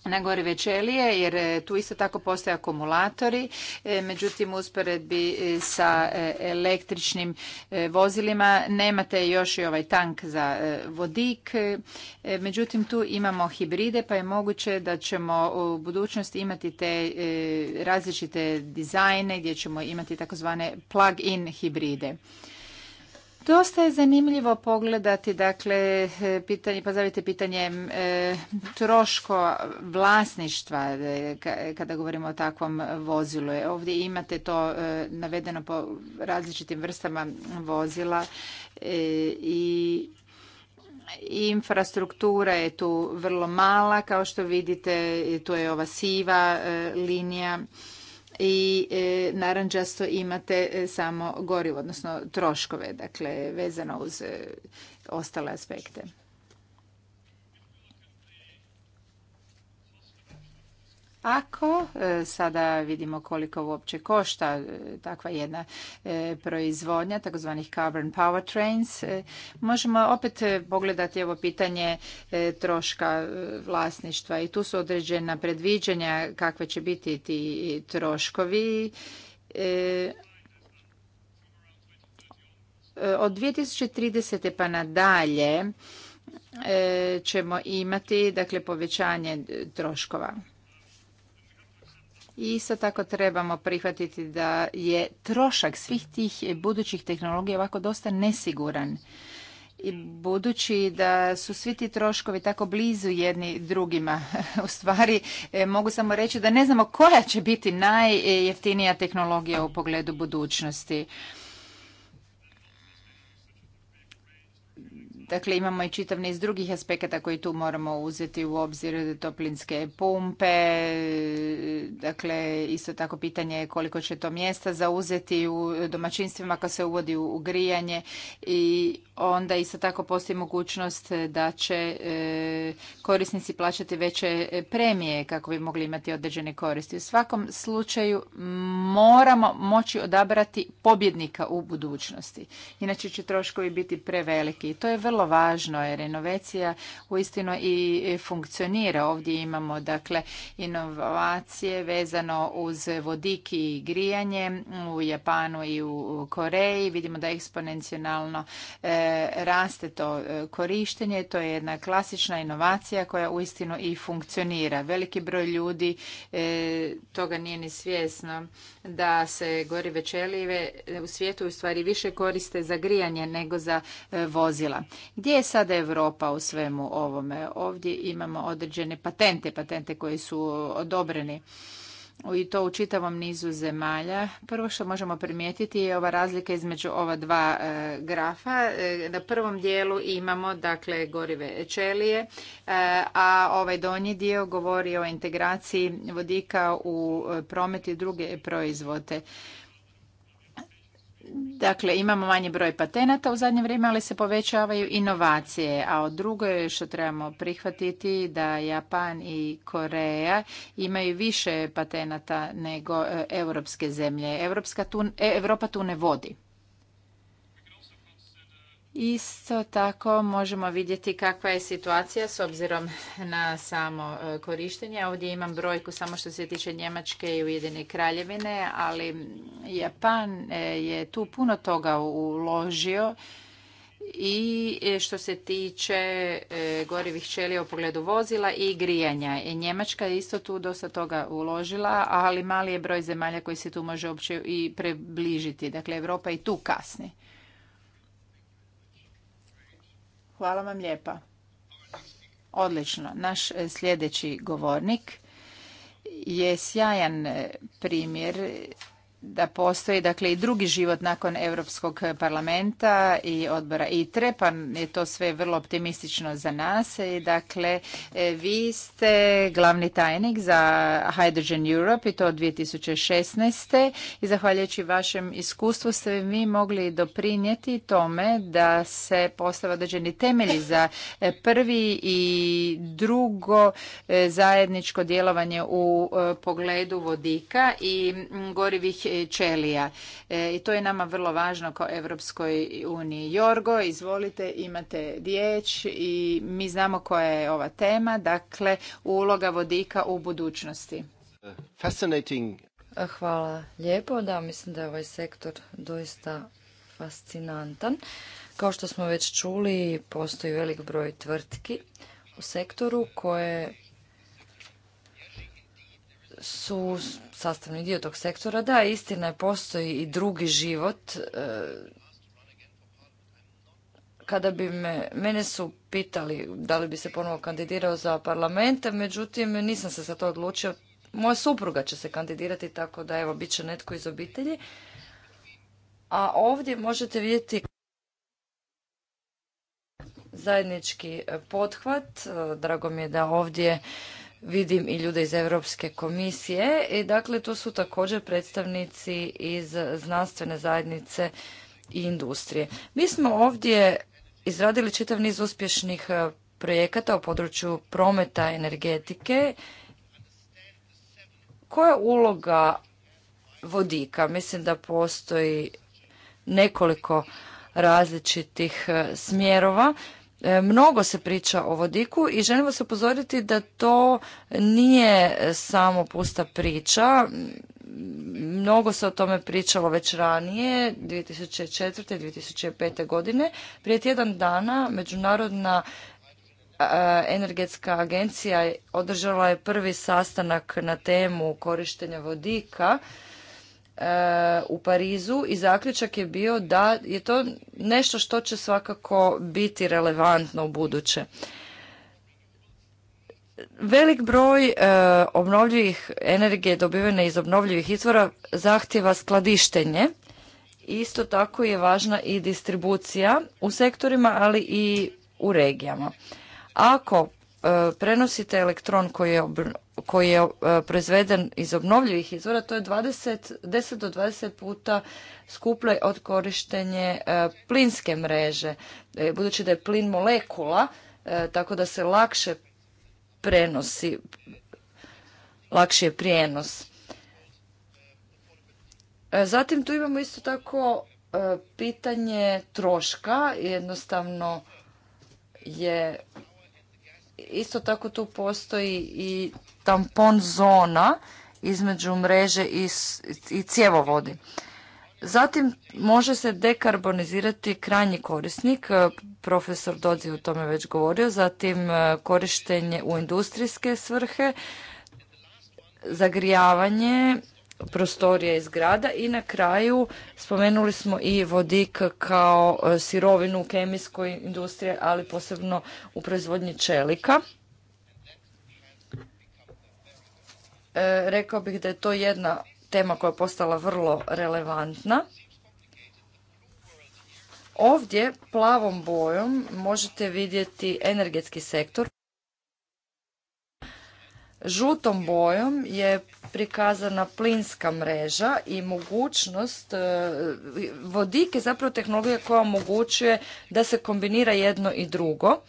Speaker 3: na gore večelije, jer e, tu isto tako postoje akumulatori e, međutim usporedbi e, sa električnim vozilima nemate još i ovaj tank za vodik međutim tu imamo hibride pa je moguće da ćemo u budućnosti imati te različite dizajne gdje ćemo imati takozvane plug-in hibride Dosta je zanimljivo pogledati, dakle, pitanje, pozavite pitanje e, troško vlasništva e, kada govorimo o takvom vozilu. E, ovdje imate to e, navedeno po različitim vrstama vozila i infrastruktura je tu vrlo mala, kao što vidite, tu je ova siva linija i e, naranđasto imate e, samo gorivo, odnosno troškove, dakle vezano uz e, ostale aspekte. Ako e, sada vidimo koliko uopće košta e, takva jedna e, proizvodnja takozvanih carbon powertrains, možemo opet pogledati ovo pitanje troška vlasništva i tu su određena predviđanja kakve će biti ti troškovi od 2030. pa nadalje ćemo imati dakle povećanje troškova. I isto tako trebamo prihvatiti da je trošak svih tih budućih tehnologija ovako dosta nesiguran. I budući da su svi ti troškovi tako blizu jedni drugima, [LAUGHS] u stvari e, mogu samo reći da ne znamo koja će biti najjeftinija tehnologija u pogledu budućnosti. Dakle, imamo i čitav niz drugih aspekata koji tu moramo uzeti u obzir, toplinske pumpe, dakle, isto tako pitanje je koliko će to mjesta zauzeti u domaćinstvima kad se uvodi u grijanje i onda isto tako postoji mogućnost da će e, korisnici plaćati veće premije kako bi mogli imati određene koristi. U svakom slučaju moramo moći odabrati pobjednika u budućnosti. Inače će troškovi biti preveliki i to je vrlo vrlo važno jer inovacija uistinu i funkcionira. Ovdje imamo dakle inovacije vezano uz vodik i grijanje u Japanu i u Koreji. Vidimo da eksponencionalno e, raste to e, korištenje. To je jedna klasična inovacija koja uistinu i funkcionira. Veliki broj ljudi e, toga nije ni svjesno da se gorive čelive u svijetu u stvari više koriste za grijanje nego za vozila. Gdje je sada Europa u svemu ovome? Ovdje imamo određene patente, patente koji su odobreni i to u čitavom nizu zemalja. Prvo što možemo primijetiti je ova razlika između ova dva e, grafa. E, na prvom dijelu imamo dakle gorive čelije, e, a ovaj donji dio govori o integraciji vodika u promet i druge proizvode. Dakle, imamo manji broj patenata u zadnje vrijeme, ali se povećavaju inovacije. A od drugo je što trebamo prihvatiti da Japan i Koreja imaju više patenata nego europske zemlje. Evropska tu, e, Evropa tu ne vodi. Isto tako možemo vidjeti kakva je situacija s obzirom na samo e, korištenje. Ovdje imam brojku samo što se tiče Njemačke i Ujedine kraljevine, ali Japan e, je tu puno toga uložio i e, što se tiče gorivih čelija u pogledu vozila i grijanja. Njemačka je isto tu dosta toga uložila, ali mali je broj zemalja koji se tu može uopće i približiti. Dakle, Europa i tu kasni. Hvala vam lijepa. Odlično. Naš e, sljedeći govornik je sjajan primjer da postoji dakle i drugi život nakon Europskog parlamenta i odbora ITRE, pa je to sve vrlo optimistično za nas. I dakle, e, vi ste glavni tajnik za Hydrogen Europe i to od 2016. I zahvaljujući vašem iskustvu ste vi mogli doprinijeti tome da se postave određeni temelji za e, prvi i drugo e, zajedničko djelovanje u pogledu vodika i gorivih ćelija. E, I to je nama vrlo važno kao Evropskoj uniji. Jorgo, izvolite, imate riječ i mi znamo koja je ova tema, dakle uloga vodika u budućnosti. Fascinating. Hvala
Speaker 6: lijepo, da
Speaker 3: mislim da je ovaj
Speaker 6: sektor doista fascinantan. Kao što smo već čuli, postoji velik broj tvrtki u sektoru koje su sastavni dio tog sektora. Da, istina je, postoji i drugi život. E, kada bi me, mene su pitali da li bi se ponovo kandidirao za parlament, međutim nisam se za to odlučio. Moja supruga će se kandidirati, tako da evo, bit će netko iz obitelji. A ovdje možete vidjeti zajednički pothvat. E, drago mi je da ovdje vidim i ljude iz Europske komisije i dakle tu su također predstavnici iz znanstvene zajednice i industrije. Mi smo ovdje izradili čitav niz uspješnih e, projekata u području prometa energetike. Koja je uloga vodika? Mislim da postoji nekoliko različitih e, smjerova. E, mnogo se priča o vodiku i želimo se upozoriti da to nije samo pusta priča. Mnogo se o tome pričalo već ranije, 2004. 2005. godine. Prije tjedan dana Međunarodna e, energetska agencija održala je prvi sastanak na temu korištenja vodika u Parizu i zaključak je bio da je to nešto što će svakako biti relevantno u buduće. Velik broj e, obnovljivih energije dobivene iz obnovljivih izvora zahtjeva skladištenje. Isto tako je važna i distribucija u sektorima, ali i u regijama. Ako E, prenosite elektron koji je, e, proizveden iz obnovljivih izvora, to je 20, 10 do 20 puta skuplje od korištenje e, plinske mreže. Budući da je plin molekula, tako da se lakše prenosi, lakši je prijenos. Zatim tu imamo isto tako pitanje troška. Jednostavno je Isto tako tu postoji i tampon zona između mreže i, i cjevovodi. Zatim može se dekarbonizirati krajnji korisnik, e, profesor Dodzi o tome već govorio, zatim e, korištenje u industrijske svrhe, zagrijavanje prostorije i zgrada i na kraju spomenuli smo i vodik kao e, sirovinu u kemijskoj industriji, ali posebno u proizvodnji čelika. E, rekao bih da je to jedna tema koja je postala vrlo relevantna. Ovdje plavom bojom možete vidjeti energetski sektor. Žutom bojom je prikazana plinska mreža i mogućnost, e, vodik je zapravo tehnologija koja omogućuje da se kombinira jedno i drugo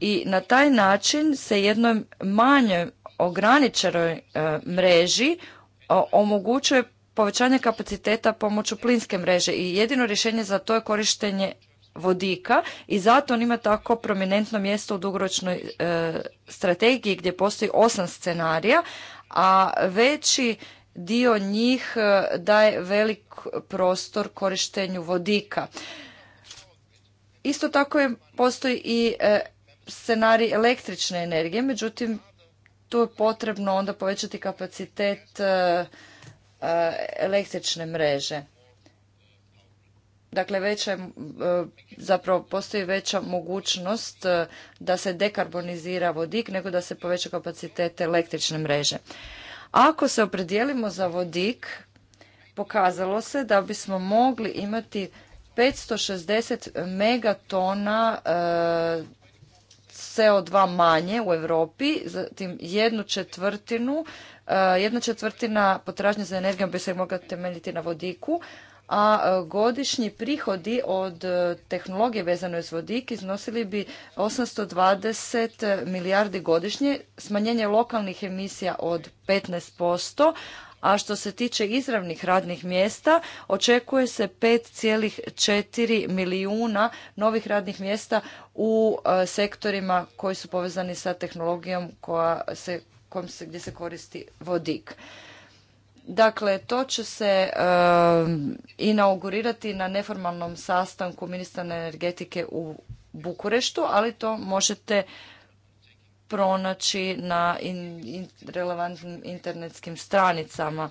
Speaker 6: i na taj način se jednoj manjoj ograničenoj e, mreži e, omogućuje povećanje kapaciteta pomoću plinske mreže i jedino rješenje za to je korištenje vodika i zato on ima tako prominentno mjesto u dugoročnoj e, strategiji gdje postoji osam scenarija, a veći dio njih e, daje velik prostor korištenju vodika. Isto tako je, postoji i e, scenarij električne energije, međutim tu je potrebno onda povećati kapacitet električne mreže. Dakle, veća, e, zapravo postoji veća mogućnost e, da se dekarbonizira vodik nego da se poveća kapacitet električne mreže. Ako se opredijelimo za vodik, pokazalo se da bismo mogli imati 560 megatona e, CO2 manje u Europi, zatim jednu četvrtinu, jedna četvrtina potražnje za energijom bi se mogla temeljiti na vodiku, a e, godišnji prihodi od e, tehnologije vezano s vodik iznosili bi 820 milijardi godišnje, smanjenje lokalnih emisija od 15%, a što se tiče izravnih radnih mjesta očekuje se 5,4 milijuna novih radnih mjesta u e, sektorima koji su povezani sa tehnologijom koja se, gdje se koristi vodik. Dakle, to će se um, inaugurirati na neformalnom sastanku ministra energetike u Bukureštu, ali to možete pronaći na relevantnim internetskim stranicama.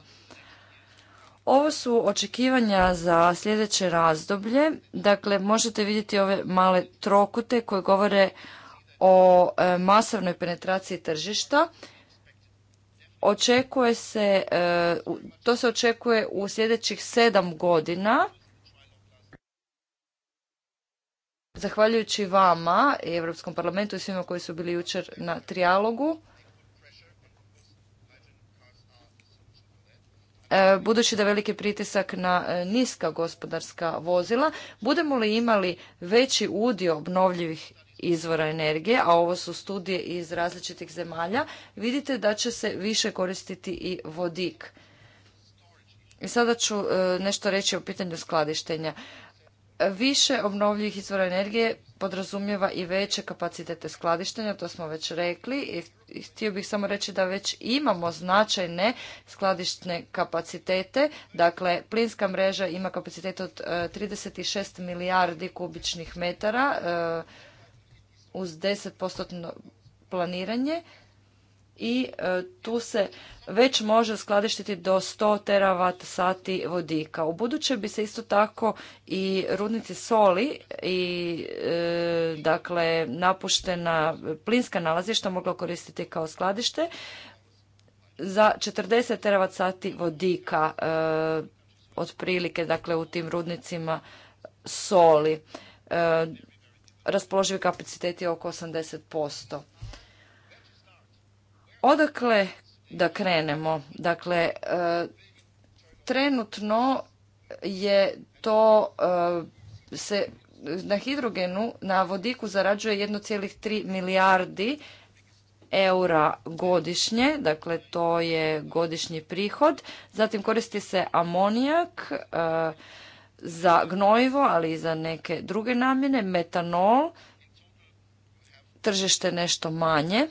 Speaker 6: Ovo su očekivanja za sljedeće razdoblje. Dakle, možete vidjeti ove male trokute koje govore o e, masovnoj penetraciji tržišta očekuje se, e, to se očekuje u sljedećih sedam godina. Zahvaljujući vama i Europskom parlamentu i svima koji su bili jučer na trijalogu, e, budući da veliki pritisak na e, niska gospodarska vozila, budemo li imali veći udio obnovljivih izvora energije, a ovo su studije iz različitih zemalja, vidite da će se više koristiti i vodik. I sada ću e, nešto reći o pitanju skladištenja. Više obnovljivih izvora energije podrazumijeva i veće kapacitete skladištenja, to smo već rekli. I htio bih samo reći da već imamo značajne skladištne kapacitete. Dakle, plinska mreža ima kapacitet od 36 e, milijardi kubičnih metara e, uz 10% planiranje i e, tu se već može skladištiti do 100 teravat sati vodika. U buduće bi se isto tako i rudnici soli i e, dakle napuštena plinska nalazišta mogla koristiti kao skladište za 40 teravat sati vodika e, otprilike dakle u tim rudnicima soli raspoloživi kapacitet je oko 80%. Odakle da krenemo? Dakle, e, trenutno je to e, se na hidrogenu, na vodiku zarađuje 1,3 milijardi eura godišnje, dakle to je godišnji prihod. Zatim koristi se amonijak, e, za gnojivo, ali i za neke druge namjene. Metanol, tržište nešto manje.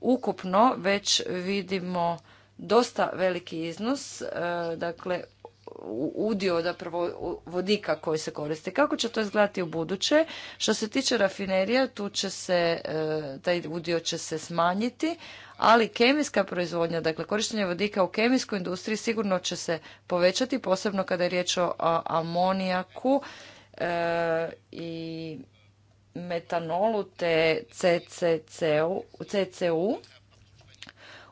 Speaker 6: Ukupno već vidimo dosta veliki iznos, e, dakle udio zapravo vodika koji se koriste. Kako će to izgledati u buduće? Što se tiče rafinerija, tu će se, e, taj udio će se smanjiti, ali kemijska proizvodnja, dakle korištenje vodika u kemijskoj industriji sigurno će se povećati, posebno kada je riječ o amonijaku e, i metanolu te CCCU, CCU.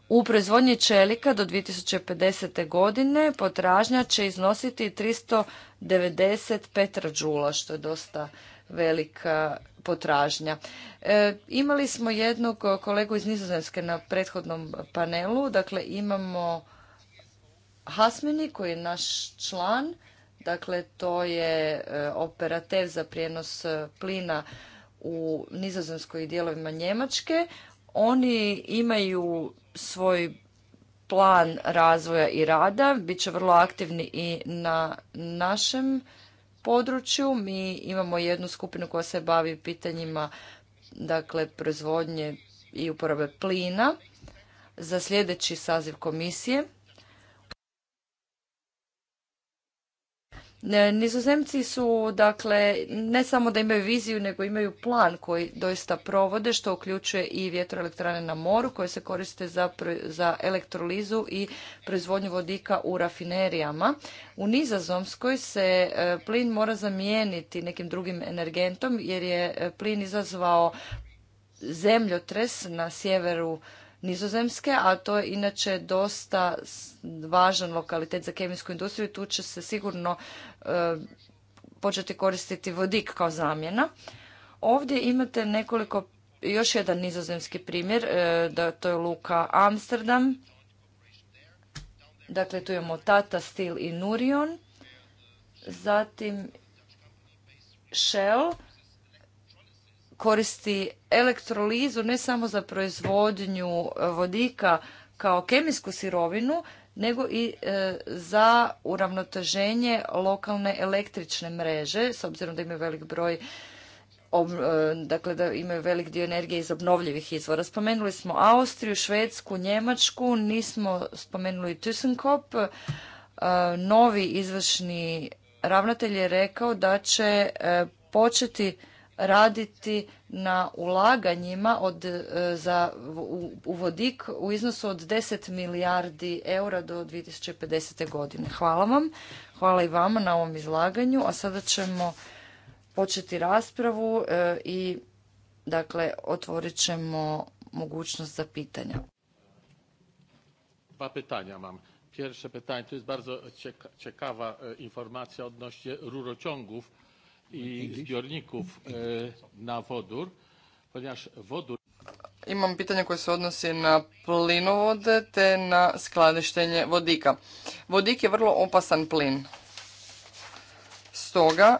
Speaker 6: U proizvodnji čelika do 2050. godine potražnja će iznositi 390 žula što je dosta velika potražnja. E, imali smo jednog kolegu iz Nizozemske na prethodnom panelu, dakle imamo Hasmini koji je naš član, dakle to je e, operativ za prijenos e, plina u Nizozemskoj dijelovima Njemačke. Oni imaju svoj plan razvoja i rada, bit će vrlo aktivni i na našem području. Mi imamo jednu skupinu koja se bavi pitanjima dakle proizvodnje i uporabe plina za sljedeći saziv komisije. E, Nizozemci su, dakle, ne samo da imaju viziju, nego imaju plan koji doista provode, što uključuje i vjetroelektrane na moru koje se koriste za, za elektrolizu i proizvodnju vodika u rafinerijama. U Nizozemskoj se e, plin mora zamijeniti nekim drugim energentom jer je e, plin izazvao zemljotres na sjeveru Nizozemske, a to je inače dosta važan lokalitet za kemijsku industriju. Tu će se sigurno e, početi koristiti vodik kao zamjena. Ovdje imate nekoliko, još jedan nizozemski primjer, e, da to je Luka Amsterdam. Dakle, tu imamo Tata stil i Nurion. Zatim Shell koristi elektrolizu ne samo za proizvodnju e, vodika kao kemijsku sirovinu, nego i e, za uravnoteženje lokalne električne mreže, s obzirom da imaju velik broj e, dakle da imaju velik dio energije iz obnovljivih izvora. Spomenuli smo Austriju, Švedsku, Njemačku, nismo spomenuli ThyssenKop. Novi izvršni ravnatelj je rekao da će početi raditi na ulaganjima od, e, za, u, u vodik u iznosu od 10 milijardi eura do 2050. godine. Hvala vam. Hvala i vama na ovom izlaganju. A sada ćemo početi raspravu e, i dakle otvorit ćemo mogućnost za pitanja.
Speaker 2: Dva pitanja mam. Pierwsze pytanie, to jest bardzo ciekawa e, informacja odnośnie rurociągów i zbiorników e, na wodór, ponieważ Imam pitanje koje se odnosi na plinovode te na skladištenje vodika. Vodik je vrlo opasan plin. Stoga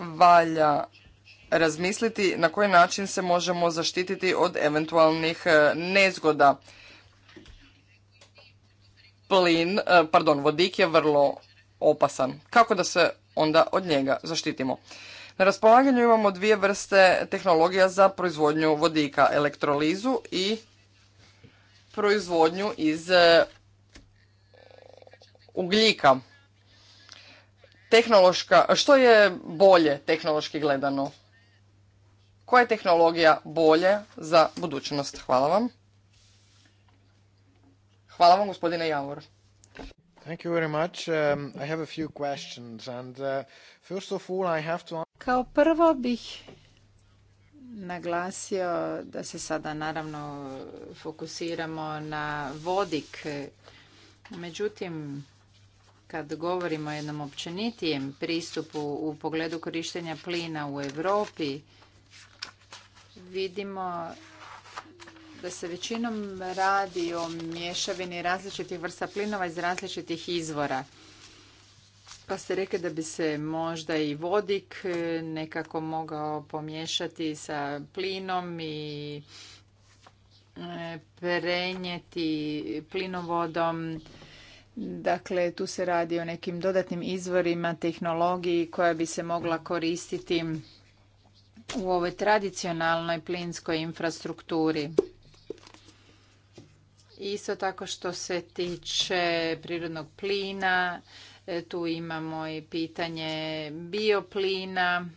Speaker 2: valja razmisliti na koji način se možemo zaštititi od eventualnih e, nezgoda. Plin, e, pardon, vodik je vrlo opasan. Kako da se onda od njega zaštitimo. Na raspolaganju imamo dvije vrste tehnologija za proizvodnju vodika, elektrolizu i proizvodnju iz e, ugljika. Tehnološka, što je bolje tehnološki gledano? Koja je tehnologija bolje za budućnost? Hvala vam. Hvala vam, gospodine Javor. Kao prvo bih
Speaker 3: naglasio da se sada naravno fokusiramo na vodik. Međutim, kad govorimo o jednom općenitijem pristupu u pogledu korištenja plina u Europi, vidimo da se većinom radi o mješavini različitih vrsta plinova iz različitih izvora. Pa ste rekli da bi se možda i vodik e, nekako mogao pomiješati sa plinom i e, prenijeti plinovodom. Dakle, tu se radi o nekim dodatnim izvorima, tehnologiji koja bi se mogla koristiti u ovoj tradicionalnoj plinskoj infrastrukturi. Isto tako što se tiče prirodnog plina, e, tu imamo i pitanje bioplina.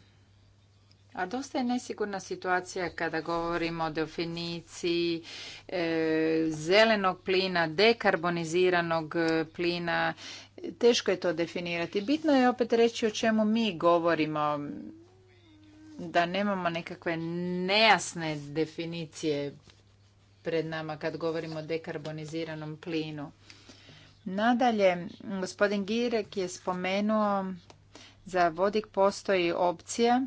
Speaker 3: A dosta je nesigurna situacija kada govorimo o definiciji e, zelenog plina, dekarboniziranog e, plina. Teško je to definirati. Bitno je opet reći o čemu mi govorimo, da nemamo nekakve nejasne definicije pred nama kad govorimo o dekarboniziranom plinu. Nadalje, gospodin Girek je spomenuo za vodik postoji opcija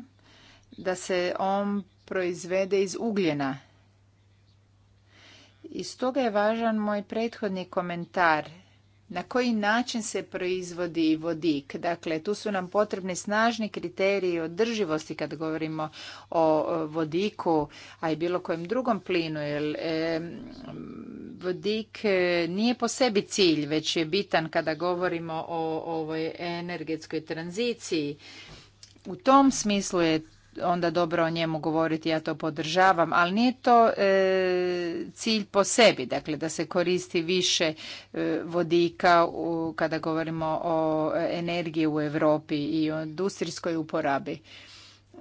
Speaker 3: da se on proizvede iz ugljena. I stoga je važan moj prethodni komentar – na koji način se proizvodi vodik. Dakle, tu su nam potrebni snažni kriteriji održivosti kad govorimo o vodiku, a i bilo kojem drugom plinu, vodik e, nije po sebi cilj, već je bitan kada govorimo o ovoj energetskoj tranziciji. U tom smislu je onda dobro o njemu govoriti, ja to podržavam, ali nije to e, cilj po sebi, dakle da se koristi više e, vodika kada govorimo o energiji u Europi i o industrijskoj uporabi.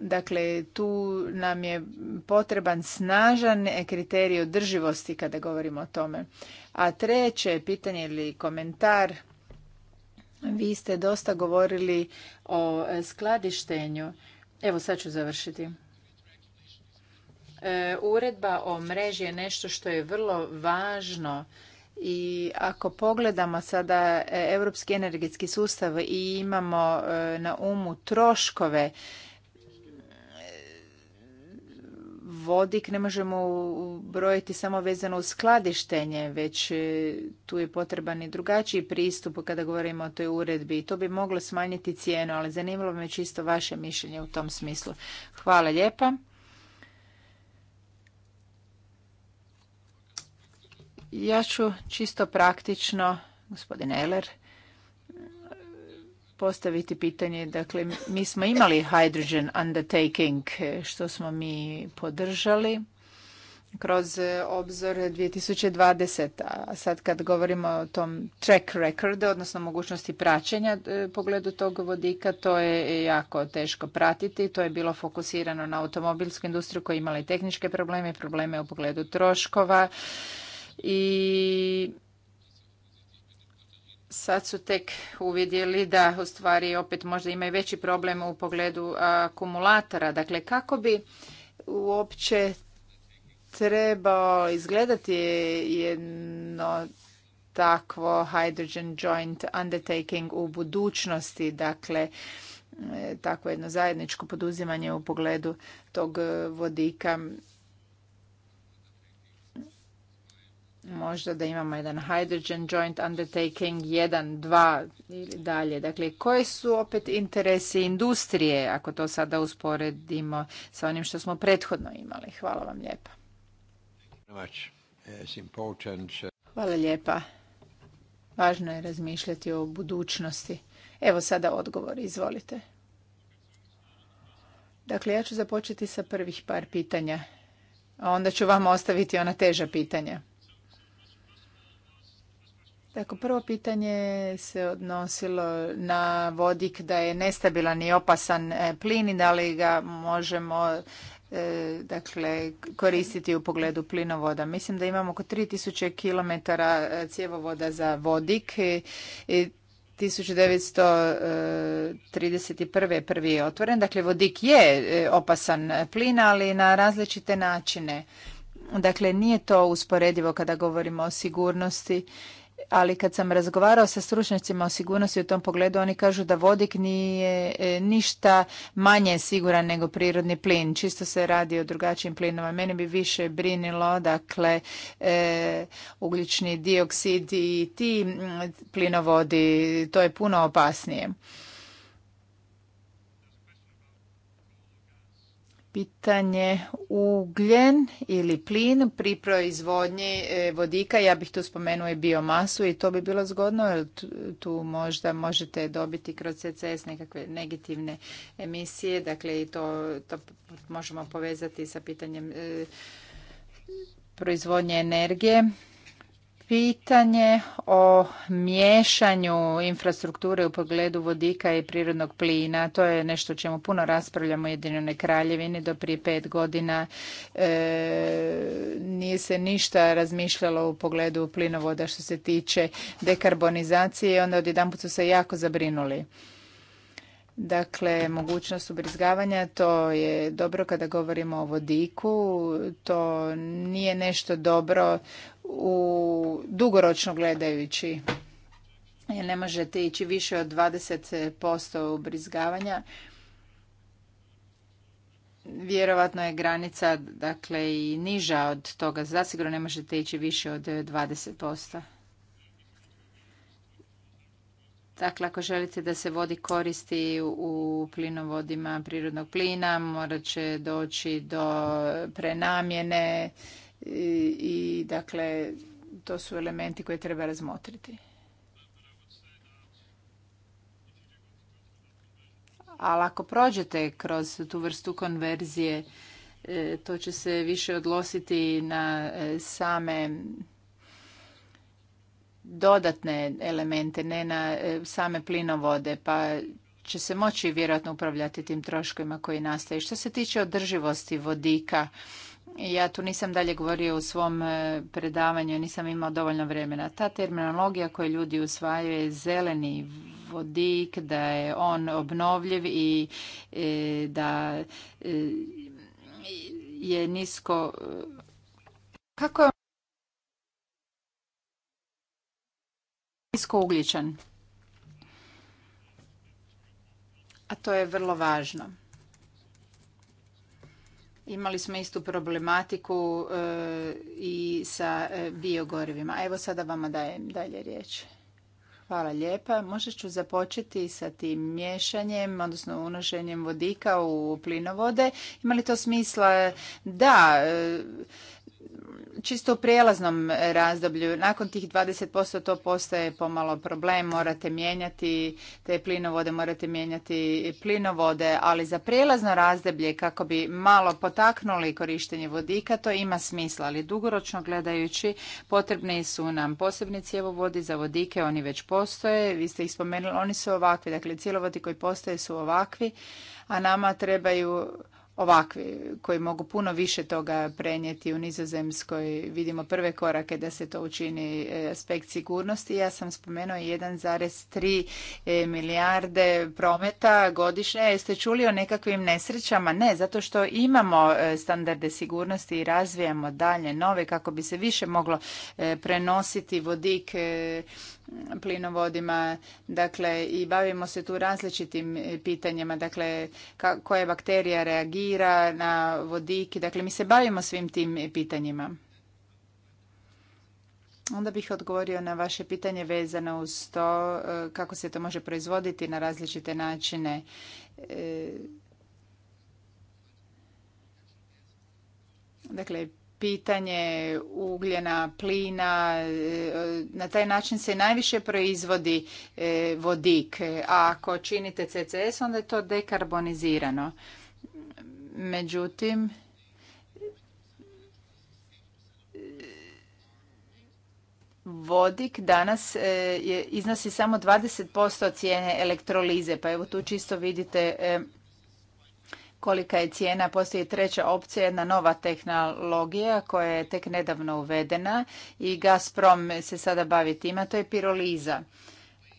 Speaker 3: Dakle, tu nam je potreban snažan kriterij održivosti kada govorimo o tome. A treće pitanje ili komentar, vi ste dosta govorili o skladištenju Evo sad ću završiti. E, uredba o mreži je nešto što je vrlo važno i ako pogledamo sada e, europski energetski sustav i imamo e, na umu troškove vodik ne možemo brojiti samo vezano uz skladištenje, već e, tu je potreban i drugačiji pristup kada govorimo o toj uredbi to bi moglo smanjiti cijenu, ali zanimalo me čisto vaše mišljenje u tom smislu. Hvala lijepa. Ja ću čisto praktično, gospodin Eler, postaviti pitanje. Dakle, mi smo imali hydrogen undertaking što smo mi podržali kroz obzor 2020. A sad kad govorimo o tom track record, odnosno mogućnosti praćenja e, pogledu tog vodika, to je jako teško pratiti. To je bilo fokusirano na automobilsku industriju koja je imala i tehničke probleme, probleme u pogledu troškova i sad su tek uvidjeli da u stvari opet možda imaju veći problem u pogledu akumulatora. Dakle, kako bi uopće trebao izgledati jedno takvo hydrogen joint undertaking u budućnosti, dakle e, takvo jedno zajedničko poduzimanje u pogledu tog e, vodika možda da imamo jedan hydrogen joint undertaking, jedan, dva ili dalje. Dakle, koji su opet interesi industrije, ako to sada usporedimo sa onim što smo prethodno imali? Hvala vam lijepa. Hvala lijepa. Važno je razmišljati o budućnosti. Evo sada odgovor, izvolite. Dakle, ja ću započeti sa prvih par pitanja, a onda ću vam ostaviti ona teža pitanja. Dakle, prvo pitanje se odnosilo na vodik da je nestabilan i opasan e, plin i da li ga možemo e, dakle, koristiti u pogledu plinovoda. Mislim da imamo oko 3000 km e, cjevovoda za vodik i 1931. je prvi je otvoren. Dakle, vodik je opasan plin, ali na različite načine. Dakle, nije to usporedivo kada govorimo o sigurnosti ali kad sam razgovarao sa stručnjacima o sigurnosti u tom pogledu, oni kažu da vodik nije e, ništa manje siguran nego prirodni plin. Čisto se radi o drugačijim plinama. Mene bi više brinilo, dakle, e, ugljični dioksid i ti plinovodi, to je puno opasnije. pitanje ugljen ili plin pri proizvodnji e, vodika. Ja bih tu spomenuo i biomasu i to bi bilo zgodno. Tu možda možete dobiti kroz CCS nekakve negativne emisije. Dakle, i to, to možemo povezati sa pitanjem e, proizvodnje energije pitanje o miješanju infrastrukture u pogledu vodika i prirodnog plina. To je nešto o čemu puno raspravljamo u Jedinjenoj kraljevini. Do prije pet godina e, nije se ništa razmišljalo u pogledu plinovoda što se tiče dekarbonizacije i onda odjedanput su se jako zabrinuli. Dakle, mogućnost ubrizgavanja, to je dobro kada govorimo o vodiku, to nije nešto dobro u dugoročno gledajući. Jer ne možete ići više od 20% ubrizgavanja. Vjerovatno je granica dakle, i niža od toga. Zasigurno ne možete ići više od 20%. Dakle, ako želite da se vodi koristi u plinovodima prirodnog plina, morat će doći do prenamjene i, dakle, to su elementi koje treba razmotriti. Ali ako prođete kroz tu vrstu konverzije, e, to će se više odlositi na e, same dodatne elemente, ne na e, same plinovode, pa će se moći vjerojatno upravljati tim troškovima koji nastaju. Što se tiče održivosti vodika, ja tu nisam dalje govorio u svom e, predavanju, nisam imao dovoljno vremena. Ta terminologija koju ljudi usvajaju je zeleni vodik, da je on obnovljiv i e, da je nisko... Kako A to je vrlo važno. Imali smo istu problematiku e, i sa e, biogorivima. Evo sada vama dajem dalje riječ. Hvala lijepa. Možda ću započeti sa tim miješanjem, odnosno unošenjem vodika u plinovode. Ima li to smisla? Da, e, čisto u prijelaznom razdoblju. Nakon tih 20% to postaje pomalo problem, morate mijenjati te plinovode, morate mijenjati plinovode, ali za prijelazno razdoblje kako bi malo potaknuli korištenje vodika, to ima smisla, ali dugoročno gledajući potrebni su nam posebni cjevovodi za vodike, oni već postoje, vi ste ih spomenuli, oni su ovakvi, dakle cjelovodi koji postoje su ovakvi, a nama trebaju ovakvi koji mogu puno više toga prenijeti u Nizozemskoj. Vidimo prve korake da se to učini e, aspekt sigurnosti. Ja sam spomenuo 1,3 e, milijarde prometa godišnje. E, jeste čuli o nekakvim nesrećama? Ne, zato što imamo standarde sigurnosti i razvijamo dalje nove kako bi se više moglo prenositi vodik plinovodima, dakle i bavimo se tu različitim e, pitanjima, dakle koja bakterija reagira na vodiki, dakle mi se bavimo svim tim e, pitanjima. Onda bih odgovorio na vaše pitanje vezano uz to e, kako se to može proizvoditi na različite načine. Dakle, pitanje ugljena, plina, e, na taj način se najviše proizvodi e, vodik, a ako činite CCS onda je to dekarbonizirano. Međutim, vodik danas e, iznosi samo 20% cijene elektrolize, pa evo tu čisto vidite kolika je cijena. Postoji treća opcija, jedna nova tehnologija koja je tek nedavno uvedena i Gazprom se sada bavi tima, to je piroliza.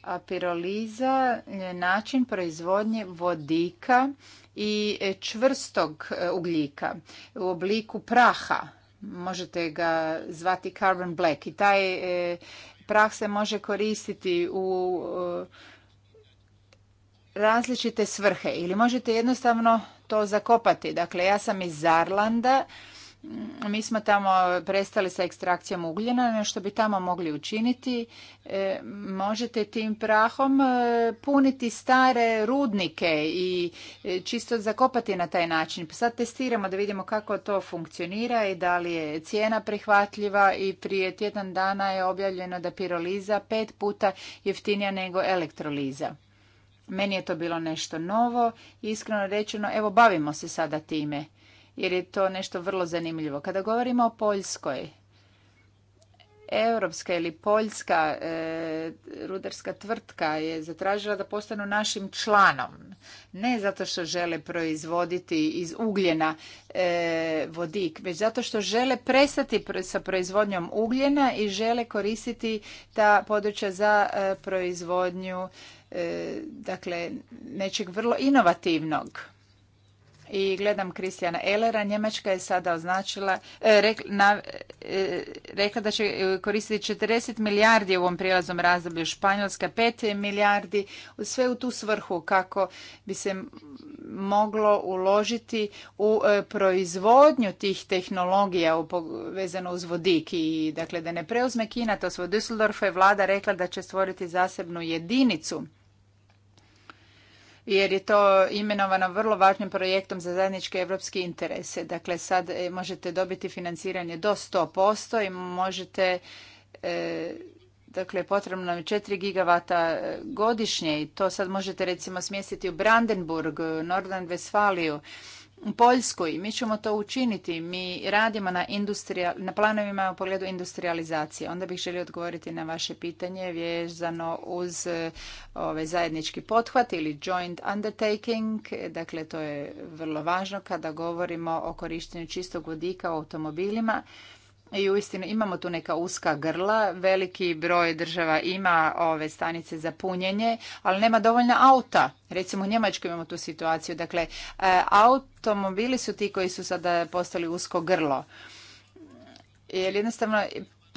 Speaker 3: A piroliza je način proizvodnje vodika i čvrstog e, ugljika u obliku praha. Možete ga zvati carbon black i taj e, prah se može koristiti u e, različite svrhe ili možete jednostavno to zakopati. Dakle, ja sam iz Zarlanda, mm, mi smo tamo prestali sa ekstrakcijom ugljena, nešto bi tamo mogli učiniti. E, možete tim prahom e, puniti stare rudnike i e, čisto zakopati na taj način. Pa sad testiramo da vidimo kako to funkcionira i da li je cijena prihvatljiva i prije tjedan dana je objavljeno da piroliza pet puta jeftinija nego elektroliza. Meni je to bilo nešto novo i iskreno rečeno, evo bavimo se sada time, jer je to nešto vrlo zanimljivo. Kada govorimo o Poljskoj, europska ili poljska e, rudarska tvrtka je zatražila da postanu našim članom. Ne zato što žele proizvoditi iz ugljena e, vodik, već zato što žele prestati sa proizvodnjom ugljena i žele koristiti ta područja za e, proizvodnju E, dakle, nečeg vrlo inovativnog. I gledam Kristijana Elera, Njemačka je sada označila, e, e, rekla da će koristiti 40 milijardi u ovom prijelaznom razdoblju, Španjolska 5 milijardi, sve u tu svrhu kako bi se moglo uložiti u proizvodnju tih tehnologija vezano uz vodik i dakle da ne preuzme Kina, to svoj Düsseldorf je vlada rekla da će stvoriti zasebnu jedinicu jer je to imenovano vrlo važnim projektom za zajedničke evropske interese. Dakle, sad e, možete dobiti financiranje do 100% i možete e, dakle potrebno je 4 gigavata e, godišnje i to sad možete recimo smjestiti u Brandenburg, Nordrhein Westfaliju u Poljskoj. Mi ćemo to učiniti. Mi radimo na, na planovima u pogledu industrializacije. Onda bih želio odgovoriti na vaše pitanje vezano uz e, ovaj zajednički pothvat ili joint undertaking. Dakle, to je vrlo važno kada govorimo o korištenju čistog vodika u automobilima i uistinu imamo tu neka uska grla, veliki broj država ima ove stanice za punjenje, ali nema dovoljna auta. Recimo u Njemačkoj imamo tu situaciju, dakle e, automobili su ti koji su sada postali usko grlo. Jer jednostavno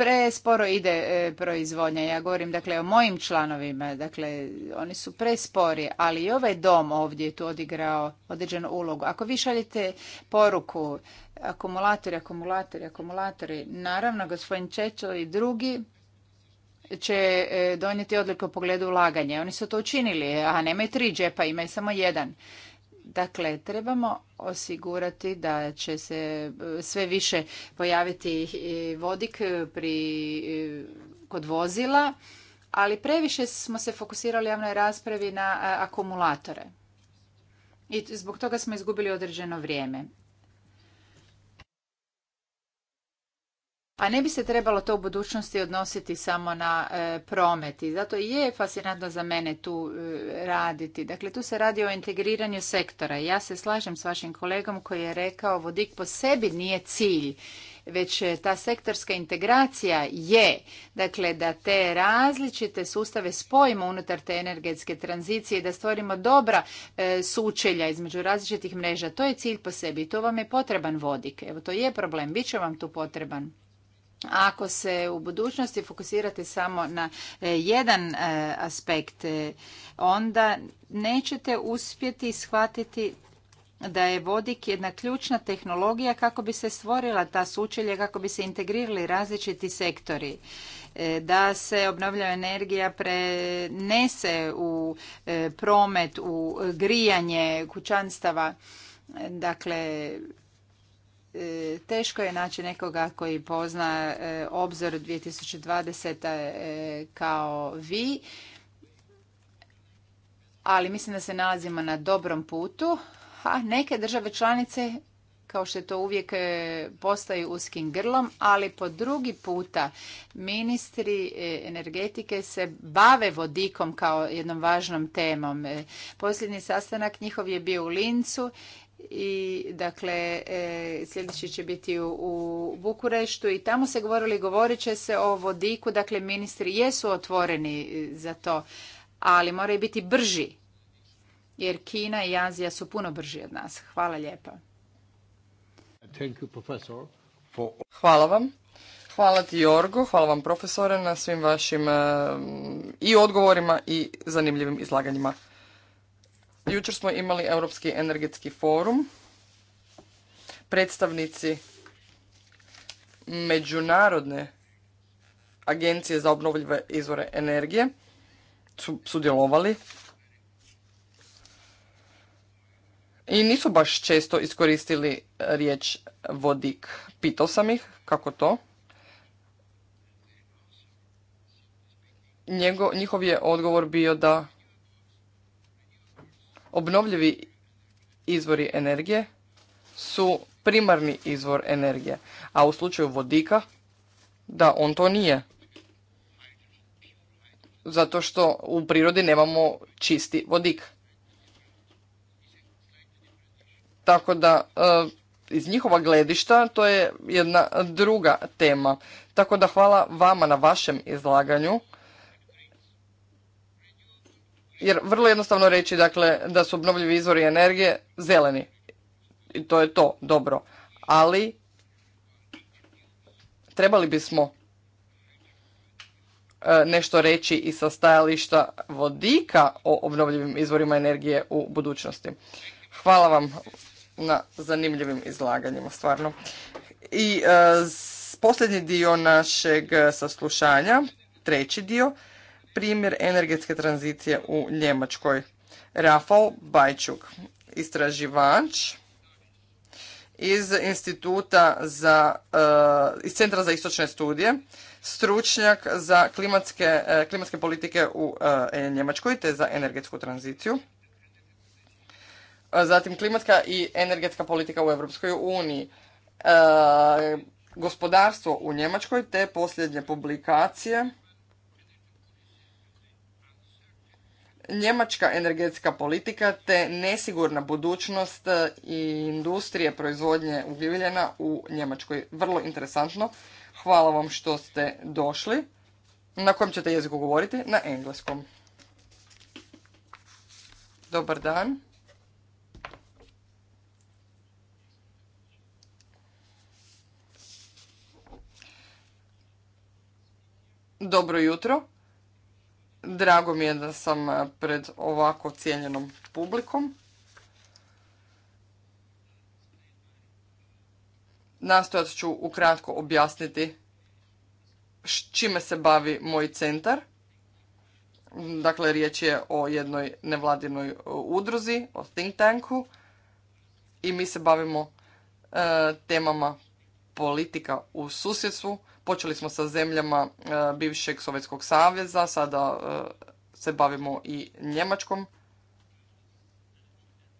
Speaker 3: presporo ide e, proizvodnja. Ja govorim dakle o mojim članovima, dakle oni su prespori, ali i ovaj dom ovdje je tu odigrao određenu ulogu. Ako vi šaljete poruku akumulatori, akumulatori, akumulatori, naravno gospodin Čečo i drugi će e, donijeti odliku u pogledu ulaganja. Oni su to učinili, a nemaju tri džepa, imaju samo jedan. Dakle, trebamo osigurati da će se e, sve više pojaviti vodik pri, e, kod vozila, ali previše smo se fokusirali u javnoj raspravi na e, akumulatore. I zbog toga smo izgubili određeno vrijeme. A ne bi se trebalo to u budućnosti odnositi samo na e, promet. I zato i je fascinantno za mene tu e, raditi. Dakle, tu se radi o integriranju sektora. Ja se slažem s vašim kolegom koji je rekao vodik po sebi nije cilj već e, ta sektorska integracija je, dakle, da te različite sustave spojimo unutar te energetske tranzicije, i da stvorimo dobra sučelja između različitih mreža. To je cilj po sebi i to vam je potreban vodik. Evo, to je problem, Biće vam tu potreban ako se u budućnosti fokusirate samo na e, jedan e, aspekt, e, onda nećete uspjeti shvatiti da je vodik jedna ključna tehnologija kako bi se stvorila ta sučelja, kako bi se integrirali različiti sektori da se obnovljava energija prenese u promet, u grijanje kućanstava. Dakle, E, teško je naći nekoga koji pozna e, obzor 2020 e, kao vi, ali mislim da se nalazimo na dobrom putu, a neke države članice kao što je to uvijek postaju uskim grlom, ali po drugi puta ministri energetike se bave vodikom kao jednom važnom temom. Posljednji sastanak njihov je bio u Lincu i dakle e, sljedeći će biti u, Bukureštu i tamo se govorili, govorit će se o vodiku, dakle ministri jesu otvoreni e, za to, ali moraju biti brži jer Kina i Azija su puno brži od nas. Hvala lijepa.
Speaker 2: Hvala vam. Hvala ti Jorgo, hvala vam profesore na svim vašim e, i odgovorima i zanimljivim izlaganjima. Jučer smo imali Europski energetski forum. Predstavnici međunarodne agencije za obnovljive izvore energije su sudjelovali i nisu baš često iskoristili riječ vodik. Pitao sam ih kako to. Njego, njihov je odgovor bio da obnovljivi izvori energije su primarni izvor energije, a u slučaju vodika da on to nije. Zato što u prirodi nemamo čisti vodik. Tako da e, iz njihova gledišta to je jedna druga tema. Tako da hvala vama na vašem izlaganju jer vrlo jednostavno reći dakle da su obnovljivi izvori energije zeleni i to je to dobro ali trebali bismo e, nešto reći i sa stajališta vodika o obnovljivim izvorima energije u budućnosti. Hvala vam na zanimljivim izlaganjima, stvarno. I e, posljednji dio našeg saslušanja, treći dio, primjer energetske tranzicije u Njemačkoj. Rafal Bajčuk, istraživač iz Instituta za, eh, iz Centra za istočne studije, stručnjak za klimatske, eh, klimatske politike u eh, Njemačkoj te za energetsku tranziciju. Zatim klimatska i energetska politika u Europskoj uniji. Gospodarstvo u Njemačkoj te posljednje publikacije Njemačka energetska politika te nesigurna budućnost e, i industrije proizvodnje ugljivljena u Njemačkoj. Vrlo interesantno. Hvala vam što ste došli. Na kojem ćete jeziku govoriti? Na engleskom. Dobar dan. Dobro jutro. Drago mi je da sam eh, pred ovako cijenjenom publikom. Nastojat ću ukratko objasniti čime se bavi moj centar. Dakle, riječ je o jednoj nevladinoj eh, udruzi, o think tanku i mi se bavimo eh, temama politika u susjedstvu, Počeli smo sa zemljama e, bivšeg Sovjetskog saveza, sada e, se bavimo i Njemačkom.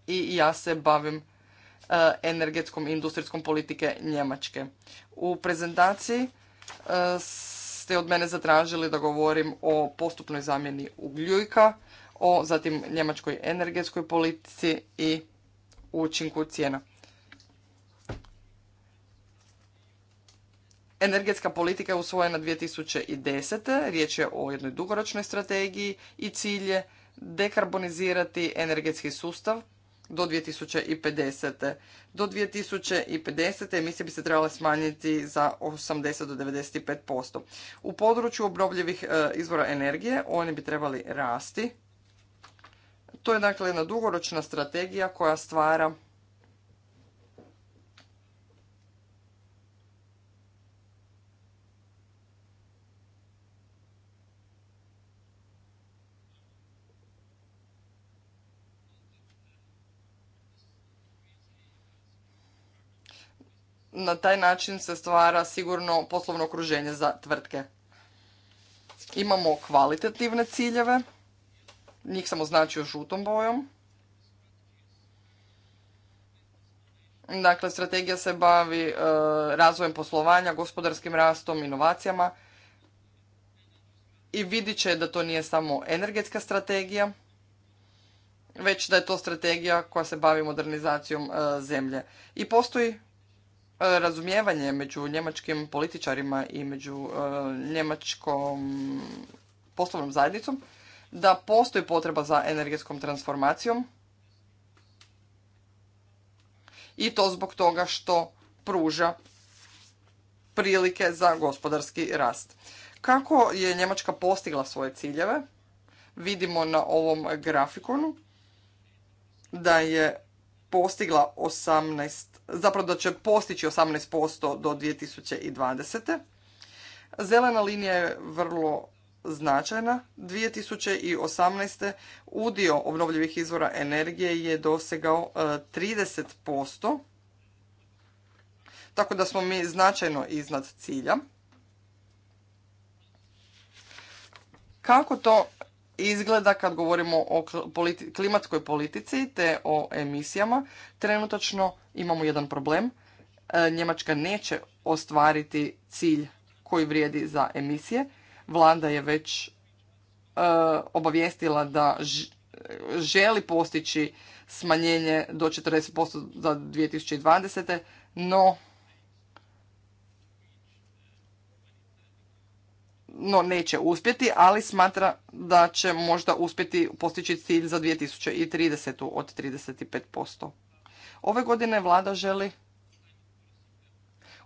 Speaker 2: I ja se bavim e, energetskom i industrijskom politike Njemačke. U prezentaciji ste od mene zatražili da govorim o postupnoj zamjeni ugljujka, o zatim njemačkoj energetskoj politici i učinku cijena. Energetska politika je usvojena 2010. Riječ je o jednoj dugoročnoj strategiji i cilj je dekarbonizirati energetski sustav do 2050. Do 2050. emisije bi se trebale smanjiti za 80 do 95%. U području obnovljivih e, izvora energije oni bi trebali rasti. To je dakle jedna dugoročna strategija koja stvara na taj način se stvara sigurno poslovno okruženje za tvrtke. Imamo kvalitativne ciljeve, njih sam označio žutom bojom. Dakle, strategija se bavi e, razvojem poslovanja, gospodarskim rastom, inovacijama i vidit će da to nije samo energetska strategija, već da je to strategija koja se bavi modernizacijom e, zemlje. I postoji E, razumijevanje među njemačkim političarima i među e, njemačkom poslovnom zajednicom da postoji potreba za energetskom transformacijom i to zbog toga što pruža prilike za gospodarski rast. Kako je Njemačka postigla svoje ciljeve? Vidimo na ovom grafikonu da je postigla 18, zapravo da će postići 18% do 2020. Zelena linija je vrlo značajna. 2018. udio obnovljivih izvora energije je dosegao 30%, e, tako da smo mi značajno iznad cilja. Kako to izgleda kad govorimo o klimatskoj politici te o emisijama. Trenutačno imamo jedan problem. E, Njemačka neće ostvariti cilj koji vrijedi za emisije. Vlada je već e, obavijestila da želi postići smanjenje do 40% za 2020. No, no neće uspjeti, ali smatra da će možda uspjeti postići cilj za 2030. od 35%. Ove godine vlada želi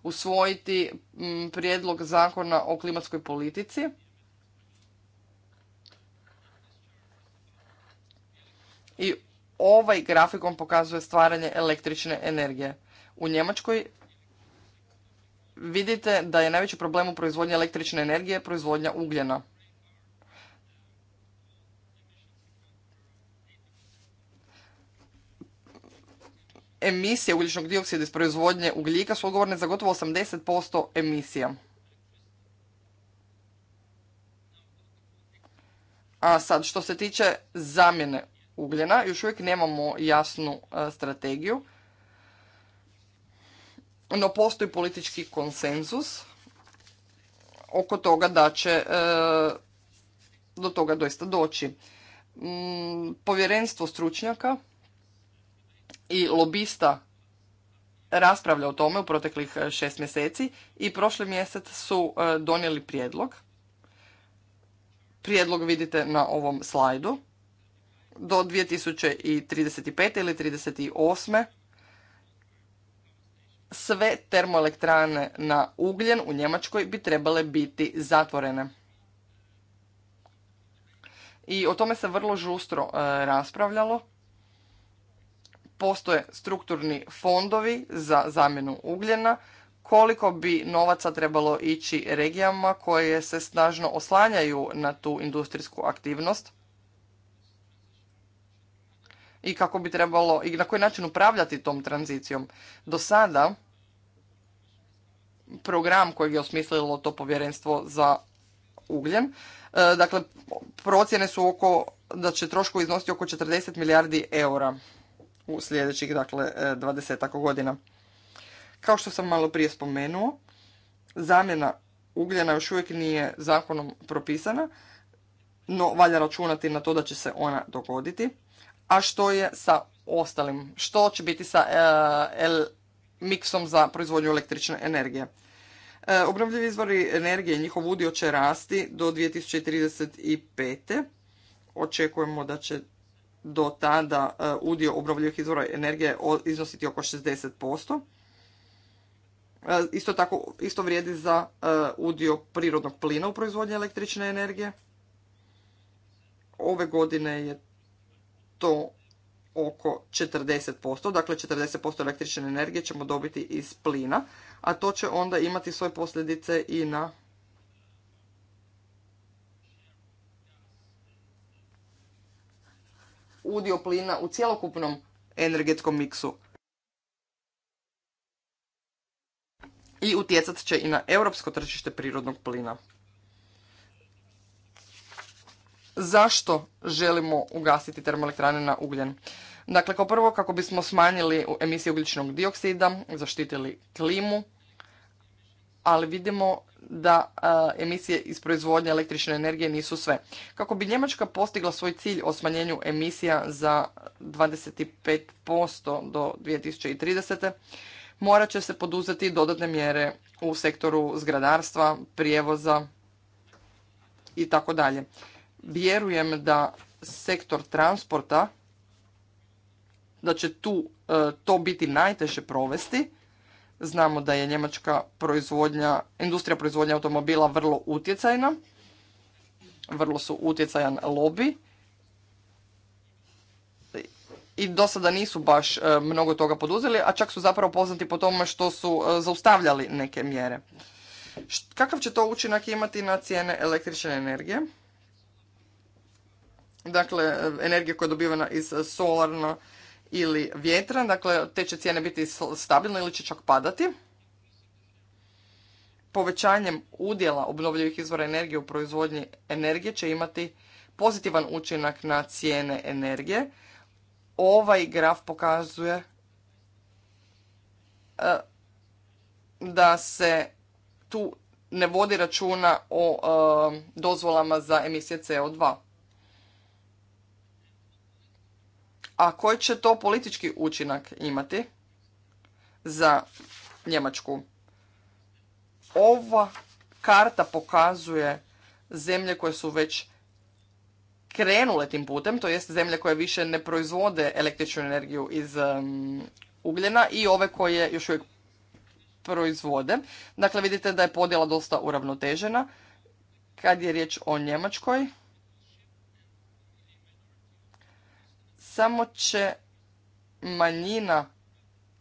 Speaker 2: usvojiti mm, prijedlog zakona o klimatskoj politici. I ovaj grafikon pokazuje stvaranje električne energije. U Njemačkoj vidite da je najveći problem u proizvodnji električne energije proizvodnja ugljena. Emisije ugljičnog dioksida iz proizvodnje ugljika su odgovorne za gotovo 80% emisija. A sad, što se tiče zamjene ugljena, još uvijek nemamo jasnu e, strategiju no postoji politički konsenzus oko toga da će e, do toga doista doći. Mm, povjerenstvo stručnjaka i lobista raspravlja o tome u proteklih e, šest mjeseci i prošli mjesec su e, donijeli prijedlog. Prijedlog vidite na ovom slajdu. Do 2035. ili 38 sve termoelektrane na ugljen u Njemačkoj bi trebale biti zatvorene. I o tome se vrlo žustro e, raspravljalo. Postoje strukturni fondovi za zamjenu ugljena, koliko bi novaca trebalo ići regijama koje se snažno oslanjaju na tu industrijsku aktivnost i kako bi trebalo i na koji način upravljati tom tranzicijom. Do sada program kojeg je osmislilo to povjerenstvo za ugljen, e, dakle procjene su oko da će troškovi iznositi oko 40 milijardi eura u sljedećih dakle 20 e, godina. Kao što sam malo prije spomenuo, zamjena ugljena još uvijek nije zakonom propisana, no valja računati na to da će se ona dogoditi a što je sa ostalim? Što će biti sa e, miksom za proizvodnju električne energije? E, obnovljivi izvori energije, njihov udio će rasti do 2035. Očekujemo da će do tada e, udio obnovljivih izvora energije iznositi oko 60%. Isto tako, isto vrijedi za udio prirodnog plina u proizvodnji električne energije. Ove godine je to oko 40%, dakle 40% električne energije ćemo dobiti iz plina, a to će onda imati svoje posljedice i na udio plina u cjelokupnom energetskom miksu. I utjecat će i na europsko tržište prirodnog plina zašto želimo ugasiti termoelektrane na ugljen. Dakle, kao prvo kako bismo smanjili emisije ugljičnog dioksida, zaštitili klimu, ali vidimo da emisije iz proizvodnje električne energije nisu sve. Kako bi Njemačka postigla svoj cilj o smanjenju emisija za 25% do 2030. morat će se poduzeti dodatne mjere u sektoru zgradarstva, prijevoza i tako dalje vjerujem da sektor transporta da će tu e, to biti najteže provesti. Znamo da je njemačka proizvodnja, industrija proizvodnja automobila vrlo utjecajna, vrlo su utjecajan lobby i do sada nisu baš e, mnogo toga poduzeli, a čak su zapravo poznati po tome što su e, zaustavljali neke mjere. Kakav će to učinak imati na cijene električne energije? dakle energija koja je dobivena iz solarno ili vjetra, dakle te će cijene biti stabilne ili će čak padati. Povećanjem udjela obnovljivih izvora energije u proizvodnji energije će imati pozitivan učinak na cijene energije. Ovaj graf pokazuje e, da se tu ne vodi računa o e, dozvolama za emisije CO2. A koji će to politički učinak imati za Njemačku? Ova karta pokazuje zemlje koje su već krenule tim putem, to jest zemlje koje više ne proizvode električnu energiju iz um, ugljena i ove koje još uvijek proizvode. Dakle, vidite da je podjela dosta uravnotežena. Kad je riječ o Njemačkoj, samo će manjina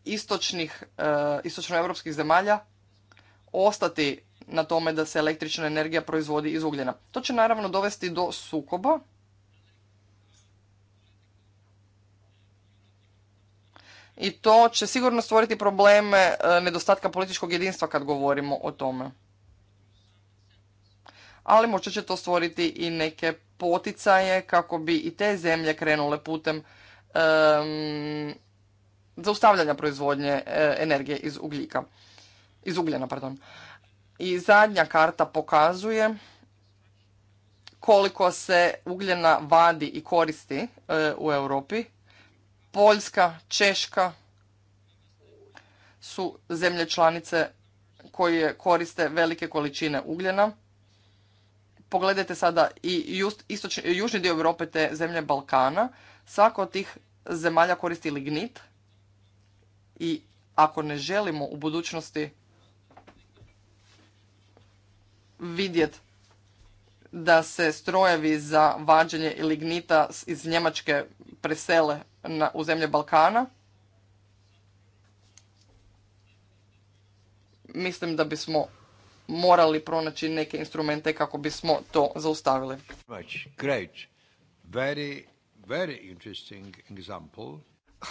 Speaker 2: istočnih, e, istočnoevropskih zemalja ostati na tome da se električna energija proizvodi iz ugljena. To će naravno dovesti do sukoba. I to će sigurno stvoriti probleme e, nedostatka političkog jedinstva kad govorimo o tome ali možda će to stvoriti i neke poticaje kako bi i te zemlje krenule putem zaustavljanja proizvodnje e, energije iz ugljika. Iz ugljena, pardon. I zadnja karta pokazuje koliko se ugljena vadi i koristi e, u Europi. Poljska, Češka su zemlje članice koje koriste velike količine ugljena pogledajte sada i južni dio Europe te zemlje Balkana, svaka od tih zemalja koristi lignit i ako ne želimo u budućnosti vidjeti da se strojevi za vađenje lignita iz Njemačke presele na, u zemlje Balkana, mislim da bismo morali pronaći neke instrumente kako bismo to zaustavili.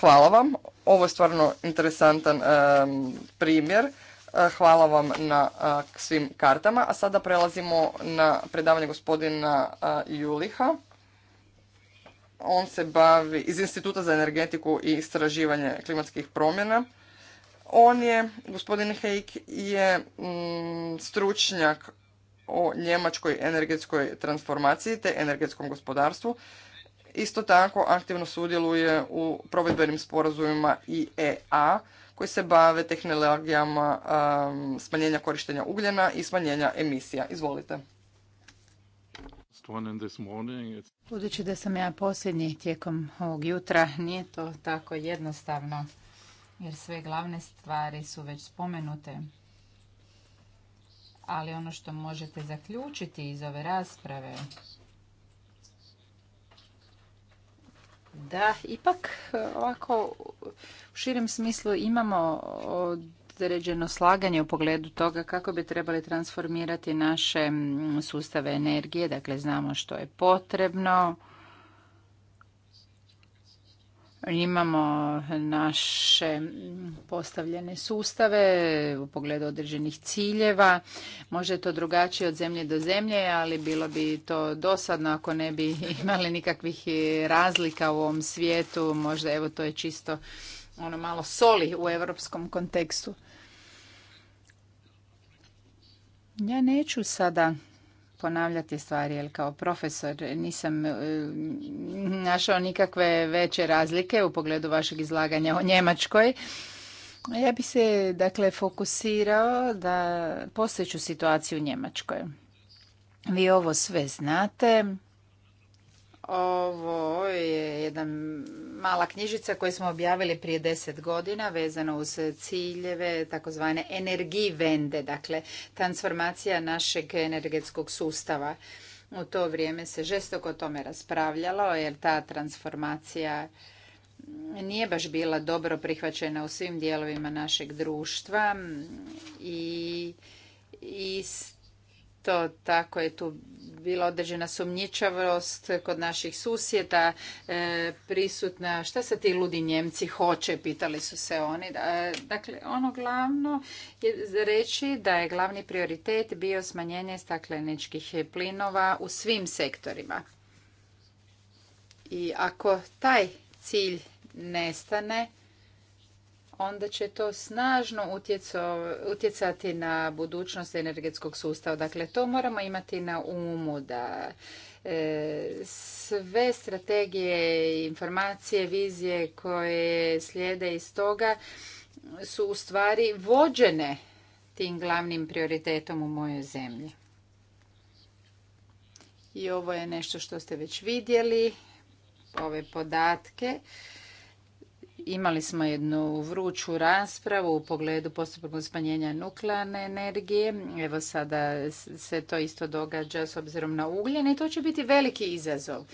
Speaker 2: Hvala vam. Ovo je stvarno interesantan primjer. E, hvala vam na e, svim kartama. A sada prelazimo na predavanje gospodina e, Juliha. On se bavi iz Instituta za energetiku i istraživanje klimatskih promjena. On je, gospodin Heik je mm, stručnjak o njemačkoj energetskoj transformaciji te energetskom gospodarstvu. Isto tako aktivno sudjeluje u provedbenim sporazumima IEA koji se bave tehnologijama um, smanjenja korištenja ugljena i smanjenja emisija. Izvolite.
Speaker 3: Budući da sam ja posljednji tijekom ovog jutra, nije to tako jednostavno jer sve glavne stvari su već spomenute. Ali ono što možete zaključiti iz ove rasprave Da, ipak e, ovako u širem smislu imamo određeno slaganje u pogledu toga kako bi trebali transformirati naše sustave energije. Dakle, znamo što je potrebno. Imamo naše postavljene sustave u pogledu određenih ciljeva. Može to drugačije od zemlje do zemlje, ali bilo bi to dosadno ako ne bi [LAUGHS] imali nikakvih razlika u ovom svijetu. Možda evo to je čisto ono malo soli u europskom kontekstu. Ja neću sada ponavljati stvari, jer kao profesor nisam e, našao nikakve veće razlike u pogledu vašeg izlaganja o Njemačkoj. Ja bih se dakle fokusirao da postojeću situaciju u Njemačkoj. Vi ovo sve znate. Ovo je jedan mala knjižica koju smo objavili prije deset godina vezano uz ciljeve takozvane energiji vende, dakle transformacija našeg energetskog sustava. U to vrijeme se žestoko o tome raspravljalo jer ta transformacija nije baš bila dobro prihvaćena u svim dijelovima našeg društva i i to tako je tu bila određena sumnjičavost kod naših susjeda e, prisutna. Šta se ti ludi Njemci hoće, pitali su se oni. Dakle, ono glavno je reći da je glavni prioritet bio smanjenje stakleničkih plinova u svim sektorima. I ako taj cilj nestane, onda će to snažno utjecati na budućnost energetskog sustava. Dakle, to moramo imati na umu da e, sve strategije, informacije, vizije koje slijede iz toga su u stvari vođene tim glavnim prioritetom u mojoj zemlji. I ovo je nešto što ste već vidjeli, ove podatke. Imali smo jednu vruću raspravu u pogledu postupnog smanjenja nuklearne energije. Evo sada se to isto događa s obzirom na ugljen i to će biti veliki izazov.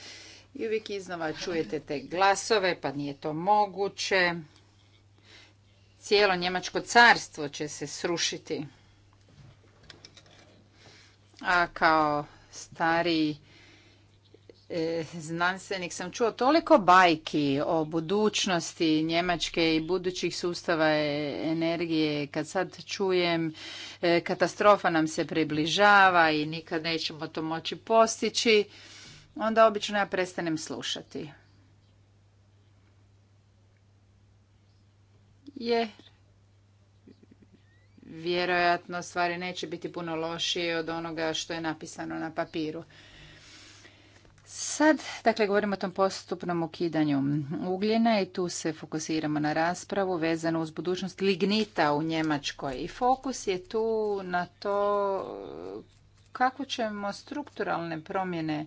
Speaker 3: I uvijek iznova čujete te glasove, pa nije to moguće. Cijelo njemačko carstvo će se srušiti. A kao stariji Eh, znanstvenik sam čuo toliko bajki o budućnosti Njemačke i budućih sustava e, energije. Kad sad čujem eh, katastrofa nam se približava i nikad nećemo to moći postići, onda obično ja prestanem slušati. Jer vjerojatno stvari neće biti puno lošije od onoga što je napisano na papiru. Sad, dakle, govorimo o tom postupnom ukidanju ugljena i tu se fokusiramo na raspravu vezanu uz budućnost lignita u Njemačkoj. I fokus je tu na to kako ćemo strukturalne promjene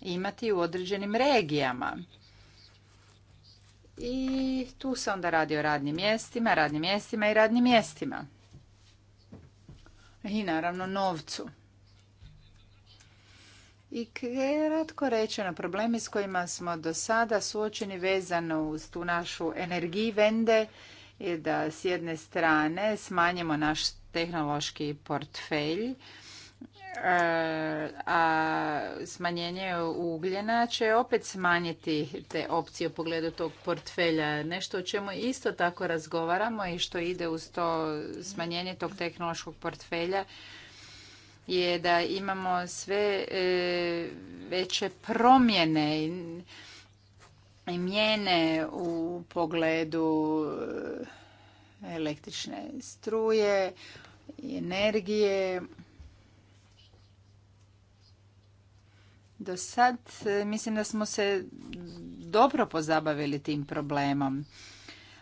Speaker 3: imati u određenim regijama. I tu se onda radi o radnim mjestima, radnim mjestima i radnim mjestima. I naravno novcu. I kratko rečeno, problemi s kojima smo do sada suočeni vezano uz tu našu energiju vende je da s jedne strane smanjimo naš tehnološki portfelj, e, a smanjenje ugljena će opet smanjiti te opcije u pogledu tog portfelja. Nešto o čemu isto tako razgovaramo i što ide uz to smanjenje tog tehnološkog portfelja je da imamo sve e, veće promjene i mjene u pogledu e, električne struje i energije. Do sad e, mislim da smo se dobro pozabavili tim problemom.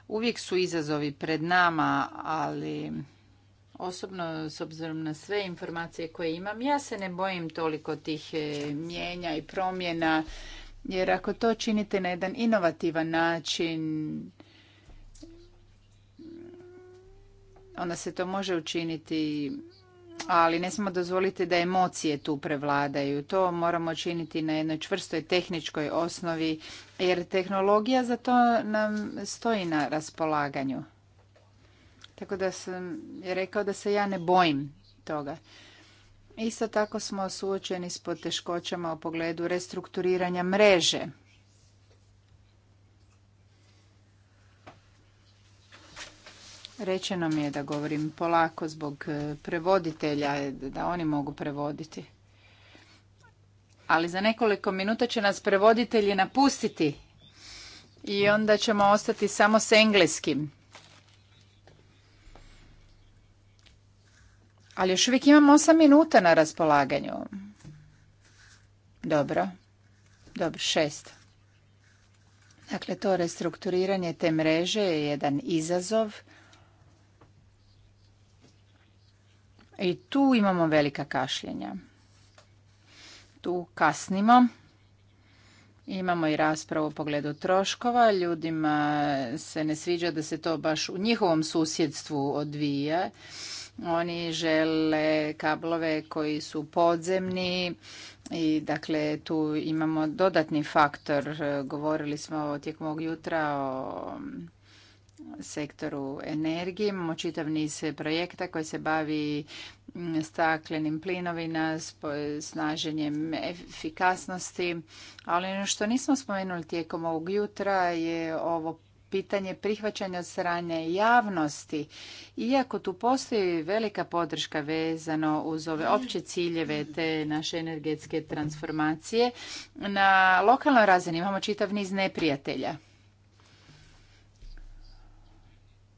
Speaker 3: Uvijek su izazovi pred nama, ali osobno, s obzirom na sve informacije koje imam, ja se ne bojim toliko tih e, mijenja i promjena, jer ako to činite na jedan inovativan način, onda se to može učiniti ali ne smo dozvoliti da emocije tu prevladaju. To moramo činiti na jednoj čvrstoj tehničkoj osnovi jer tehnologija za to nam stoji na raspolaganju. Tako da sam rekao da se ja ne bojim toga. Isto tako smo suočeni s poteškoćama u pogledu restrukturiranja mreže. Rečeno mi je da govorim polako zbog e, prevoditelja, da oni mogu prevoditi. Ali za nekoliko minuta će nas prevoditelji napustiti i onda ćemo ostati samo s engleskim. Ali još uvijek imamo osam minuta na raspolaganju. Dobro. Dobro, šest. Dakle, to restrukturiranje te mreže je jedan izazov. I tu imamo velika kašljenja. Tu kasnimo. Imamo i raspravu u pogledu troškova. Ljudima se ne sviđa da se to baš u njihovom susjedstvu odvija oni žele kablove koji su podzemni i dakle tu imamo dodatni faktor. Govorili smo tijekom ovog jutra o sektoru energije. Imamo čitav niz projekta koji se bavi mm, staklenim plinovina, snaženjem efikasnosti. Ali ono što nismo spomenuli tijekom ovog jutra je ovo pitanje prihvaćanja od strane javnosti. Iako tu postoji velika podrška vezano uz ove opće ciljeve te naše energetske transformacije, na lokalnoj razini imamo čitav niz neprijatelja.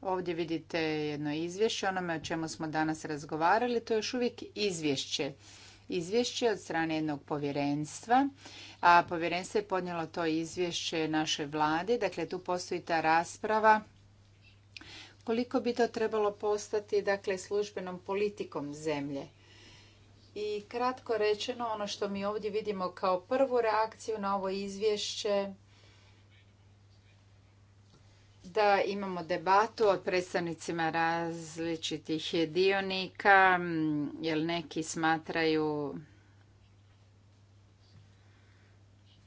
Speaker 3: Ovdje vidite jedno izvješće, onome o čemu smo danas razgovarali, to je još uvijek izvješće izvješće od strane jednog povjerenstva, a povjerenstvo je podnijelo to izvješće naše vlade. Dakle, tu postoji ta rasprava koliko bi to trebalo postati dakle, službenom politikom zemlje. I kratko rečeno, ono što mi ovdje vidimo kao prvu reakciju na ovo izvješće da imamo debatu od predstavnicima različitih dionika, jer neki smatraju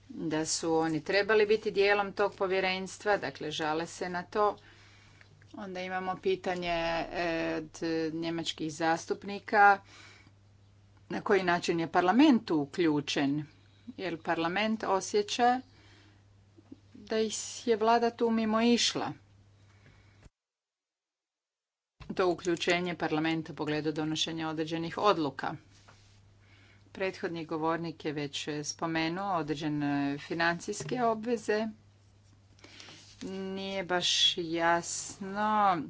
Speaker 3: da su oni trebali biti dijelom tog povjerenstva, dakle žale se na to. Onda imamo pitanje e, od njemačkih zastupnika na koji način je parlament uključen, jer parlament osjeća da je vlada tu mimo išla. To uključenje parlamenta pogledu donošenja određenih odluka. Prethodni govornik je već spomenuo određene financijske obveze. Nije baš jasno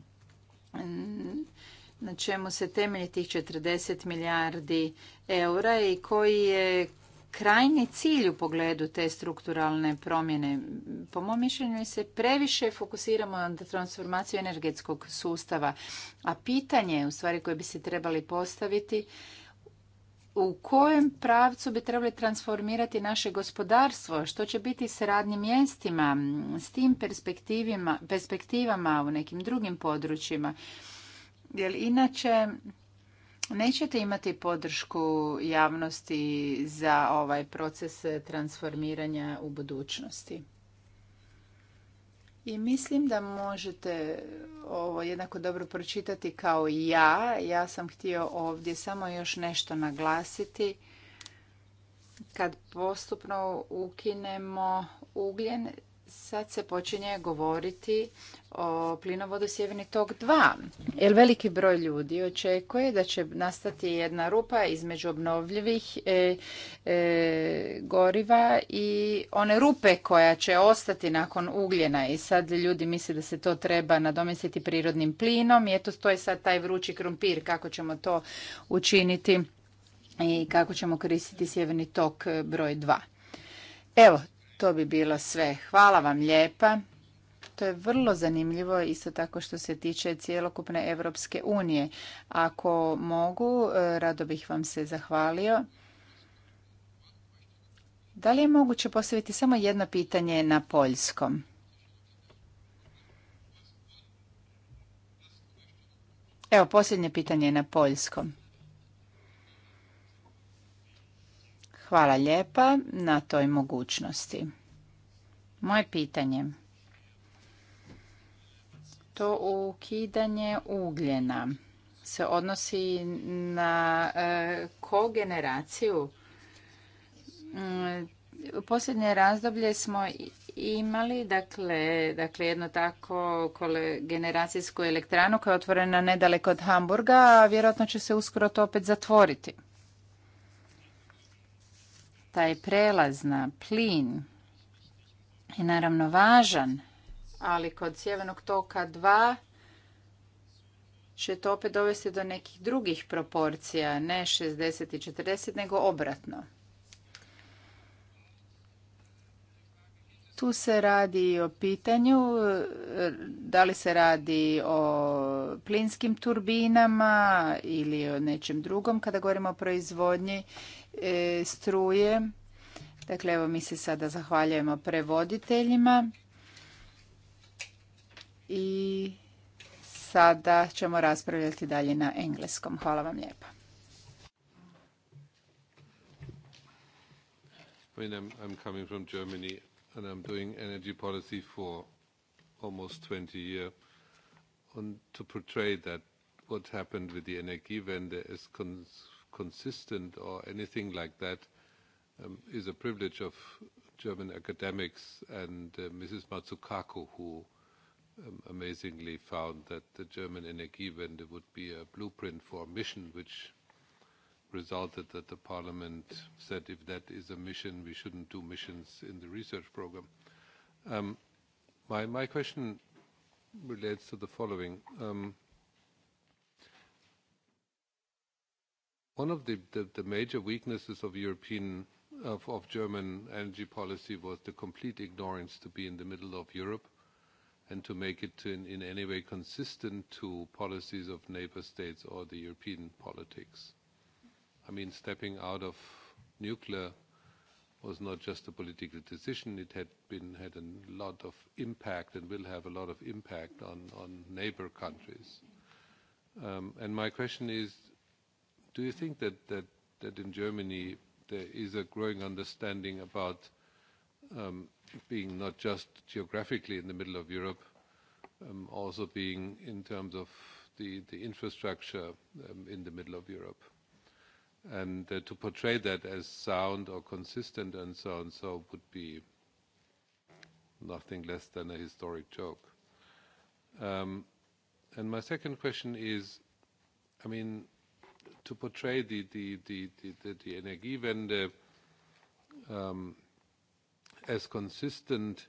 Speaker 3: na čemu se temelji tih 40 milijardi eura i koji je krajni cilj u pogledu te strukturalne promjene. Po mom mišljenju se previše fokusiramo na transformaciju energetskog sustava, a pitanje u stvari koje bi se trebali postaviti u kojem pravcu bi trebali transformirati naše gospodarstvo, što će biti s radnim mjestima, s tim perspektivama u nekim drugim područjima. Jer inače Nećete imati podršku javnosti za ovaj proces transformiranja u budućnosti. I mislim da možete ovo jednako dobro pročitati kao ja. Ja sam htio ovdje samo još nešto naglasiti. Kad postupno ukinemo ugljen, sad se počinje govoriti o plinovodu Sjeverni tok 2. Jer veliki broj ljudi očekuje da će nastati jedna rupa između obnovljivih e, e, goriva i one rupe koja će ostati nakon ugljena. I sad ljudi misle da se to treba nadomisliti prirodnim plinom i eto to je sad taj vrući krumpir kako ćemo to učiniti i kako ćemo koristiti Sjeverni tok broj 2. Evo, to bi bilo sve. Hvala vam lijepa. To je vrlo zanimljivo isto tako što se tiče cjelokupne Europske unije. Ako mogu, e, rado bih vam se zahvalio. Da li je moguće postaviti samo jedno pitanje na poljskom? Evo, posljednje pitanje na poljskom. Hvala lijepa na toj mogućnosti. Moje pitanje to ukidanje ugljena se odnosi na e, kogeneraciju. U mm, posljednje razdoblje smo imali dakle, dakle, jedno tako generacijsku elektranu koja je otvorena nedaleko od Hamburga, a vjerojatno će se uskoro to opet zatvoriti. Taj prelaz na plin je naravno važan ali kod Sjevernog toka 2 će to opet dovesti do nekih drugih proporcija, ne 60 i 40, nego obratno. Tu se radi o pitanju da li se radi o plinskim turbinama ili o nečem drugom kada govorimo o proizvodnji e, struje. Dakle, evo mi se sada zahvaljujemo prevoditeljima i sada ćemo raspravljati dalje na engleskom. Hvala vam lijepa.
Speaker 7: I'm coming from Germany and I'm doing energy policy for almost 20 years. And to portray that what happened with the Energiewende is cons consistent or anything like that um, is a privilege of German academics and uh, Mrs. Matsukaku, who um, amazingly found that the German Energiewende would be a blueprint for a mission, which resulted that the parliament said if that is a mission, we shouldn't do missions in the research program. Um, my, my question relates to the following. Um, one of the, the, the major weaknesses of European of, of German energy policy was the complete ignorance to be in the middle of Europe and to make it in, in any way consistent to policies of neighbor states or the European politics. I mean, stepping out of nuclear was not just a political decision. It had been had a lot of impact and will have a lot of impact on, on neighbor countries. Um, and my question is, do you think that, that, that in Germany there is a growing understanding about um, being not just geographically in the middle of Europe, um, also being in terms of the, the infrastructure um, in the middle of Europe. And uh, to portray that as sound or consistent and so on so would be nothing less than a historic joke. Um, and my second question is, I mean, to portray the, the, the, the, the, the Energiewende um, as consistent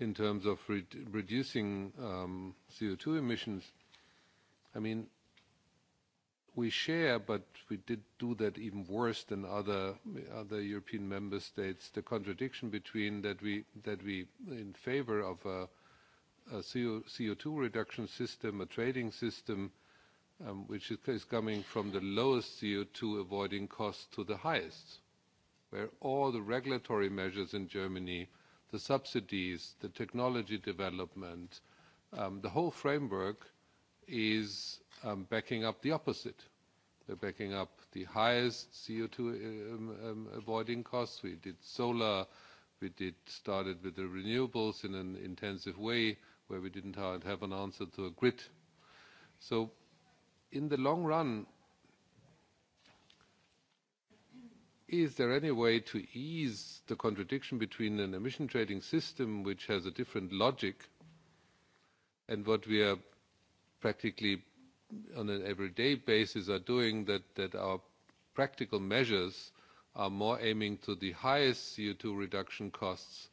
Speaker 7: in terms of re reducing um, CO2 emissions, I mean, we share, but we did do that even worse than other other European member states. The contradiction between that we that we in favor of a, a CO, CO2 reduction system, a trading system, um, which is, is coming from the lowest CO2 avoiding cost to the highest where all the regulatory measures in Germany, the subsidies, the technology development, um, the whole framework is um, backing up the opposite. They're backing up the highest CO2 um, um, avoiding costs. We did solar. We did started with the renewables in an intensive way where we didn't have an answer to a grid. So in the long run, is there any way to ease the contradiction between an emission trading system which has a different logic and what we are practically on an everyday basis are doing that, that our practical measures are more aiming to the highest CO2 reduction costs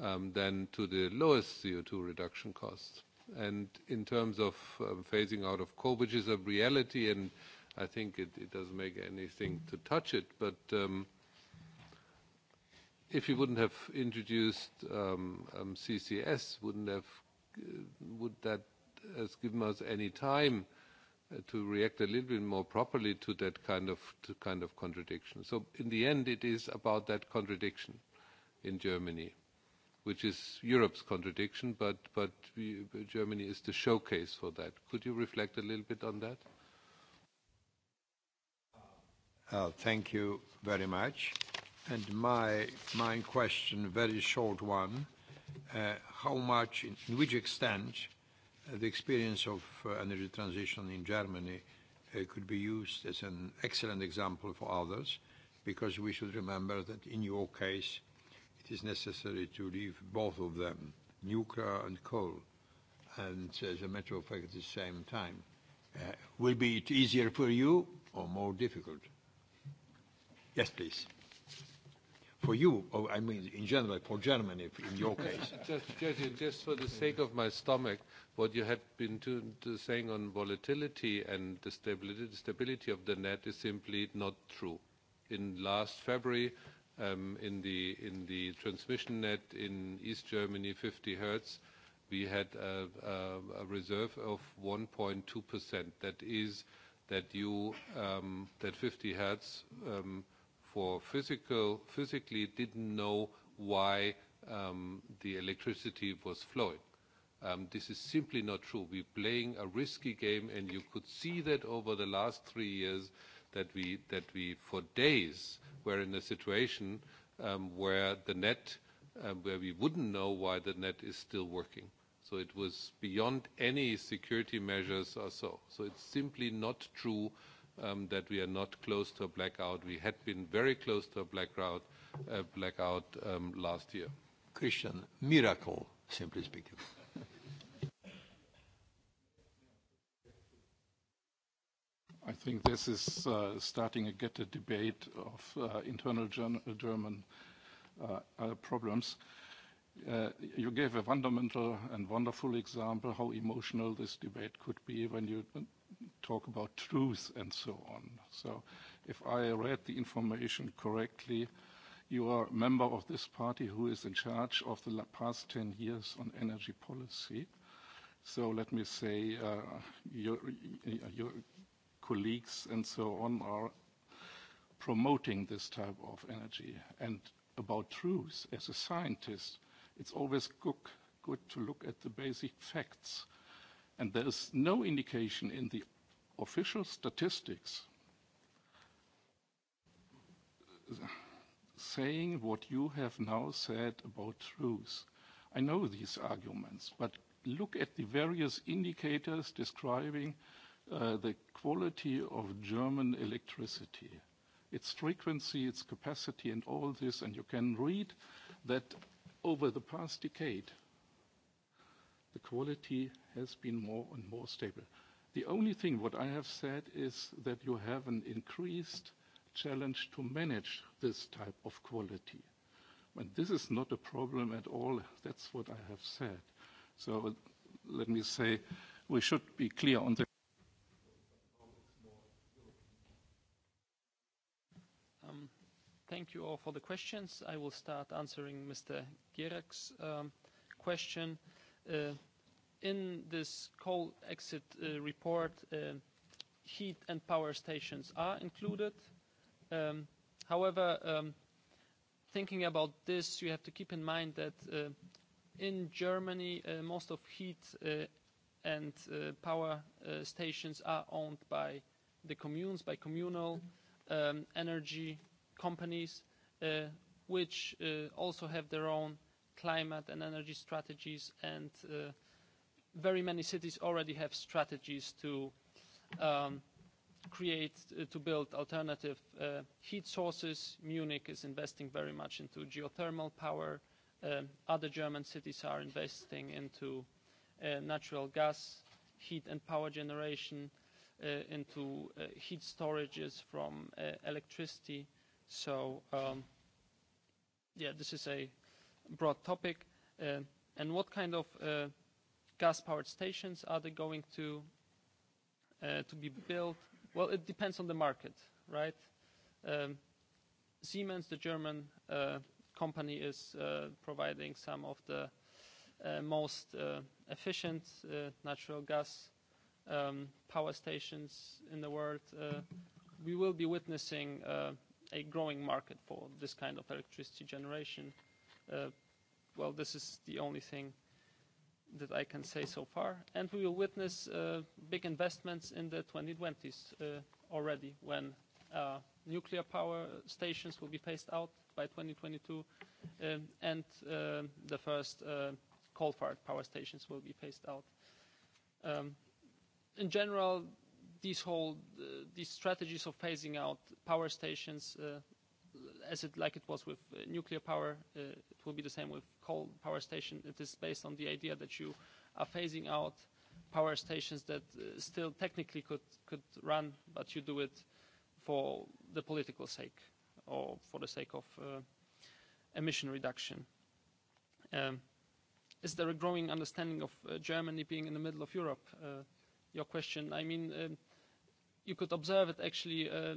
Speaker 7: um, than to the lowest CO2 reduction costs. And in terms of um, phasing out of coal, which is a reality and i think it, it doesn't make anything to touch it. But um, if you wouldn't have introduced um, um, CCS, wouldn't have, uh, would that has given us any time uh, to react a little bit more properly to that kind of to kind of contradiction. So in the end, it is about that contradiction in Germany, which is Europe's contradiction, but but we, Germany is the showcase for that. Could you reflect a little bit on that?
Speaker 1: Uh, thank you very much. And my, my question, very short one, uh, how much, in, which extent, uh, the experience of uh, energy transition in Germany uh, could be used as an excellent example for others, because we should remember that in your case, it is necessary to leave both of them, nuclear and coal, and uh, as a matter of fact, at the same time. Uh, will be it easier for you or more difficult? Yes, please. For you, or oh, I mean, in general, for Germany, in your case.
Speaker 7: [LAUGHS] just, just, for the sake of my stomach, what you had been to, to saying on volatility and the stability, the stability of the net is simply not true. In last February, um, in the in the transmission net in East Germany, 50 hertz, we had a, a, a reserve of 1.2%. That is that you um, that 50 hertz. Um, for physical, physically didn't know why um, the electricity was flowing. Um, this is simply not true. We're playing a risky game, and you could see that over the last three years that we, that we for days, were in a situation um, where the net, um, where we wouldn't know why the net is still working. So it was beyond any security measures or so. So it's simply not true um, that we are not close to a blackout. We had been very close to a blackout, blackout um, last year.
Speaker 1: Christian, miracle,
Speaker 7: simply speaking.
Speaker 5: I think this is uh, starting to get a debate of uh, internal German, uh, German uh, uh, problems. Uh, you gave a fundamental and wonderful example how emotional this debate could be when you talk about truth and so on. So if I read the information correctly, you are a member of this party who is in charge of the past 10 years on energy policy. So let me say uh, your, your colleagues and so on are promoting this type of energy. And about truth, as a scientist, it's always good, good to look at the basic facts – and there is no indication in the official statistics saying what you have now said about truth. I know these arguments, but look at the various indicators describing uh, the quality of German electricity, its frequency, its capacity, and all this, and you can read that over the past decade, the quality has been more and more stable. The only thing what I have said is that you have an increased challenge to manage this type of quality. And this is not a problem at all. That's what I have said. So let me say we should be clear on the
Speaker 4: um, Thank you all for the questions. I will start answering Mr. Gierek's um, question. Uh, in this coal exit uh, report, uh, heat and power stations are included. Um, however, um, thinking about this, you have to keep in mind that in Germany, most of heat and power stations are owned by the communes, by communal um, energy companies, which also have their own climate and energy strategies, and uh, very many cities already have strategies to um, create, uh, to build alternative uh, heat sources. Munich is investing very much into geothermal power. Um, other German cities are investing into uh, natural gas, heat and power generation, uh, into uh, heat storages from uh, electricity. So, um, yeah, this is a broad topic. Uh, and what kind of uh, gas-powered stations are they going to uh, to be built? Well, it depends on the market, right? Um, Siemens, the German uh, company, is uh, providing some of the uh, most uh, efficient uh, natural gas um, power stations in the world. Uh, we will be witnessing uh, a growing market for this kind of electricity generation. Uh, well, this is the only thing that I can say so far. And we will witness uh, big investments in the 2020s uh, already when uh, nuclear power stations will be phased out by 2022 um, uh, and uh, the first uh, coal-fired power stations will be phased out. Um, in general, these whole uh, these strategies of phasing out power stations uh, as it like it was with uh, nuclear power, uh, it will be the same with coal power station. It is based on the idea that you are phasing out power stations that uh, still technically could could run, but you do it for the political sake or for the sake of uh, emission reduction. Um, is there a growing understanding of uh, Germany being in the middle of Europe? Uh, your question. I mean, um, you could observe it actually. Uh,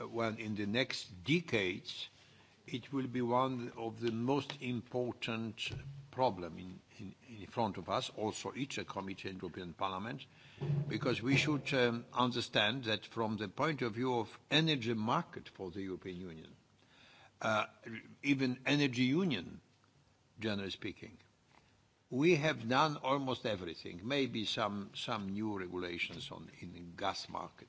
Speaker 1: when in the next decades it will be one of the most important problem in, in, in front of us, also each committee in European Parliament, because we should um, understand that from the point of view of energy market for the European Union, uh, even energy union, generally speaking, we have done almost everything, maybe some, some new regulations on, in the gas market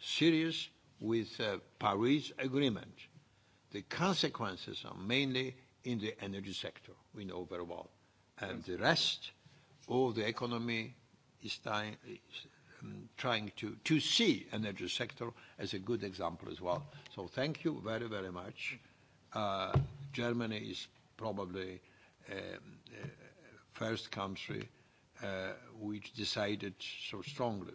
Speaker 1: serious with the uh, Paris Agreement. The consequences are mainly in the energy sector, we know very well. And the rest of the economy is trying, um, trying to, to see energy sector as a good example as well. So thank you very, very much. Uh, Germany is probably um, uh, first country uh, which decided so strongly